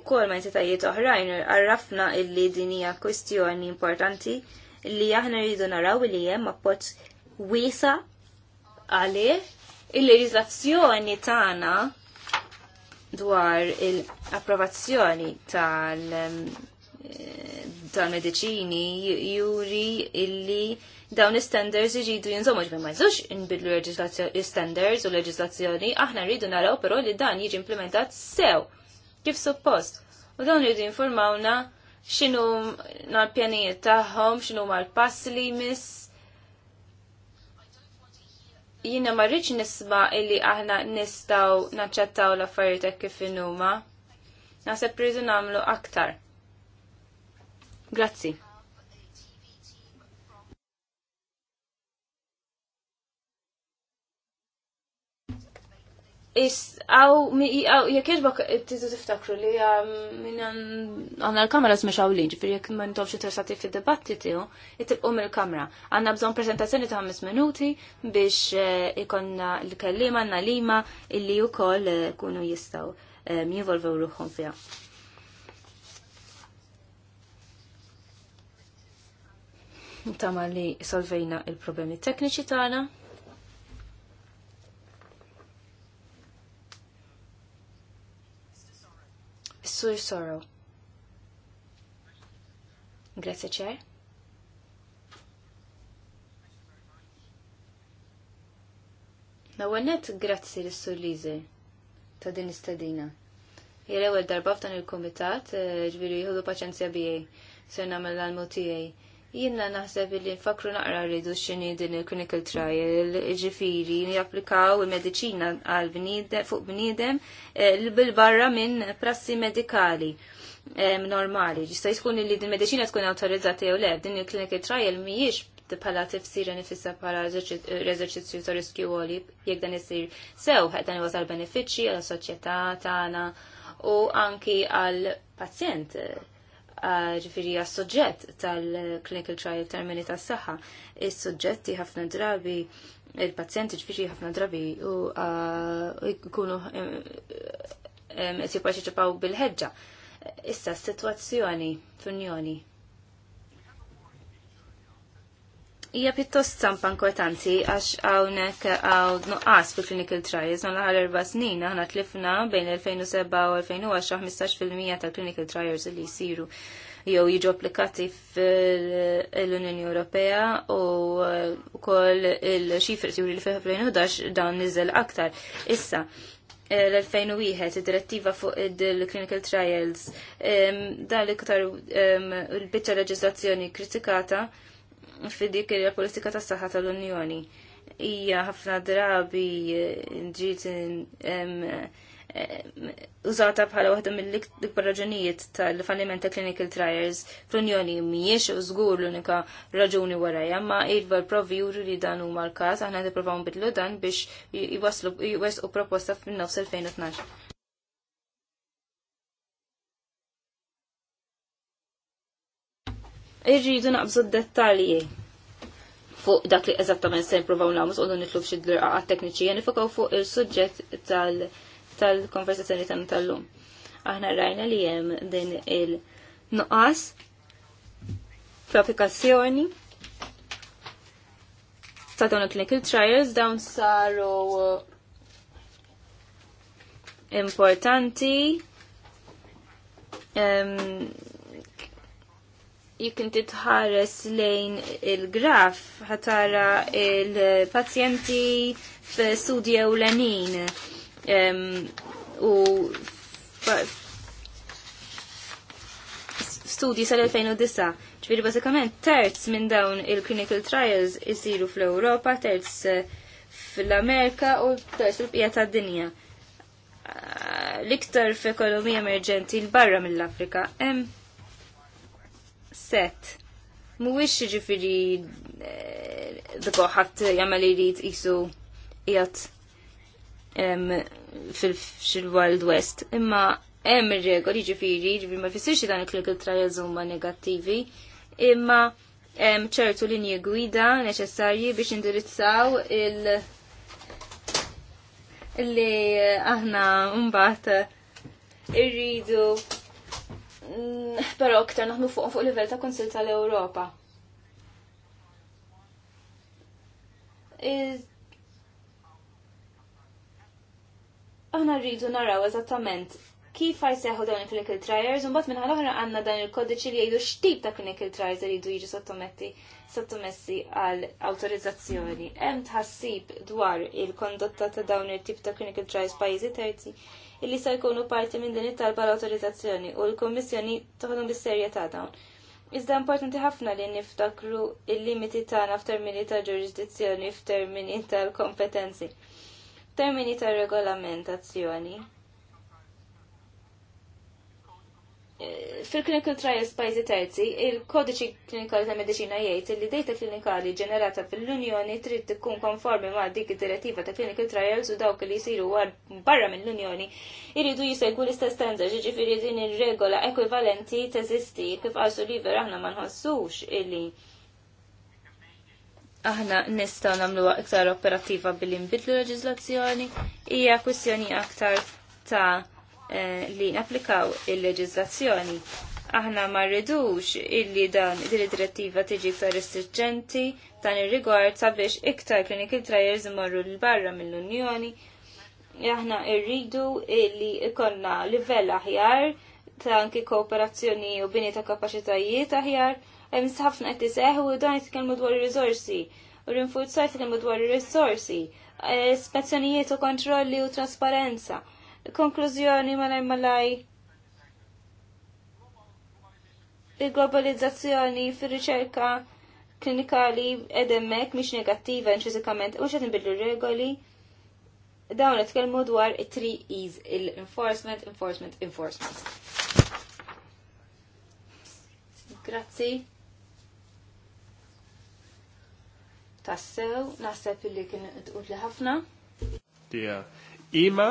ukoll ma' entitajiet oħrajn għarrafna illi din hija kwestjoni importanti li aħna rridu naraw li hemm appoġġ wiesa għalih il-leġislazzjoni tagħna dwar il approvazzjoni tal tal-medicini juri illi dawn standards iġidu jinżomu ġbim ma jżux inbidlu standards u leġislazzjoni, aħna rridu naraw però li dan jiġi implementat sew, kif suppost. U dawn rridu informawna xinu mal-pjanijiet tagħhom, xinu mal-pass li mis Jina ma rridx nisma illi aħna nistaw naċċettaw l-affarijiet kif inhuma. Naħseb rridu nagħmlu aktar Grazzi. Is, għaw, jek t tizu tiftakru li um, minn għanna l-kamera smiex għaw liġ, fir jek minn t tersati dibattiti dibattitiju, jitibqu mill kamera Għanna bżon prezentazzjoni ta' 5 minuti biex eh, ikonna l-kellima, n-nalima, illi u koll eh, kunu jistaw eh, jivolvu ruħum fija. Ntama li solvejna il-problemi tekniċi tagħna. Is-sur Sorrow. Grazie ċer. Nawennet grazzi l Lize ta' din istadina. Jere għal darba f'dan il-komitat, eh, ġviri jħudu paċenzja bijaj, ser namel l-almu tijaj. Jinnna naħseb li nfakru naqra rridu x'inhi din il-clinical trial, ġifiri, japplikaw il-medicina għal fuq bniedem eh, bil-barra minn prassi medikali eh, normali. Ġista jkun li din medicina tkun autorizzata jew le, din il-clinical trial mhijiex bħala tifsira nifissa bħala eżerċizzju ta' riskju għoli jekk dan jisir sew għed dan iwasal benefiċċji għal soċjetà tagħna u anki għal pazjent eh, Ah, ġifiri għas-soġġett tal-clinical trial termini tas-saħħa. Is-soġġetti ħafna drabi il-pazjenti ġifiri ħafna drabi u jkunu ah, eh, eh, jipparċiċipaw bil-ħeġġa. Issa s-situazzjoni f'unjoni hija pjuttost stampa inkotanti għax hawnhekk għaw nuqqas fil-clinical trials ma l-aħħar erba' snin aħna tlifna bejn 2007 u 2010 15% tal-clinical trials li jsiru jew jiġu applikati fil-Unjoni Ewropea u wkoll il-xifri li fil-2011 dan niżel aktar. Issa, l-2001 id-direttiva fuq il-clinical trials dan iktar il-bicċa leġislazzjoni kritikata fi dik il-politika tas saħħa tal-Unjoni. Hija ħafna drabi ġiet użata bħala waħda mill-ikbar raġunijiet tal-falliment ta' clinical trials fl-Unjoni mhijiex żgur l-unika raġuni warajja, ma ilva l-provi juru li dan huma l-każ aħna nipprovaw nbidlu dan biex jwasslu jwesqu proposta fin-nofs 2012. irridu naqbżu d-dettalji fuq dak li eżattament se nipruvaw nagħmlu sqogħdu nitlu f'xi dlirqaqat tekniċi nifokaw fuq il-suġġett tal-konversazzjoni tagħna tal-lum. Aħna rajna li hemm din il-nuqqas fl-applikazzjoni ta' dawn clinical trials dawn saru importanti jekk inti tħares lejn il-graf ħatara il-pazjenti f'studji ewlenin u studji sal-2009. Ġviri basikament terz minn dawn il-clinical trials isiru fl-Europa, terz eh, fl-Amerika u terz fil-bqija tad-dinja. Eh, l-iktar f'ekonomija emerġenti l-barra mill-Afrika set mhuwiex jiġifieri dgo eh, ħadd li irid isu qiegħed fil-Wild West, imma hemm ir-regoli ġifieri, ġifieri ma jfissirx dan il-clinical trials huma negattivi, imma hemm ċertu linji gwida neċessarji biex indirizzaw il- li aħna mbagħad irridu Mm, però aktar naħmu fuq fuq livell ta' Kunsil tal-Ewropa. Aħna rridu naraw eżattament kif għajseħu dawn il-clinical trials, un bat minna l-ohra għanna dan il-kodiċi li għajdu xtib ta' clinical trials li jgħidu jġi sottometti sottomessi għal autorizzazzjoni. Hemm tħassib dwar il-kondotta ta' dawn il-tip ta' clinical trials pajjiżi terzi illi sa jkunu parti minn din it-talba l-autorizzazzjoni u l-Kommissjoni toħdom bis ta' dawn. Iżda importanti ħafna li niftakru il-limiti tagħna f'termini ta' ġurisdizzjoni f'termini tal-kompetenzi. Termini ta' regolamentazzjoni. fil-clinical trials pajzi terzi, il-kodiċi klinikali ta' medicina jgħid li data klinikali ġenerata fil-Unjoni trid tkun konformi ma' dik id-direttiva ta' clinical trials u dawk li jsiru barra mill-Unjoni iridu jisegwu l-istess standard, jiġifieri din ir-regola ekwivalenti teżisti kif qasu li vera aħna ma nħossux illi aħna nistgħu nagħmluha iktar operattiva billi nbidlu leġiżlazzjoni hija kwistjoni aktar ta' Eh, li napplikaw il-leġizlazzjoni. Aħna ma rridux illi dan din id-direttiva tiġi iktar restriġenti dan ir-rigward sabiex iktar clinical trials imorru l-barra mill-Unjoni. Aħna rridu illi ikonna livell aħjar ta' anki kooperazzjoni u bini ta' kapacitajiet aħjar, hemm ħafna qed iseħħ u dan jitkellmu dwar ir-riżorsi u rinfurzajt jitkellmu dwar ir-riżorsi, eh, spezzjonijiet u kontrolli u trasparenza konklużjoni malaj malaj il-globalizzazzjoni fir-riċerka klinikali edemmek miex negattiva intrinsikament u xed nbidlu regoli dawn nitkellmu dwar it tri E's il-enforcement, enforcement, enforcement. Grazzi. Tassew, naħseb illi kien li ħafna. Yeah. ima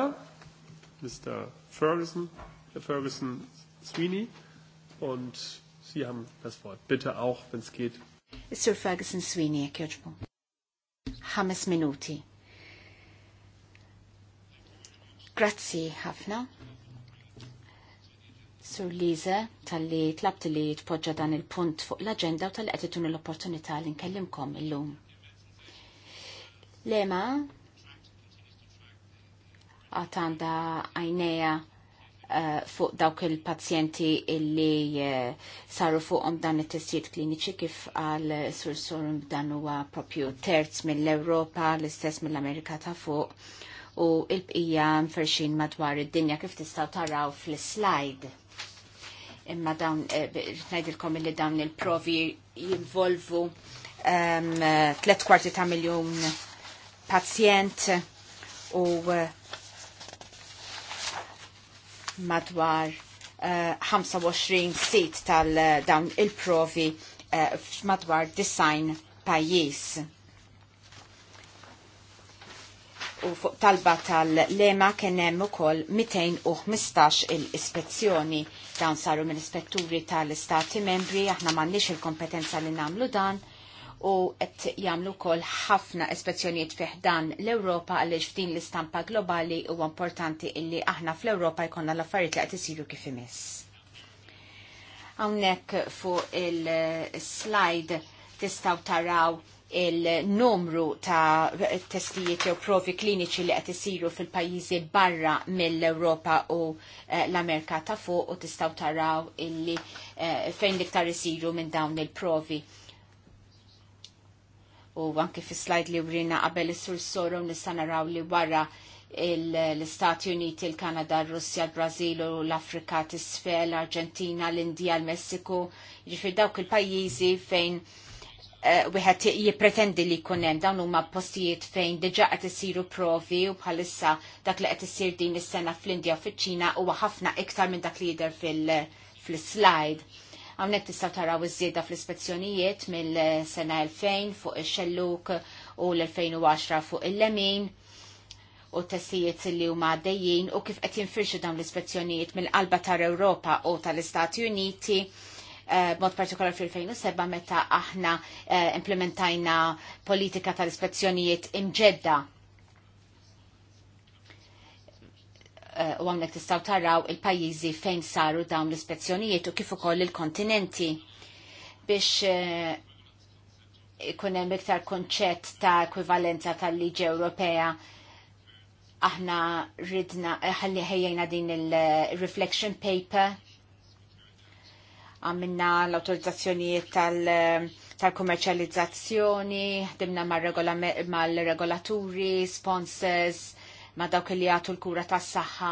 Mr. Ferguson, Herr Ferguson Sweeney und Sie haben das Wort. Bitte auch, wenn es geht. Sir Ferguson Sweeney, Herr Kirchbo. Ħames minuti. Grazie, ħafna. Sur Lise, tal-li tlabt li tpoġġa dan il-punt fuq l-agenda u tal-li għetetun l-opportunità li nkellimkom il-lum. Lema għatanda għajneja eh, fuq dawk il-pazjenti illi eh, saru fuqhom dan it-testijiet kliniċi kif għal sur sorum dan huwa propju terz mill-Ewropa, l-istess mill-Amerika ta' fuq u il-bqija mferxin madwar id-dinja kif tistaw taraw fl-slide. Imma dawn, eh, najdilkom illi dawn il-provi jinvolvu ehm, tlet kwarti ta' miljon pazjent u madwar uh, eh, 25 sit tal-dawn eh, il-provi uh, eh, madwar design pajis. U fuq talba tal-lema kienem u koll 215 il-ispezzjoni dawn saru mill-ispetturi tal-istati membri, aħna mannix il-kompetenza li namlu dan, u qed jagħmlu wkoll ħafna ispezzjonijiet fih dan l-Ewropa għaliex f'din l-istampa globali huwa importanti illi aħna fl-Ewropa jkollna l-affarijiet li qed isiru kif imiss. Hawnhekk fuq il-slide tistgħu taraw il-numru ta' testijiet jew provi kliniċi li qed isiru fil-pajjiżi barra mill-Ewropa u eh, l-Amerika ta' fuq u tistgħu taraw illi eh, fejn liktar isiru minn dawn il-provi u anki fi slajd li urina qabel is-sur Soru nista' naraw li wara l-Istati Uniti, il-Kanada, l russja l-Brazil u l-Afrika t-isfel, l-Argentina, l-Indija, l-Messiku, ġifir dawk il-pajjiżi fejn eh, wieħed jippretendi li jkun hemm dawn huma postijiet fejn diġà qed isiru provi u bħalissa dak li qed isir din is-sena fl-Indja u fiċ-Ċina huwa ħafna iktar minn dak li jidher fil-slide għamnek tistaw taraw iż-żieda fl-ispezzjonijiet mill-sena 2000 fuq ix-xelluk u l-2010 fuq il-lemin u t testijiet li huma għaddejjin u kif qed jinfirxu dawn l-ispezzjonijiet mill-qalba tar-Ewropa u tal-Istati Uniti eh, mod partikolar fil-2007 meta aħna eh, implementajna politika tal-ispezzjonijiet imġedda Eh, u għamlek tistaw taraw il-pajizi fejn saru dawn l-ispezzjonijiet u kif ukoll il-kontinenti biex eh, ikun hemm iktar konċett ta' ekwivalenza tal-liġi Ewropea aħna ridna eh, ħalli ħejjejna din il-reflection paper għamilna l-autorizzazzjonijiet tal- tal-kommerċializzazzjoni, ħdimna mal-regolaturi, sponsors, ma' dawk li jagħtu l-kura tas-saħħa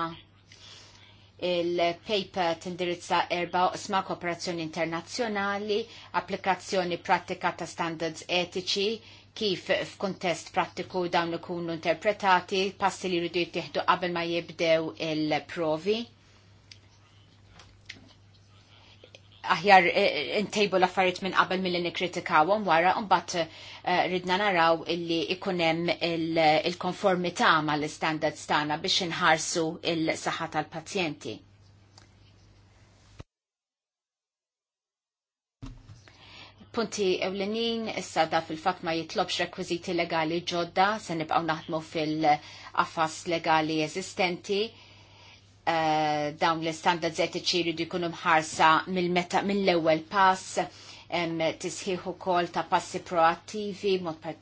il-paper tindirizza erba osma kooperazzjoni internazzjonali, applikazzjoni pratika ta' standards etiċi, kif f'kuntest prattiku dawn ikunu interpretati, passi li rridu jittieħdu qabel ma jibdew il-provi aħjar eh, intejbu l-affarijiet minn qabel mill-li wara wara mbagħad eh, ridna naraw illi ikunem il-konformità mal standard tagħna biex inħarsu il-saħħa tal-pazjenti. Punti ewlenin issa da fil-fatt ma jitlobx rekwiżiti legali ġodda se nibqgħu naħdmu fil-qafas legali eżistenti Eh, dawn l-standards etiċi jridu jkunu mħarsa mill-meta mill-ewwel pass tisħiħ ukoll ta' passi proattivi mod qed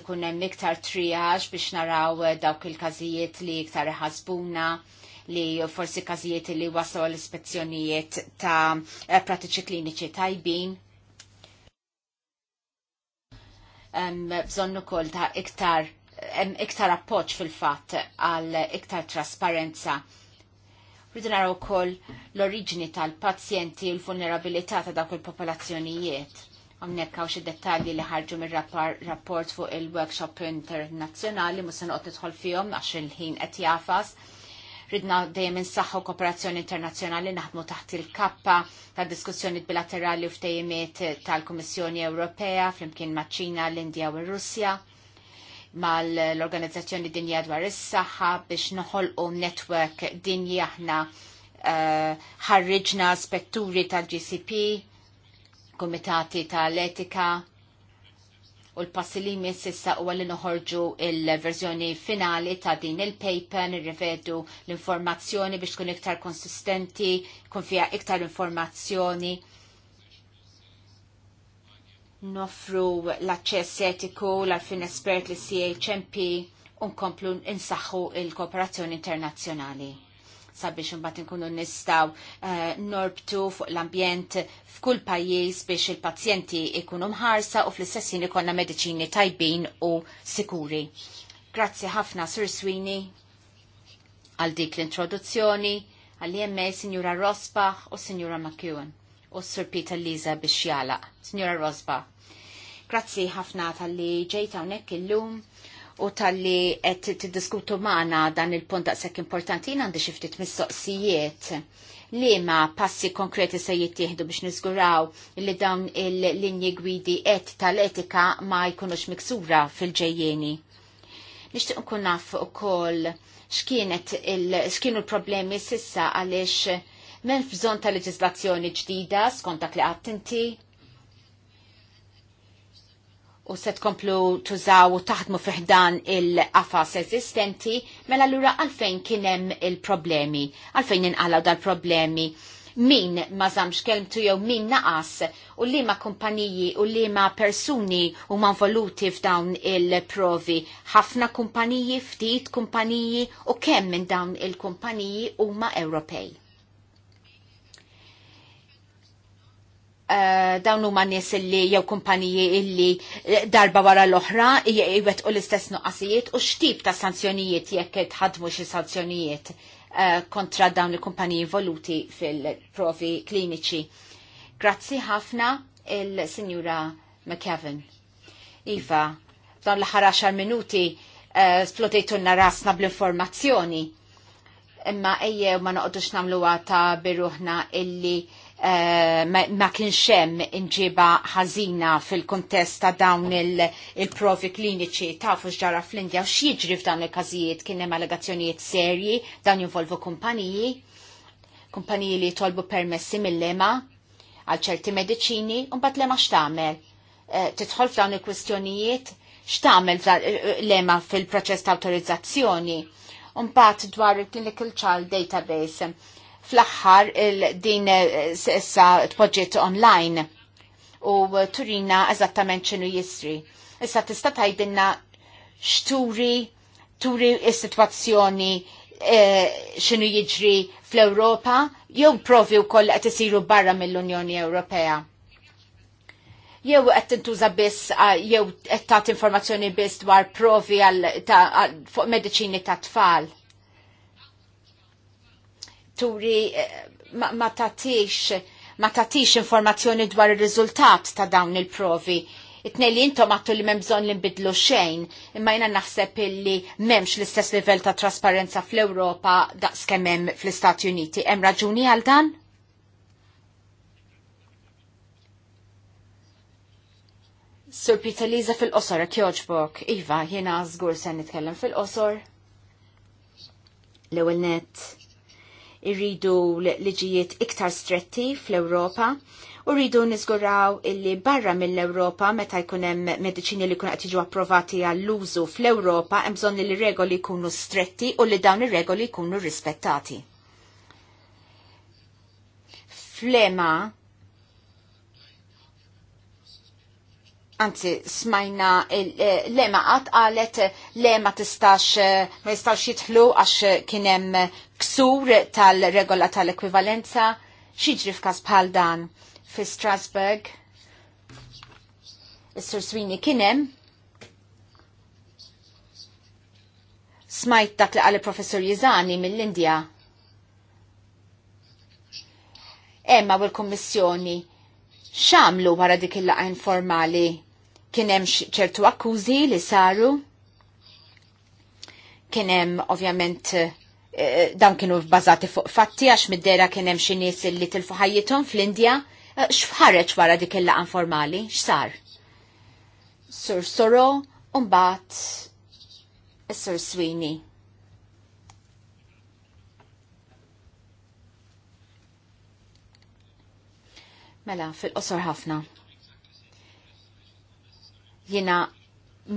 ikun hemm iktar triage biex naraw eh, dawk il-każijiet li iktar iħasbuna li forsi każijiet li waslu l-ispezzjonijiet ta' eh, pratiċi kliniċi tajbin bżonnu kol ta' iktar iktar appoġġ fil-fatt għal iktar trasparenza. Rridu naraw ukoll l-oriġini tal-pazjenti u l-vulnerabilità ta' dawk il-popolazzjonijiet. Hawnhekk hawn xi dettalji li ħarġu mir-rapport fuq il-workshop internazzjonali mhux se noqgħod nidħol fihom għax il-ħin qed jafas. Ridna dejjem insaħħu kooperazzjoni internazzjonali naħdmu taħt il-kappa ta' diskussjoni bilaterali u ftejimiet tal-Kummissjoni Ewropea flimkien maċ-Ċina, l-Indja u r-Russja mal-Organizzazzjoni Dinja dwar is-Saħħa biex noħolqu netwerk dinji aħna eh, ħarriġna spetturi tal-GCP, komitati tal-etika, u l passilimi s-sissa u għallin noħorġu il-verżjoni finali ta' din il-paper, nirrivedu l-informazzjoni biex tkun iktar konsistenti, kun fija iktar informazzjoni nofru l-aċċess etiku l-arfin espert li CHMP unkomplu insaħħu il-kooperazzjoni internazzjonali sabiex imbagħad inkunu nistgħu uh, eh, norbtu fuq l-ambjent f'kull pajjiż biex il-pazjenti ikunu mħarsa u fl-istess ħin ikollna mediċini tajbin u sikuri. Grazzi ħafna Sir Sweeney għal dik l-introduzzjoni għal jemmej Sinjura Rosbach u Sinjura McEwen u Sir Peter Liza biex jalaq. Sinjura Rosbach. Grazzi ħafna tal-li ġejta hawnhekk illum u tal-li qed tiddiskutu magħna dan il-punt daqshekk importanti għandi xi ftit mistoqsijiet. Liema passi konkreti se jittieħdu biex niżguraw li dawn il-linji gwidi et tal-etika ma jkunux miksura fil-ġejjeni. Nixtieq nkun naf ukoll x'kienet il x'kienu l-problemi sissa għaliex m'hemmx bżonn tal leġislazzjoni ġdida skont dak li qatt inti u se tkomplu tużaw u taħdmu fiħdan il-qafas eżistenti, mela l-ura għalfejn kienem il-problemi, għalfejn inqalaw dal-problemi, min ma zamx kelmtu jew min naqas u li ma kumpaniji u li ma persuni u ma voluti f'dawn il-provi. ħafna kumpaniji, ftit kumpaniji u kemm minn dawn il-kumpaniji u ma Ewropej. Eh, dawn huma nies illi jew kumpaniji illi eh, darba wara l-oħra jwettqu l-istess nuqqasijiet u x'tip ta' sanzjonijiet jekk tħadmu xi sanzjonijiet eh, kontra dawn il-kumpaniji involuti fil-provi kliniċi. Grazzi ħafna il-Sinjura McKevin. Iva, dawn l-ħar 10 minuti splotejtunna rasna bl-informazzjoni imma ejje ma noqdux namluwa ta' birruħna illi Eh, ma, kienx hemm inġiba ħażina fil-kuntest ta' dawn il-provi kliniċi kliniċi tafu ġara fl-Indja u x'jiġri f'dan il-każijiet kien hemm allegazzjonijiet serji dawn jinvolvu kumpaniji, kumpaniji li jtolbu permessi mill-lema għal ċerti mediċini u mbagħad lema x'tagħmel. Titħol eh, Tidħol f'dawn il-kwistjonijiet x'tagħmel eh, lema fil-proċess ta' awtorizzazzjoni. Mbagħad dwar il-Clinical Child Database fl-aħħar din eh, issa tpoġġiet online u turina eżattament x'inhu jisri. Issa tista' tgħidilna x'turi turi situazzjoni sitwazzjoni eh, x'inhu jiġri fl-Ewropa jew provi wkoll qed isiru barra mill-Unjoni Ewropea. Jew qed tintuża biss jew qed tat informazzjoni biss dwar provi fuq mediċini tat-tfal turi eh, ma, tatix ma tatix informazzjoni dwar ir-riżultat ta' dawn il-provi. Itne li intom għattu li memżon li nbidlu xejn, imma jina naħseb li memx l-istess livell ta' trasparenza fl-Europa daqs skemem fl-Istati Uniti. Hemm raġuni għal dan? Sur Peter Liza fil-qosor, kjoġbok. Iva, jena zgur sen nitkellem fil-qosor. L-ewel net irridu liġijiet iktar stretti fl-Ewropa u rridu nizguraw illi barra mill-Ewropa meta jkun hemm mediċini li jkunu qed jiġu approvati għall-użu fl-Ewropa hemm bżonn li regoli jkunu stretti u li dawn ir-regoli jkunu rispettati. Flema anzi smajna l-ema eh, lema għat għalet lema tistax eh, ma jistax jitħlu għax kienem ksur tal-regola tal ekvivalenza xieġri f'kas bħal dan fi Strasburg Is-Sur Swini kienem smajt dak li għal professor Jizani mill-Indja Emma u l-Kommissjoni xamlu wara dik il-laqa informali kienem ċertu akkużi li saru, kienem ovvjament eh, eh, dan kienu bazati fuq fatti għax middera kien hemm xi nies li tilfu ħajjithom fl-Indja eh, x'ħareġ wara dik il-laqgħa informali, x'sar? Sur Soro u mbagħad Sur Swini. Mela, fil-qosor ħafna. Jina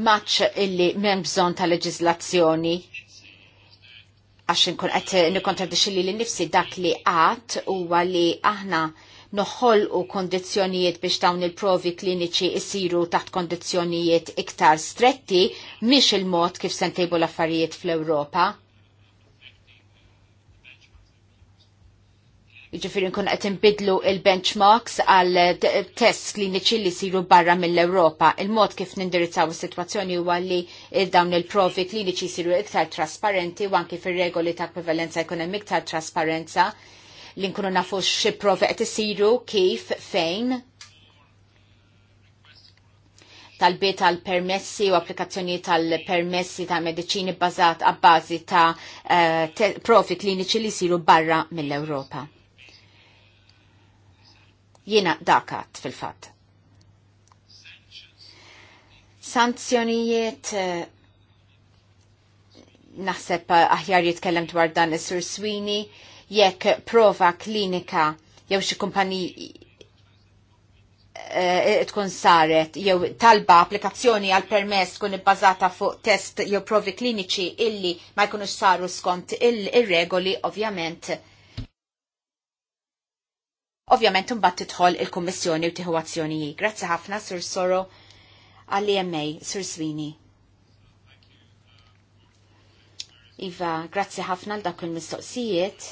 maċ illi men bżon ta' leġizlazzjoni għax nkun qed nikkontradixxi li l-nifsi dak li qatt huwa li aħna noħolqu kondizzjonijiet biex dawn il-provi kliniċi jsiru taħt kondizzjonijiet iktar stretti miex il-mod kif sentejbu l-affarijiet fl-Ewropa. Jiġifieri nkun qed inbidlu il-benchmarks għal tests li li siru barra mill-Ewropa. Il-mod kif nindirizzaw is-sitwazzjoni huwa li dawn il-provi kliniċi siru iktar trasparenti u anke fir-regoli ta' prevalenza ekonomik iktar trasparenza li nkunu nafu x provi qed isiru kif fejn tal-bit tal-permessi u applikazzjoni tal-permessi ta' mediċini bbażat għabbażi ta' eh, provi kliniċi li siru barra mill-Ewropa. Jiena dakat fil-fatt. Sanzjonijiet eh, naħseb eh, aħjar jitkellem dwar dan is-Sur Swini jekk prova klinika jew xi kumpani eh, tkun saret jew talba applikazzjoni għal permess tkun ibbażata fuq test jew provi kliniċi illi ma jkunux saru skont il-regoli ovvjament Ovvjament imbagħad tidħol il-Kummissjoni u tieħu azzjonijiet. Grazzi ħafna Sur Soro għall-EMA, Sur Swini. Iva, grazzi ħafna l dak il-mistoqsijiet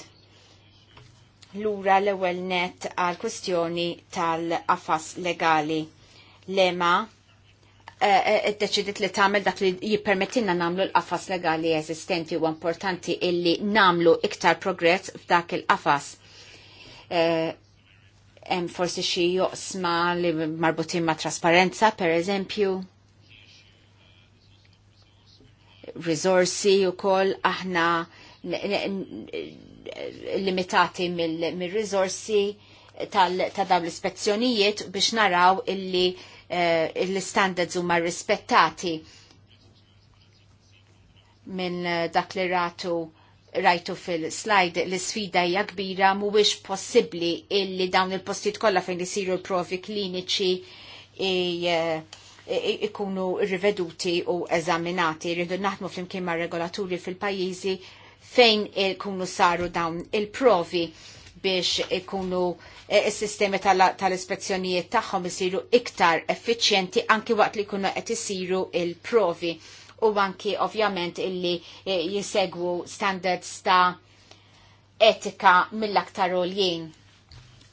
lura l-ewel net għal kwestjoni tal-qafas legali. Lema eh, eh, id-deċidit li tagħmel dak li jippermettilna nagħmlu l-qafas legali eżistenti u importanti illi nagħmlu iktar progress f'dak il-qafas. Eh, hemm forsi xi joqsma li marbutin ma' trasparenza per eżempju risorsi u koll aħna limitati mill mil ta' dawn l-ispezzjonijiet biex naraw illi eh, l-standards huma rispettati minn eh, dak li ratu rajtu fil-slide l-sfida hija kbira mhuwiex possibbli illi dawn il-postijiet kollha fejn isiru l-provi kliniċi ikunu riveduti u eżaminati. Rridu naħdmu flimkien ma' regolaturi fil-pajjiżi fejn ikunu saru dawn il-provi biex ikunu e, il-sistemi tal-ispezzjonijiet tagħhom isiru iktar effiċjenti anki waqt li jkunu qed isiru il-provi. il provi u anki ovvjament illi eh, jisegwu standards ta' etika mill-aktar jien.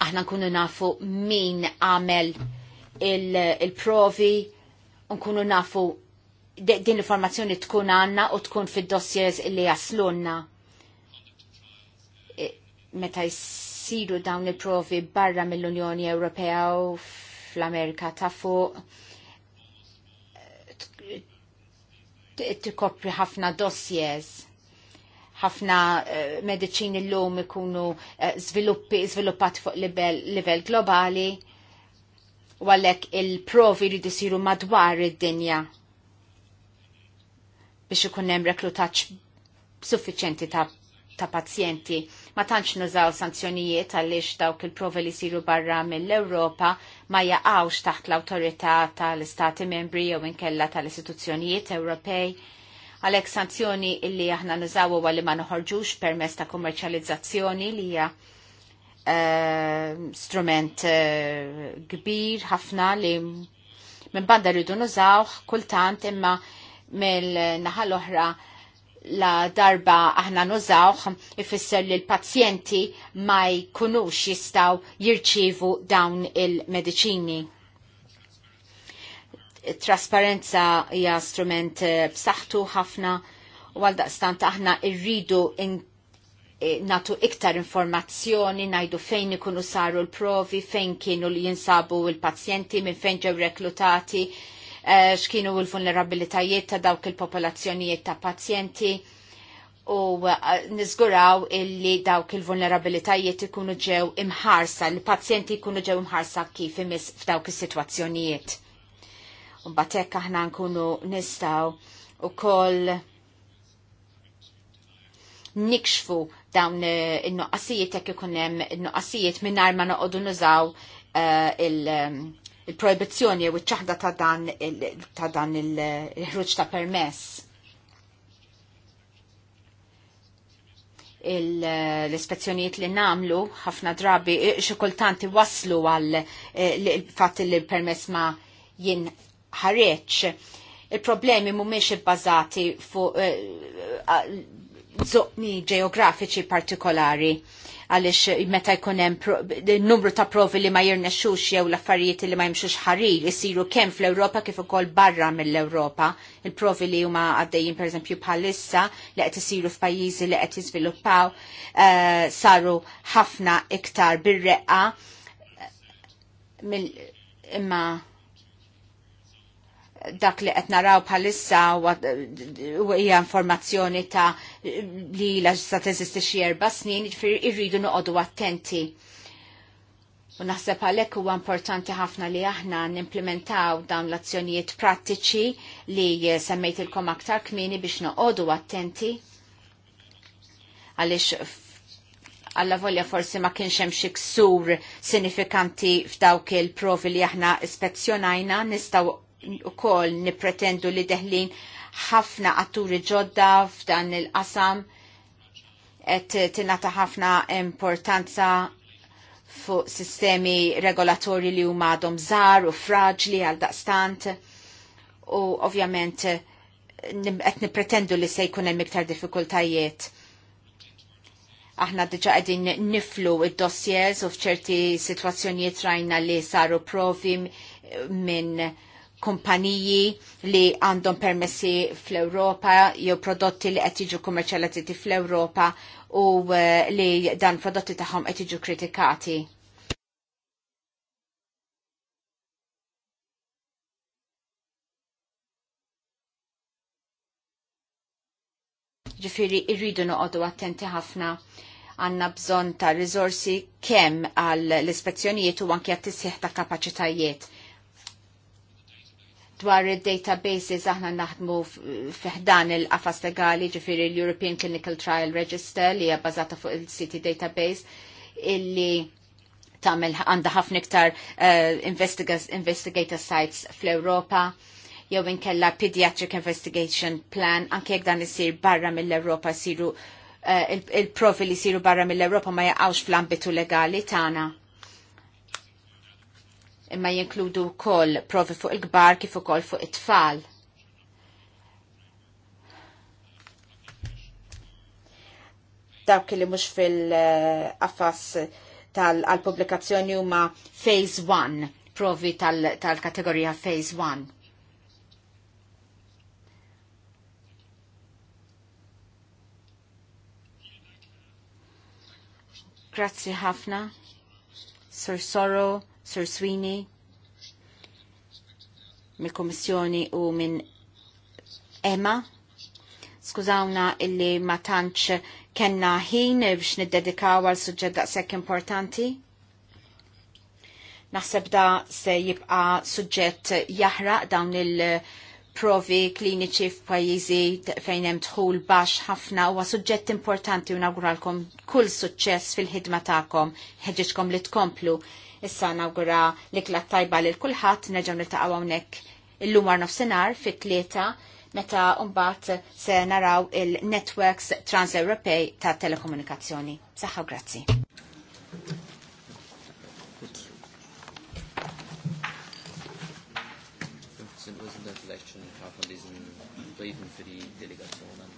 Aħna nkunu nafu min għamel il-provi, il nkunu nafu din l-informazzjoni tkun għanna u tkun fid-dossiers illi jaslunna. Eh, meta jsiru dawn il-provi barra mill-Unjoni Ewropea u fl-Amerika ta' fuq tkopri ħafna dossiers ħafna eh, mediċini l-lum ikunu eh, sviluppi, zviluppat fuq livell globali u għalek il-provi rridu siru madwar id-dinja biex ikun hemm reklutaċ suffiċenti ta', ta pazjenti ma tantx nużaw sanzjonijiet għaliex dawk il-prove li siru barra mill-Ewropa ma jaqawx taħt l-autorità tal-Istati membri jew inkella tal-istituzzjonijiet Ewropej għalhekk sanzjoni illi aħna huwa għalli ma noħorġux permess ta' kummerċjalizzazzjoni li hija uh, strument uh, kbir ħafna li minn banda rridu nużawh kultant imma mill-naħa l-oħra la darba aħna nużawħ ifisser li l-pazjenti ma jkunux jistaw jirċivu dawn il-medicini. Trasparenza hija strument eh, b'saħħtu ħafna u għaldaqstant aħna irridu eh, natu iktar informazzjoni, najdu fejn ikunu saru l-provi, fejn kienu li jinsabu l-pazjenti, minn fejn ġew reklutati, Eh, xkienu l-vulnerabilitajiet ta' dawk il-popolazzjonijiet ta' pazjenti u eh, nizguraw illi dawk il-vulnerabilitajiet ikunu ġew imħarsa, l-pazjenti ikunu ġew imħarsa kif imis f'dawk is-sitwazzjonijiet. U batek aħna nkunu nistaw u koll nikxfu dawn eh, il-nuqqasijiet jekk ikun hemm il-nuqqasijiet mingħajr ma noqogħdu nużaw uh, il- um, il-proibizzjoni u ċaħda ta' dan ta' dan il-ħruġ ta' permess. l-ispezzjonijiet li namlu ħafna drabi eh, xi kultanti waslu għal eh, fatt li l-permess ma jien ħareċ. Il-problemi mhumiex ibbażati fuq eh, zoqni ġeografiċi partikolari għaliex meta jkun hemm numru ta' provi li ma jirnexxux jew l-affarijiet li ma jimxux ħarir isiru kemm fl-Ewropa kif ukoll barra mill-Ewropa. Il-provi li huma għaddejjin pereżempju bħalissa li qed isiru f'pajjiżi li qed jiżviluppaw uh, saru ħafna iktar bir-reqqa imma dak li qed naraw bħalissa hija informazzjoni ta' li sa teżisti xi erba' snin, jiġifieri irridu noqogħdu attenti. U naħseb għalhekk huwa importanti ħafna li aħna nimplementaw dawn l-azzjonijiet prattiċi li semmejtilkom aktar kmieni biex noqogħdu attenti għaliex alla volja forsi ma kienx hemm xi ksur sinifikanti f'dawk il-provi li aħna ispezzjonajna nistgħu u kol nipretendu li deħlin ħafna atturi ġodda f'dan il-qasam et tinata ħafna importanza fuq sistemi regolatori li huma għadhom żgħar u fraġli għal daqstant u ovvjament qed nippretendu li se jkun hemm iktar diffikultajiet. Aħna diġa qegħdin niflu id-dossiers u f'ċerti sitwazzjonijiet rajna li saru provi minn kumpaniji li għandhom permessi fl-Europa jew prodotti li qed jiġu kummerċjalizzati fl-Europa u eh, li dan prodotti tagħhom qed jiġu kritikati. Ġifiri, irridu noqogħdu attenti ħafna għanna bżon ta' risorsi kemm għall ispezzjonijiet u anki għat ta' kapacitajiet dwar il-databases aħna naħdmu fiħdan il-qafas legali ġifiri l-European Clinical Trial Register li hija bazata fuq il-City Database illi tagħmel għandha ħafna iktar uh, investigator sites fl-Ewropa jew inkella Pediatric Investigation Plan anke jekk dan isir barra mill-Ewropa siru uh, eh, il-profi il li siru barra mill-Ewropa ma jaqgħux fl-ambitu legali tagħna imma jinkludu wkoll provi fuq il-kbar kif ukoll fuq it-tfal. Dawk li mhux fil affas tal-pubblikazzjoni huma phase 1, provi tal-kategorija phase 1. Grazzi ħafna, Sir Sorrow. Sir Sweeney, mill kommissjoni u minn Emma. Skużawna illi ma tantx kenna ħin biex niddedikaw għal suġġett daqshekk importanti. Naħseb da se jibqa suġġett jaħraq dawn il-provi kliniċi f'pajjiżi fejn hemm dħul baxx ħafna huwa suġġett importanti u nawguralkom kull suċċess fil-ħidma tagħkom, ħeġġeġkom li tkomplu Issa nawgura l-ikla tajba lil kulħadd nerġgħu niltaqgħu hawnhekk illum għar nofsinhar fit-tlieta meta mbagħad se naraw il-networks trans europej ta' telekomunikazzjoni. Saħħa grazzi. Sind Delegation